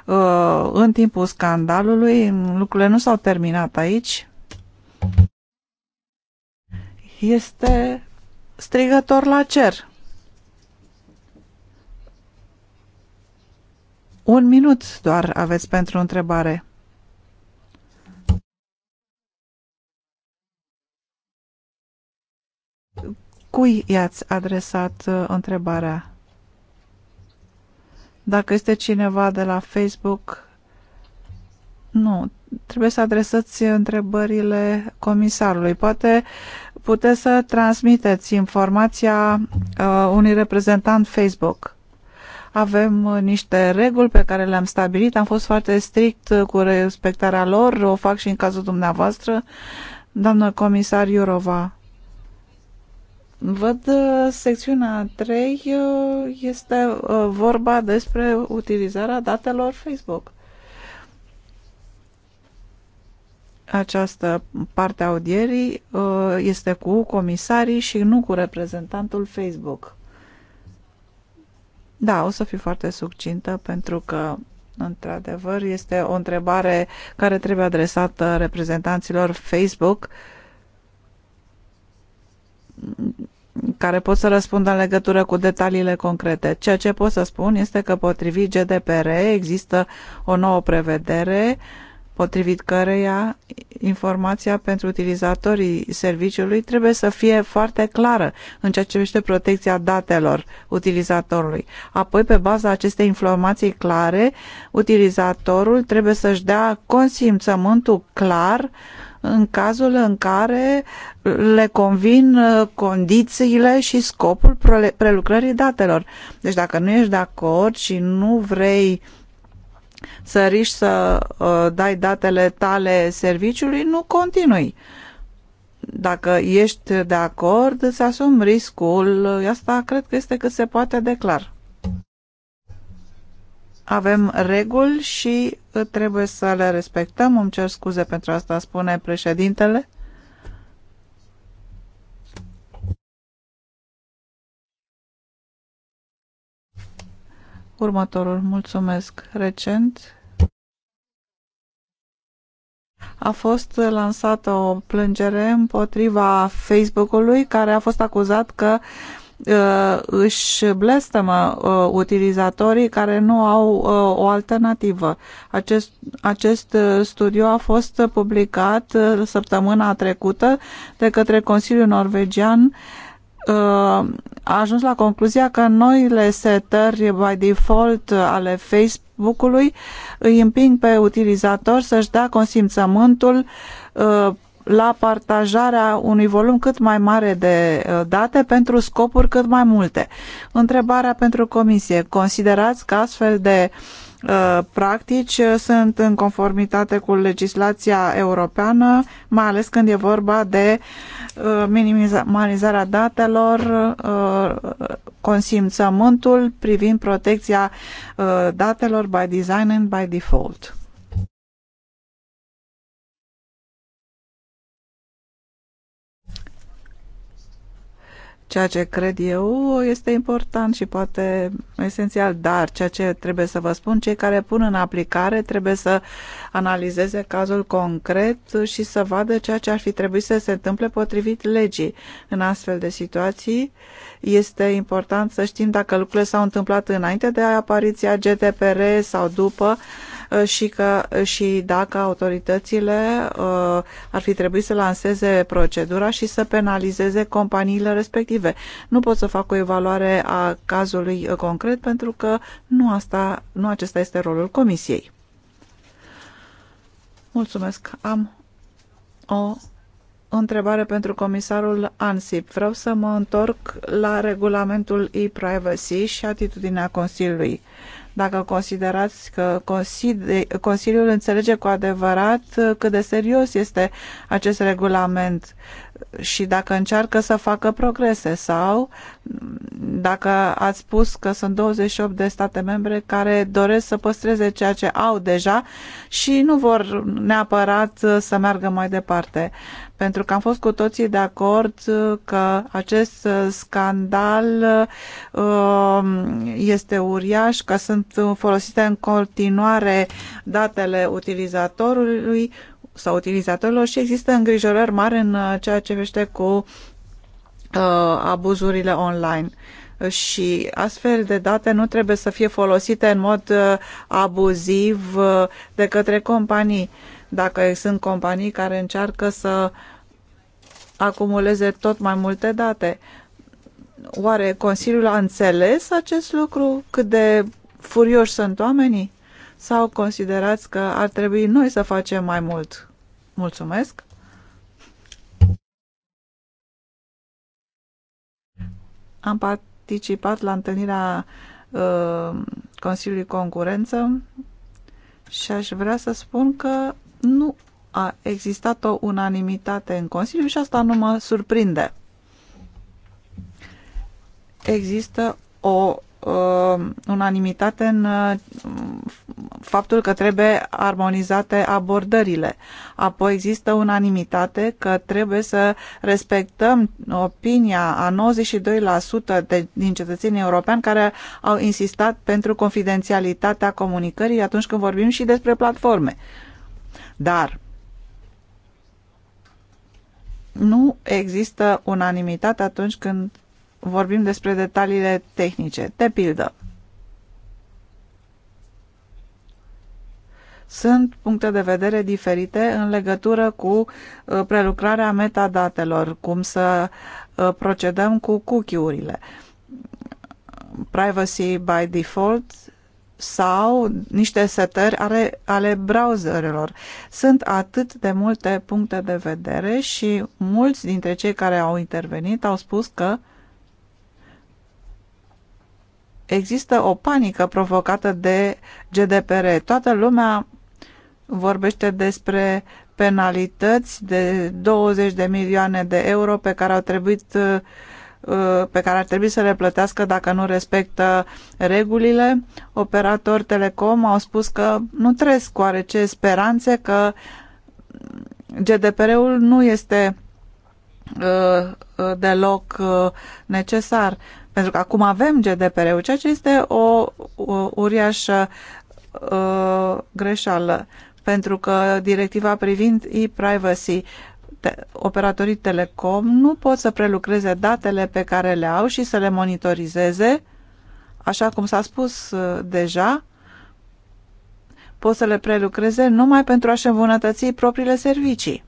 uh, în timpul scandalului, lucrurile nu s-au terminat aici, este strigător la cer. Un minut doar aveți pentru întrebare. Cui i-ați adresat uh, întrebarea? Dacă este cineva de la Facebook, nu, trebuie să adresați întrebările comisarului. Poate puteți să transmiteți informația uh, unui reprezentant Facebook. Avem uh, niște reguli pe care le-am stabilit, am fost foarte strict uh, cu respectarea lor, o fac și în cazul dumneavoastră. Doamnă comisar Iurova, Văd uh, secțiunea 3 este vorba despre utilizarea datelor Facebook. Această parte a audierii este cu comisarii și nu cu reprezentantul Facebook. Da, o să fiu foarte succintă pentru că Într-adevăr, este o întrebare care trebuie adresată reprezentanților Facebook care pot să răspundă în legătură cu detaliile concrete. Ceea ce pot să spun este că potrivit GDPR există o nouă prevedere uh, potrivit căreia informația pentru utilizatorii serviciului trebuie să fie foarte clară în ceea ce privește protecția datelor utilizatorului. Apoi, pe baza acestei informații clare, utilizatorul trebuie să-și dea consimțământul clar în cazul în care le convin uh, condițiile și scopul prelucrării datelor. Deci dacă nu ești de acord și nu vrei să riști să uh, dai datele tale serviciului, nu continui. Dacă ești de acord, îți asumi riscul. Asta cred că este cât se poate declar. Avem reguli și trebuie să le respectăm. Îmi cer scuze pentru asta, spune președintele. Următorul, mulțumesc, recent a fost lansată o plângere împotriva Facebook-ului care a fost acuzat că uh, își blestemă uh, utilizatorii care nu au uh, o alternativă. Acest, acest uh, studiu a fost publicat uh, săptămâna trecută de către Consiliul Norvegian uh, Uh, a ajuns la concluzia că noile setări by default ale Facebook-ului îi împing pe utilizator să-și dea consimțământul uh, la partajarea unui volum cât mai mare de uh, date pentru scopuri cât mai multe. Întrebarea pentru comisie. Considerați că astfel de uh, Uh, practici uh, sunt în conformitate cu legislația europeană, mai ales când e vorba de uh, minimizarea datelor, consimțământul privind protecția datelor by design and by default. ceea ce cred eu este important și poate esențial, dar ceea ce trebuie să vă spun, cei care pun în aplicare trebuie să analizeze cazul concret și să vadă ceea ce ar fi trebuit să se întâmple potrivit legii. În astfel de situații este important să știm dacă lucrurile s-au întâmplat înainte de apariția GDPR sau după, Uh, și, că, uh, și dacă autoritățile uh, ar fi trebuit să lanseze procedura și să penalizeze companiile respective. Nu pot să fac o evaluare a cazului concret pentru că nu, asta, nu acesta este rolul comisiei. Mulțumesc. Am o întrebare pentru comisarul ANSIP. Vreau să mă întorc la regulamentul e-privacy și atitudinea Consiliului. Dacă considerați că Consiliul înțelege cu adevărat cât de serios este acest regulament și dacă încearcă să facă progrese sau dacă ați spus că sunt 28 de state membre care doresc să păstreze ceea ce au deja și nu vor neapărat să meargă mai departe pentru că am fost cu toții de acord uh, că acest uh, scandal uh, este uriaș, că sunt folosite în continuare datele utilizatorului sau utilizatorilor și există îngrijorări mari în ceea ce vește cu abuzurile online și astfel de date nu trebuie să fie folosite în mod abuziv de către companii dacă sunt companii care încearcă să acumuleze tot mai multe date. Oare Consiliul a înțeles acest lucru? Cât de furioși sunt oamenii? Sau considerați că ar trebui noi să facem mai mult? Mulțumesc! Am participat la întâlnirea uh, Consiliului Concurență și aș vrea să spun că nu a existat o unanimitate în Consiliu și asta nu mă surprinde. Există o uh, unanimitate în uh, faptul că trebuie armonizate abordările. Apoi există unanimitate că trebuie să respectăm opinia a 92% de, din cetățenii europeni care au insistat pentru confidențialitatea comunicării atunci când vorbim și despre platforme. Uh, dar nu există unanimitate atunci când vorbim despre detaliile tehnice. De pildă, sunt puncte de vedere diferite în legătură cu uh, prelucrarea metadatelor, cum să uh, procedăm cu cookie-urile. Privacy by default sau niște setări ale, ale browserelor. Sunt atât de multe puncte de vedere și mulți dintre cei care au intervenit au spus că există o panică provocată de GDPR. Toată lumea vorbește despre penalități de 20 de milioane de euro pe care au trebuit uh, Uh, pe care ar trebui să le plătească dacă nu respectă regulile. Operatori telecom au spus că nu trăiesc oarece speranțe că GDPR-ul nu este uh, deloc uh, necesar. Pentru că acum avem GDPR-ul, ceea ce este o, o uriașă greșeală pentru că directiva privind e-privacy te operatorii telecom nu pot să prelucreze datele pe care le au și să le monitorizeze, așa cum s-a spus uh, deja, pot să le prelucreze numai pentru a-și îmbunătăți propriile servicii.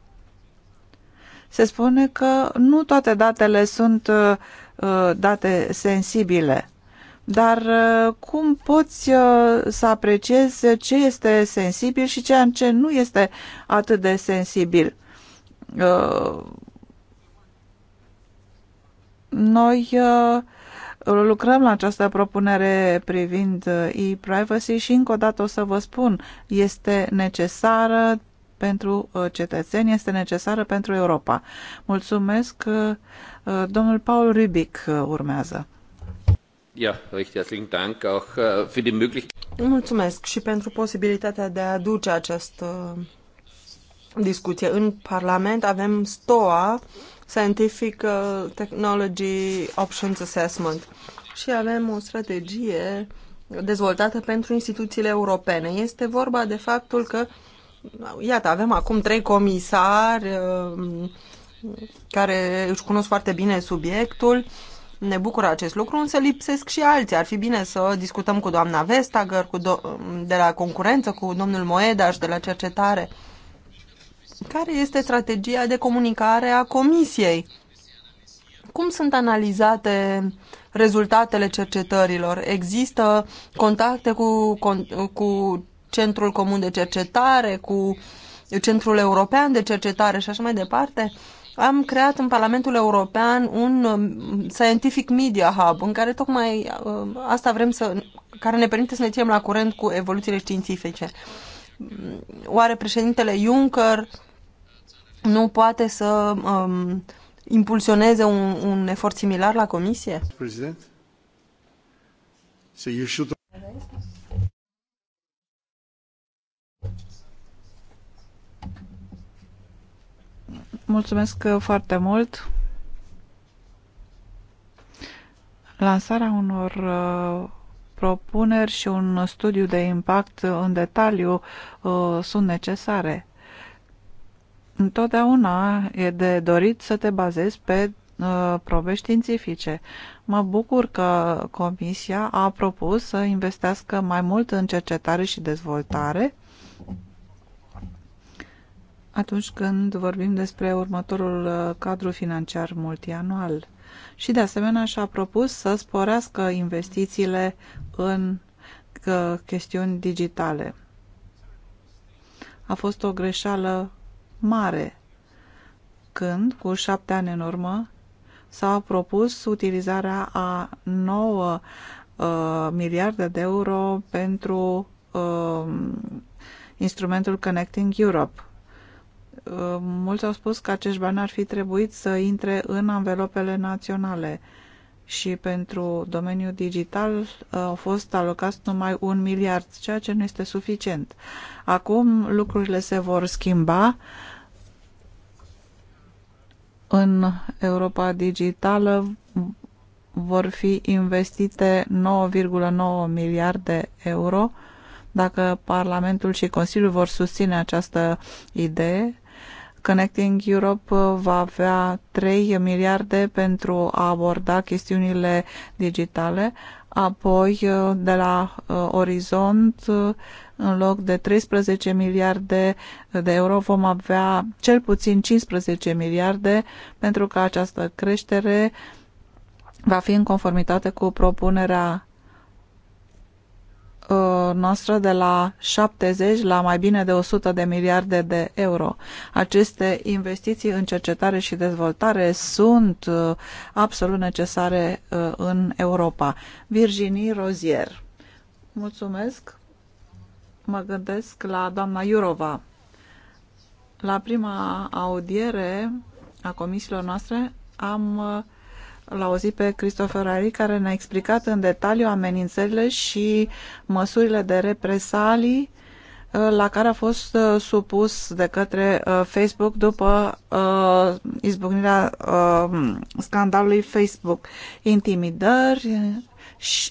Se spune că nu toate datele sunt uh, uh date sensibile, dar uh, cum poți uh, să apreciezi ce este sensibil și ceea ce nu este atât de sensibil? Uh, noi uh, lucrăm la această propunere privind uh, e-privacy și încă o dată o să vă spun, este necesară pentru cetățeni, este necesară pentru Europa. Mulțumesc. Domnul Paul Rubic urmează. Ja Dank auch für die Mulțumesc și pentru posibilitatea de a aduce acest discuție. În Parlament avem STOA, Scientific uh, Technology Options Assessment, și avem o strategie dezvoltată pentru instituțiile europene. Este vorba de faptul că, iată, avem acum trei comisari uh, care își cunosc foarte bine subiectul, ne bucură acest lucru, însă lipsesc și alții. Ar fi bine să discutăm cu doamna Vestager, cu do- de la concurență, cu domnul Moedaș de la cercetare. Care este strategia de comunicare a Comisiei? Cum sunt analizate rezultatele cercetărilor? Există contacte cu, cu Centrul Comun de Cercetare, cu Centrul European de Cercetare și așa mai departe? Am creat în Parlamentul European un um, Scientific Media Hub, în care tocmai um, asta vrem să, care ne permite să ne ținem la curent cu evoluțiile științifice. Oare președintele Juncker nu poate să um, impulsioneze un, un efort similar la Comisie? President? So you should... Mulțumesc uh, foarte mult. Lansarea unor uh, propuneri și un studiu de impact uh, în detaliu sunt necesare Întotdeauna e de dorit să te bazezi pe uh, probe științifice. Mă bucur că Comisia a propus să investească mai mult în cercetare și dezvoltare atunci când vorbim despre următorul uh, cadru financiar multianual. Și de asemenea și-a propus să sporească investițiile în uh, chestiuni digitale. A fost o greșeală mare când, cu șapte ani în urmă, s-a propus utilizarea a 9 uh, miliarde de euro pentru uh, instrumentul Connecting Europe. Uh, mulți au spus că acești bani ar fi trebuit să intre în anvelopele naționale și pentru domeniul digital uh, au fost alocați numai un miliard, ceea ce nu este suficient. Acum lucrurile se vor schimba. Uh, în Europa Digitală vor fi investite 9,9 miliarde euro dacă Parlamentul și Consiliul vor susține această idee. Connecting Europe va avea 3 miliarde pentru a aborda chestiunile digitale, apoi de la uh, Orizont în loc de 13 miliarde de euro vom avea cel puțin 15 miliarde pentru că această creștere va fi în conformitate cu propunerea uh, noastră de la 70 la mai bine de 100 de miliarde de euro. Aceste investiții în cercetare și dezvoltare sunt uh, absolut necesare uh, în Europa. Virginie Rozier. Mulțumesc mă gândesc la doamna Iurova. La prima audiere a comisiilor noastre am uh, l-auzit pe Christopher Ari care ne-a explicat în detaliu amenințările și măsurile de represalii uh, la care a fost uh, supus de către Facebook după izbucnirea scandalului Facebook. Intimidări,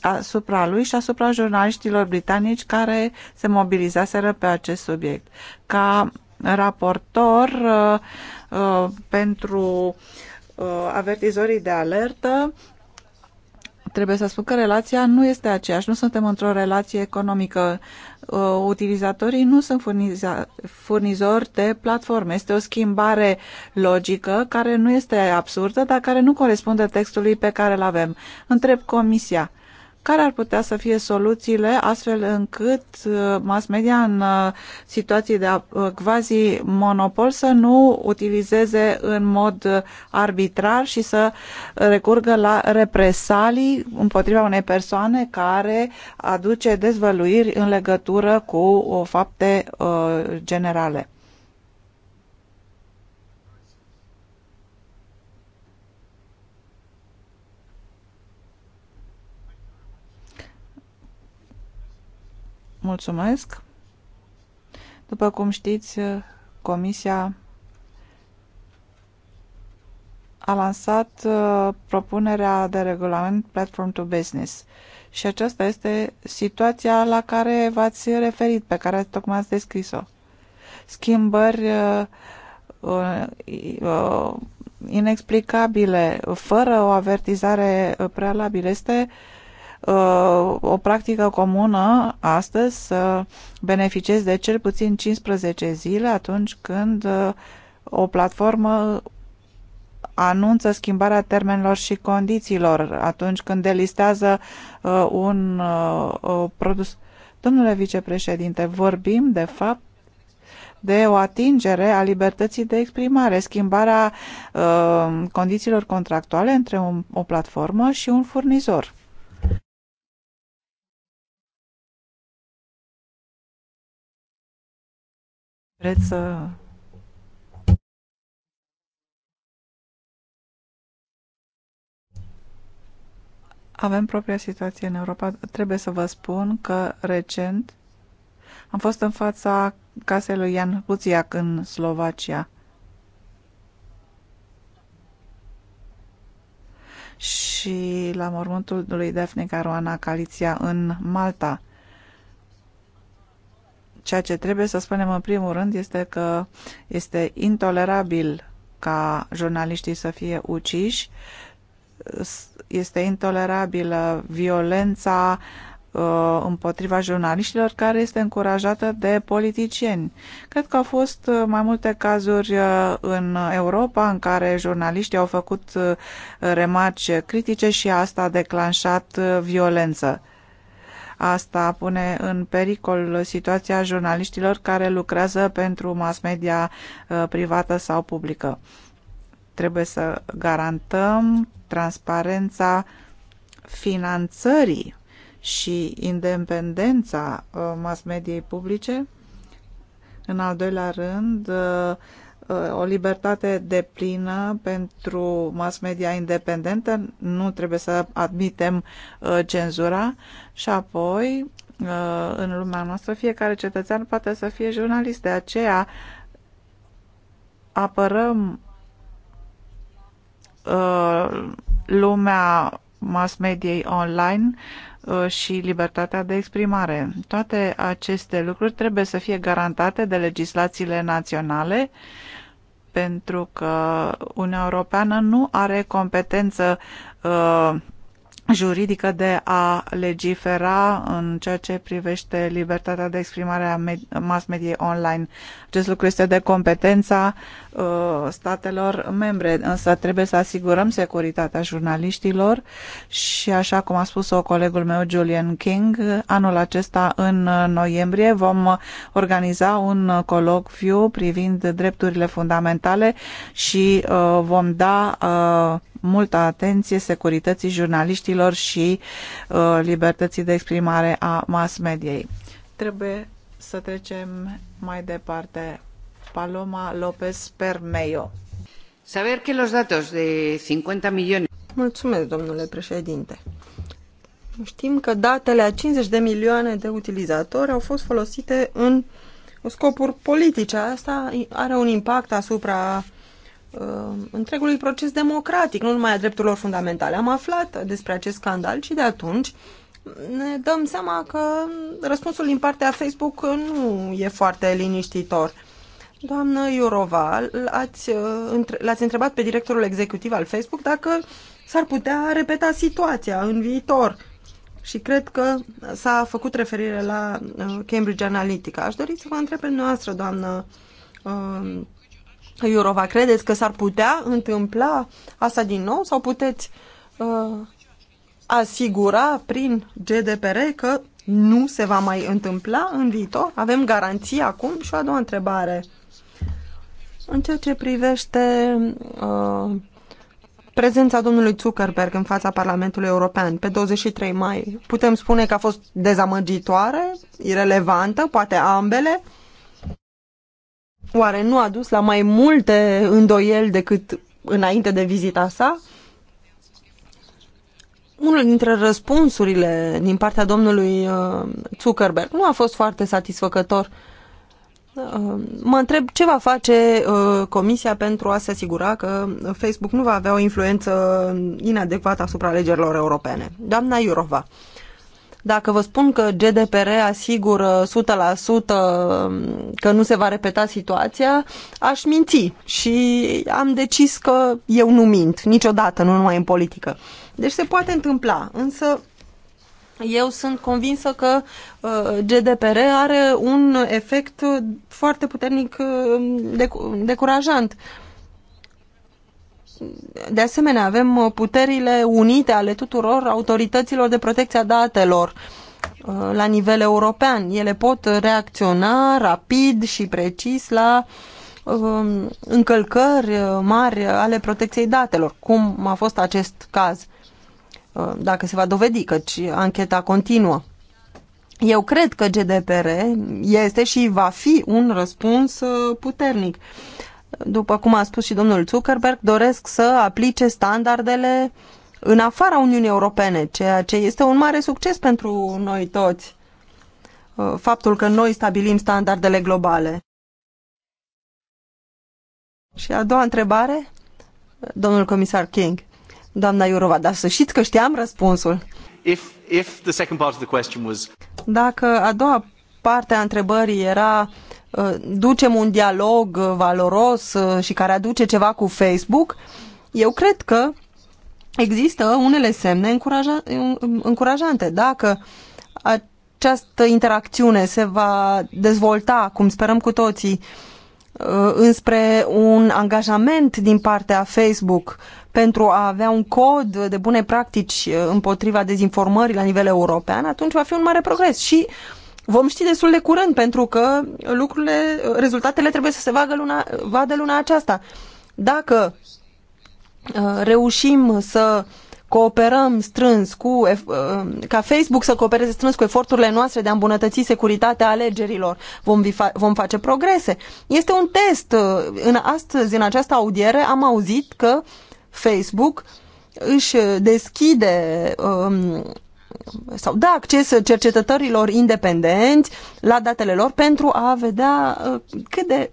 asupra lui și asupra jurnaliștilor britanici care se mobilizaseră pe acest subiect. Ca raportor uh, uh, pentru uh, avertizorii de alertă, trebuie să spun că relația nu este aceeași. Nu suntem într-o relație economică. Uh, utilizatorii nu sunt furniza, furnizori de platforme. Este o schimbare logică care nu este absurdă, dar care nu corespunde textului pe care îl avem. Întreb Comisia. Care ar putea să fie soluțiile astfel încât uh, mass media în uh, situații de uh, quasi monopol să nu utilizeze în mod arbitrar și să recurgă la represalii împotriva unei persoane care aduce dezvăluiri în legătură cu fapte generale? Mulțumesc. După cum știți, Comisia a lansat uh, propunerea de regulament Platform to Business și aceasta este situația la care v-ați referit, pe care tocmai ați descris-o. Schimbări uh, uh, inexplicabile, fără o avertizare prealabilă, este uh, Uh, o practică comună astăzi să beneficiezi de cel puțin 15 zile atunci când uh, o platformă anunță schimbarea termenilor și condițiilor atunci când delistează uh, un produs. Domnule vicepreședinte, vorbim de fapt de o atingere a libertății de exprimare, schimbarea uh, condițiilor contractuale între un, o platformă și un furnizor. Vreți să... Avem propria situație în Europa. Trebuie să vă spun că recent am fost în fața casei lui Ian Huțiac în Slovacia. Și la mormântul lui Daphne Caruana Caliția în Malta. Ceea ce trebuie să spunem în primul rând este că este intolerabil ca jurnaliștii să fie uciși, este intolerabilă violența uh, împotriva jurnaliștilor care este încurajată de politicieni. Cred că au fost uh, mai multe cazuri uh, în Europa în care jurnaliștii au făcut remarci critice și asta a declanșat violență. Asta pune în pericol situația jurnaliștilor care lucrează pentru mass media uh, privată sau publică. Trebuie să garantăm transparența finanțării și independența uh, mass mediei publice. În al doilea rând, uh, o libertate de plină pentru mass media independentă, nu trebuie să admitem uh, cenzura și apoi uh, în lumea noastră fiecare cetățean poate să fie jurnalist, de aceea apărăm uh, lumea mass mediei online și libertatea de exprimare. Toate aceste lucruri trebuie să fie garantate de legislațiile naționale uh, pentru că Uniunea Europeană nu are competență uh, juridică de a legifera în ceea ce privește libertatea de exprimare a mass mediei online. Acest lucru este de competența uh, statelor membre, însă trebuie să asigurăm securitatea jurnaliștilor și așa cum a spus-o colegul meu Julian King, anul acesta în noiembrie vom organiza un colocviu privind drepturile fundamentale și uh, vom da uh, multă atenție securității jurnaliștilor și uh, libertății de exprimare a mass mediei. Trebuie să trecem mai departe. Paloma López Permeio. Saber que los datos de 50 milioane. Mulțumesc, domnule președinte. Știm că datele a 50 de milioane de utilizatori au fost folosite în scopuri politice. Asta are un impact asupra Uh, întregului proces democratic, nu numai a drepturilor fundamentale. Am aflat despre acest scandal și de atunci ne dăm seama că răspunsul din partea Facebook nu e foarte liniștitor. Doamnă Iurova, l-ați, uh, l-ați întrebat pe directorul executiv al Facebook dacă s-ar putea repeta situația în viitor. Și cred că s-a făcut referire la uh, Cambridge Analytica. Aș dori să vă întreb pe noastră, doamnă um, Iurova, credeți că s-ar putea întâmpla asta din nou sau puteți uh, asigura prin GDPR că nu se va mai întâmpla în viitor? Avem garanții acum? Și o a doua întrebare. În ceea ce privește uh, prezența domnului Zuckerberg în fața Parlamentului European pe 23 mai, putem spune că a fost dezamăgitoare, irelevantă, poate ambele? Oare nu a dus la mai multe îndoieli decât înainte de vizita sa? Unul dintre răspunsurile din partea domnului uh, Zuckerberg nu a fost foarte satisfăcător. Uh, mă întreb ce va face uh, Comisia pentru a se asigura că Facebook nu va avea o influență inadecvată asupra alegerilor europene. Doamna Iurova. Dacă vă spun că GDPR asigură 100% um, că nu se va repeta situația, aș minți și am decis că eu nu mint niciodată, nu numai în politică. Deci se poate întâmpla, însă eu sunt convinsă că uh, GDPR are un efect foarte puternic um, decurajant de asemenea, avem uh, puterile unite ale tuturor autorităților de protecție a datelor uh, la nivel european. Ele pot reacționa rapid și precis la um, încălcări uh, mari ale protecției datelor, cum a fost acest caz, dacă se va dovedi, căci ancheta continuă. Eu cred că GDPR este și va fi un răspuns puternic după cum a spus și domnul Zuckerberg, doresc să aplice standardele în afara Uniunii Europene, ceea ce este un mare succes pentru noi toți, uh, faptul că noi stabilim standardele globale. Și a doua întrebare, domnul comisar King, doamna Iurova, dar să știți că știam răspunsul. If, if the second part of the question was... Dacă a doua parte a întrebării era Uh, ducem un dialog uh, valoros uh, și care aduce ceva cu Facebook, eu cred că există unele semne încuraja, încurajante. Dacă această interacțiune se va dezvolta, cum sperăm cu toții, înspre un angajament din partea Facebook pentru a avea un cod de bune practici împotriva dezinformării la nivel european, atunci va fi un mare progres și uh, vom ști destul de curând, pentru că lucrurile, rezultatele trebuie să se vadă luna, vadă luna aceasta. Dacă uh, reușim să cooperăm strâns cu, uh, ca Facebook să coopereze strâns cu eforturile noastre de a îmbunătăți securitatea alegerilor. Vom, vom face progrese. Este un test. Uh, în astăzi, în această audiere, am auzit că Facebook își deschide um, sau da acces cercetătorilor independenți la datele lor pentru a vedea uh, cât de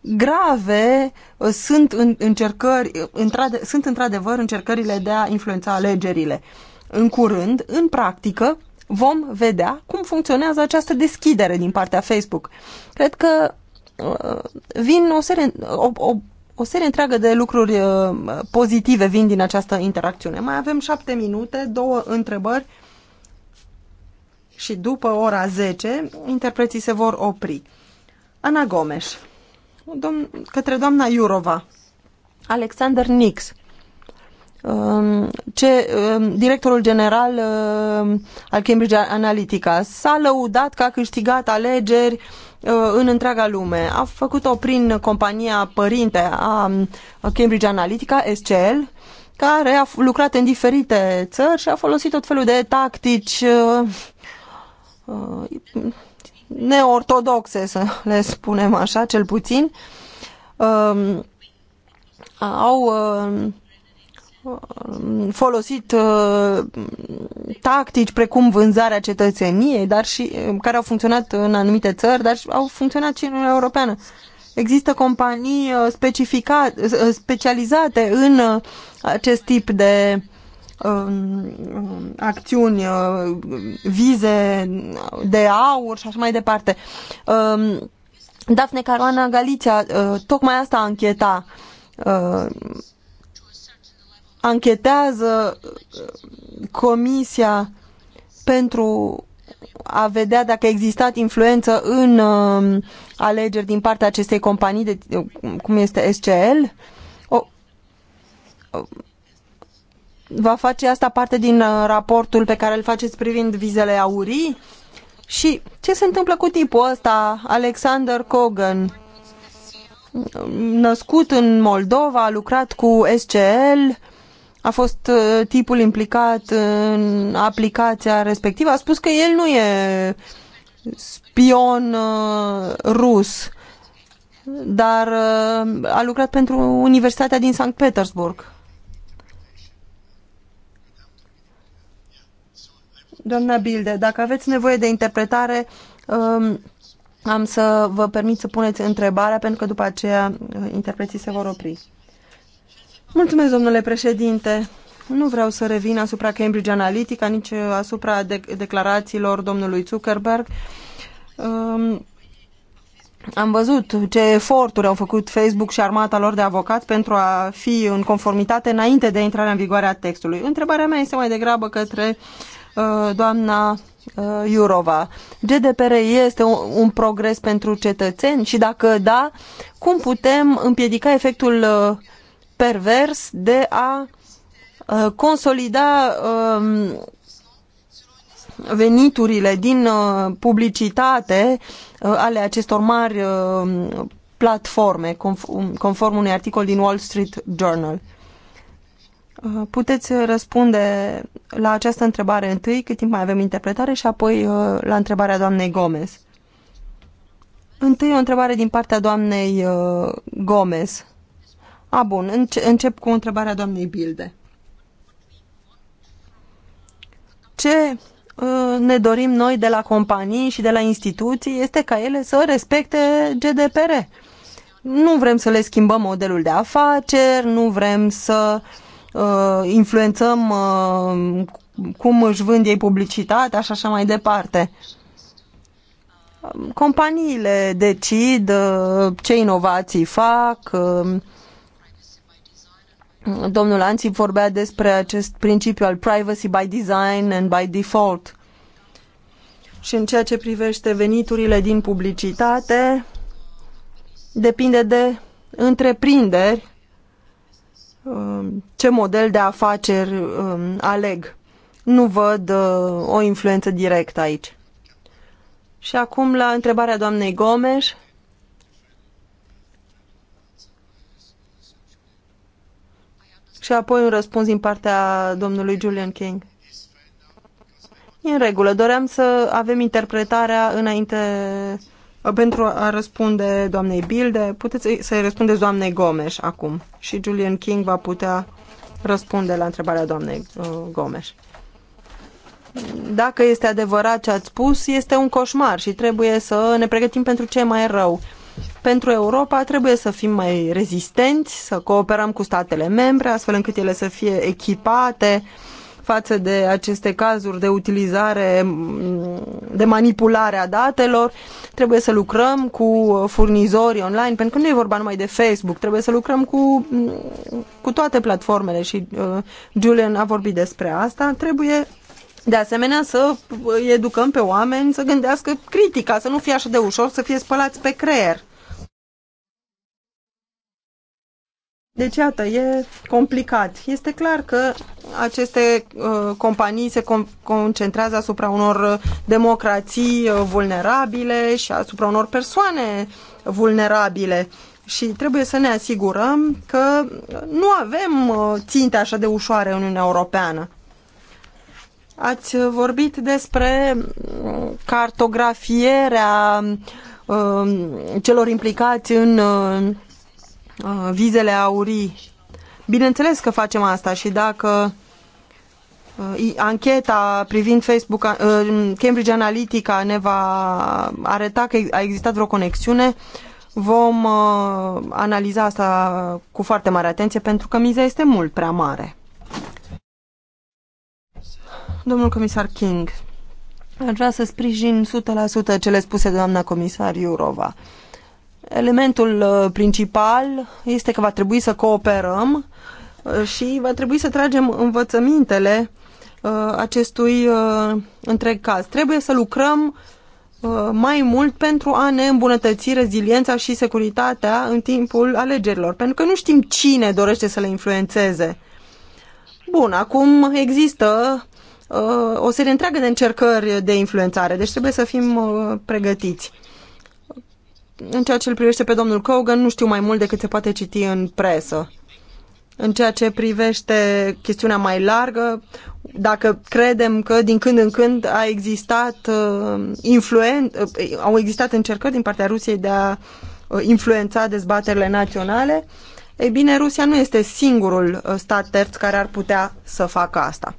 grave uh, sunt încercări, sunt într-adevăr încercările de a influența alegerile. În curând, în practică, vom vedea cum funcționează această deschidere din partea Facebook. Cred că uh, vin o serie, o, o, o serie întreagă de lucruri pozitive vin din această interacțiune. Mai avem șapte minute, două întrebări și după ora 10 interpreții se vor opri. Ana Gomes, domn, către doamna Iurova, Alexander Nix, um, ce, um, directorul general um, al Cambridge Analytica s-a lăudat că a câștigat alegeri uh, în întreaga lume. A făcut-o prin compania părinte a Cambridge Analytica, SCL, care a lucrat în diferite țări și a folosit tot felul de tactici uh, Uh, neortodoxe, să le spunem așa, cel puțin, um, au uh, folosit uh, tactici precum vânzarea cetățeniei, dar și, care au funcționat în anumite țări, dar au funcționat și în Uniunea Europeană. Există companii specializate în acest tip de Um, acțiuni, uh, vize de aur și așa mai departe. Um, Dafne Caruana Galicia, uh, tocmai asta ancheta. Uh, anchetează comisia pentru a vedea dacă a existat influență în um, alegeri din partea acestei companii, de, cum este SCL. O, va face asta parte din uh, raportul pe care îl faceți privind vizele aurii? Și ce se întâmplă cu tipul ăsta, Alexander Kogan? Mm, născut în Moldova, a lucrat cu SCL, a fost uh, tipul implicat în aplicația respectivă, a spus că el nu e spion uh, rus, dar a lucrat pentru Universitatea din Sankt Petersburg. Doamna Bilde, dacă aveți nevoie de interpretare, um, am să vă permit să puneți întrebarea, pentru că după aceea uh, interpreții se vor opri. Mulțumesc, domnule președinte. Nu vreau să revin asupra Cambridge Analytica, nici uh, asupra de declarațiilor domnului Zuckerberg. Um, am văzut ce eforturi au făcut Facebook și armata lor de avocați pentru a fi în conformitate înainte de intrarea în vigoare a textului. Întrebarea mea este mai degrabă către uh, Uh, doamna uh, Iurova. GDPR este un, un progres pentru cetățeni și dacă da, cum putem împiedica efectul uh, pervers de a consolida um, veniturile din publicitate ale acestor mari platforme, conform unui articol din Wall Street Journal. Uh, puteți uh, răspunde la această întrebare întâi, cât timp mai avem interpretare, și apoi uh, la întrebarea doamnei Gomez. Întâi o întrebare din partea doamnei Gomez. A, bun, încep cu întrebarea doamnei Bilde. Ce ne dorim noi de la companii și de la instituții este ca ele să respecte GDPR. Nu vrem să le schimbăm modelul de afaceri, nu vrem să uh, Uh, influențăm uh, cum își vând ei publicitatea și așa mai departe. Companiile decid uh, ce inovații fac. Domnul Anții vorbea despre acest principiu al privacy by design and by default. Și în ceea ce privește veniturile din publicitate, depinde de întreprinderi Um, ce model de afaceri um, aleg. Nu văd uh, o influență directă aici. Și acum la întrebarea doamnei Gomes. Și apoi un răspuns din partea domnului Julian King. în regulă. Doream să avem interpretarea înainte Uh, pentru a răspunde doamnei Bilde, puteți să-i răspundeți doamnei Gomes acum și Julian King va putea răspunde la întrebarea doamnei uh, Gomes. Dacă este adevărat ce ați spus, este un coșmar și trebuie să ne pregătim pentru ce mai rău. Pentru Europa trebuie să fim mai rezistenți, să cooperăm cu statele membre, astfel încât ele să fie echipate uh, față de aceste cazuri de utilizare, de manipulare a datelor. Trebuie să lucrăm cu furnizorii online, pentru că nu e vorba numai de Facebook, trebuie să lucrăm cu, cu toate platformele și uh, Julian a vorbit despre asta. Trebuie de asemenea să uh, educăm pe oameni să gândească critica, să nu fie așa de ușor, să fie spălați pe creier. Deci, iată, e complicat. Este clar că aceste uh, companii se con- concentrează asupra unor uh, democrații uh, vulnerabile și asupra unor persoane vulnerabile și trebuie să ne asigurăm că nu avem uh, ținte așa de ușoare în Uniunea Europeană. Ați vorbit despre uh, cartografierea uh, celor implicați în Uh, vizele aurii. Bineînțeles că facem asta și dacă uh, ancheta privind Facebook, uh, Cambridge Analytica ne va arăta că a existat vreo conexiune, vom analiza asta cu foarte mare atenție pentru că miza este mult prea mare. Domnul comisar King, aș vrea să sprijin 100% cele spuse de doamna comisar Iurova. Elementul uh, principal este că va trebui să cooperăm uh, și va trebui să tragem învățămintele uh, acestui întreg caz. Trebuie să lucrăm mai mult pentru a ne îmbunătăți reziliența și securitatea în timpul alegerilor, pentru că nu știm cine dorește să le influențeze. Bun, acum există uh, o serie întreagă de încercări de influențare, deci trebuie să fim uh, pregătiți. În ceea ce îl privește pe domnul Cogan, nu știu mai mult decât se poate citi în presă. În ceea ce privește chestiunea mai largă, dacă credem că din când în când a existat uh, influen- uh, au existat încercări din partea Rusiei de a uh, influența dezbaterile naționale, ei bine, Rusia nu este singurul uh, stat terț care ar putea să facă asta.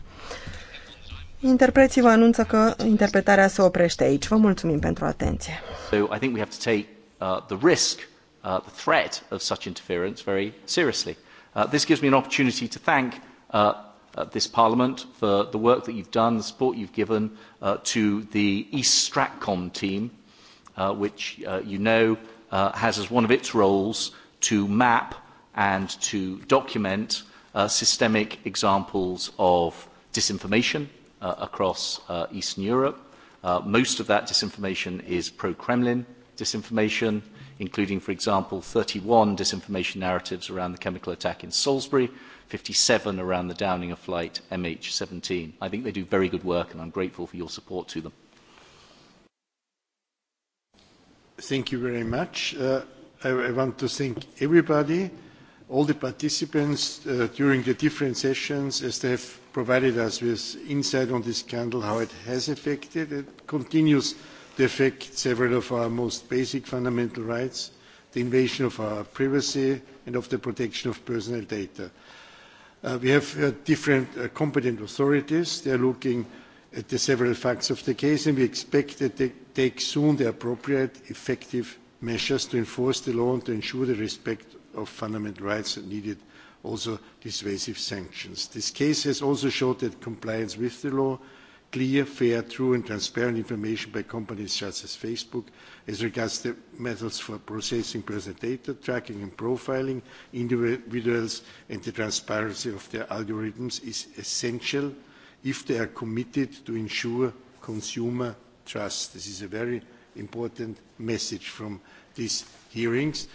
Interpreții vă anunță că interpretarea se oprește aici. Vă mulțumim pentru atenție. So, Uh, the risk, uh, the threat of such interference very seriously. Uh, this gives me an opportunity to thank uh, uh, this Parliament for the work that you've done, the support you've given uh, to the East Stratcom team, uh, which uh, you know uh, has as one of its roles to map and to document uh, systemic examples of disinformation uh, across uh, Eastern Europe. Uh, most of that disinformation is pro-Kremlin. Uh, disinformation, including, for example, 31 disinformation narratives around the chemical attack in Salisbury, 57 around the downing of flight MH17. I think they do very good work, and I'm grateful for your support to them. Thank you very much. Uh, I, I want to thank everybody, all the participants uh, during the different sessions, as they have provided us with insight on this scandal, how it has affected. It continues to affect several of our most basic fundamental rights, the invasion of our privacy and of the protection of personal data. Uh, we have uh, different uh, competent authorities. They are looking at the several facts of the case, and we expect that they take soon the appropriate, effective measures to enforce the law and to ensure the respect of fundamental rights and needed also dissuasive sanctions. This case has also showed that compliance with the law clear, fair, true and transparent information by companies such as Facebook as regards the methods for processing personal data, tracking and profiling individuals and the transparency of their algorithms is essential if they are committed to ensure consumer trust. This is a very important message from these hearings.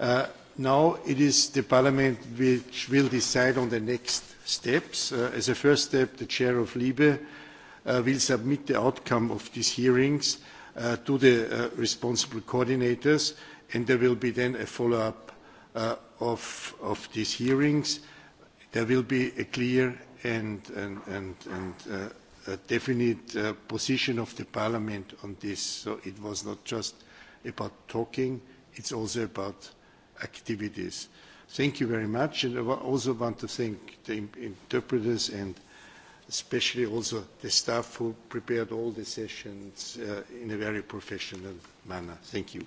Uh, now it is the Parliament which will decide on the next steps. Uh, as a first step, the Chair of LIBE uh, will submit the outcome of these hearings uh, to the uh, responsible coordinators, and there will be then a follow-up uh, of, of these hearings. There will be a clear and, and, and, and uh, a definite position of the Parliament on this. So it was not just about talking, it's also about activities. Thank you very much, and I also want to thank the interpreters and especially also the staff who prepared all the sessions uh, in a very professional manner. Thank you.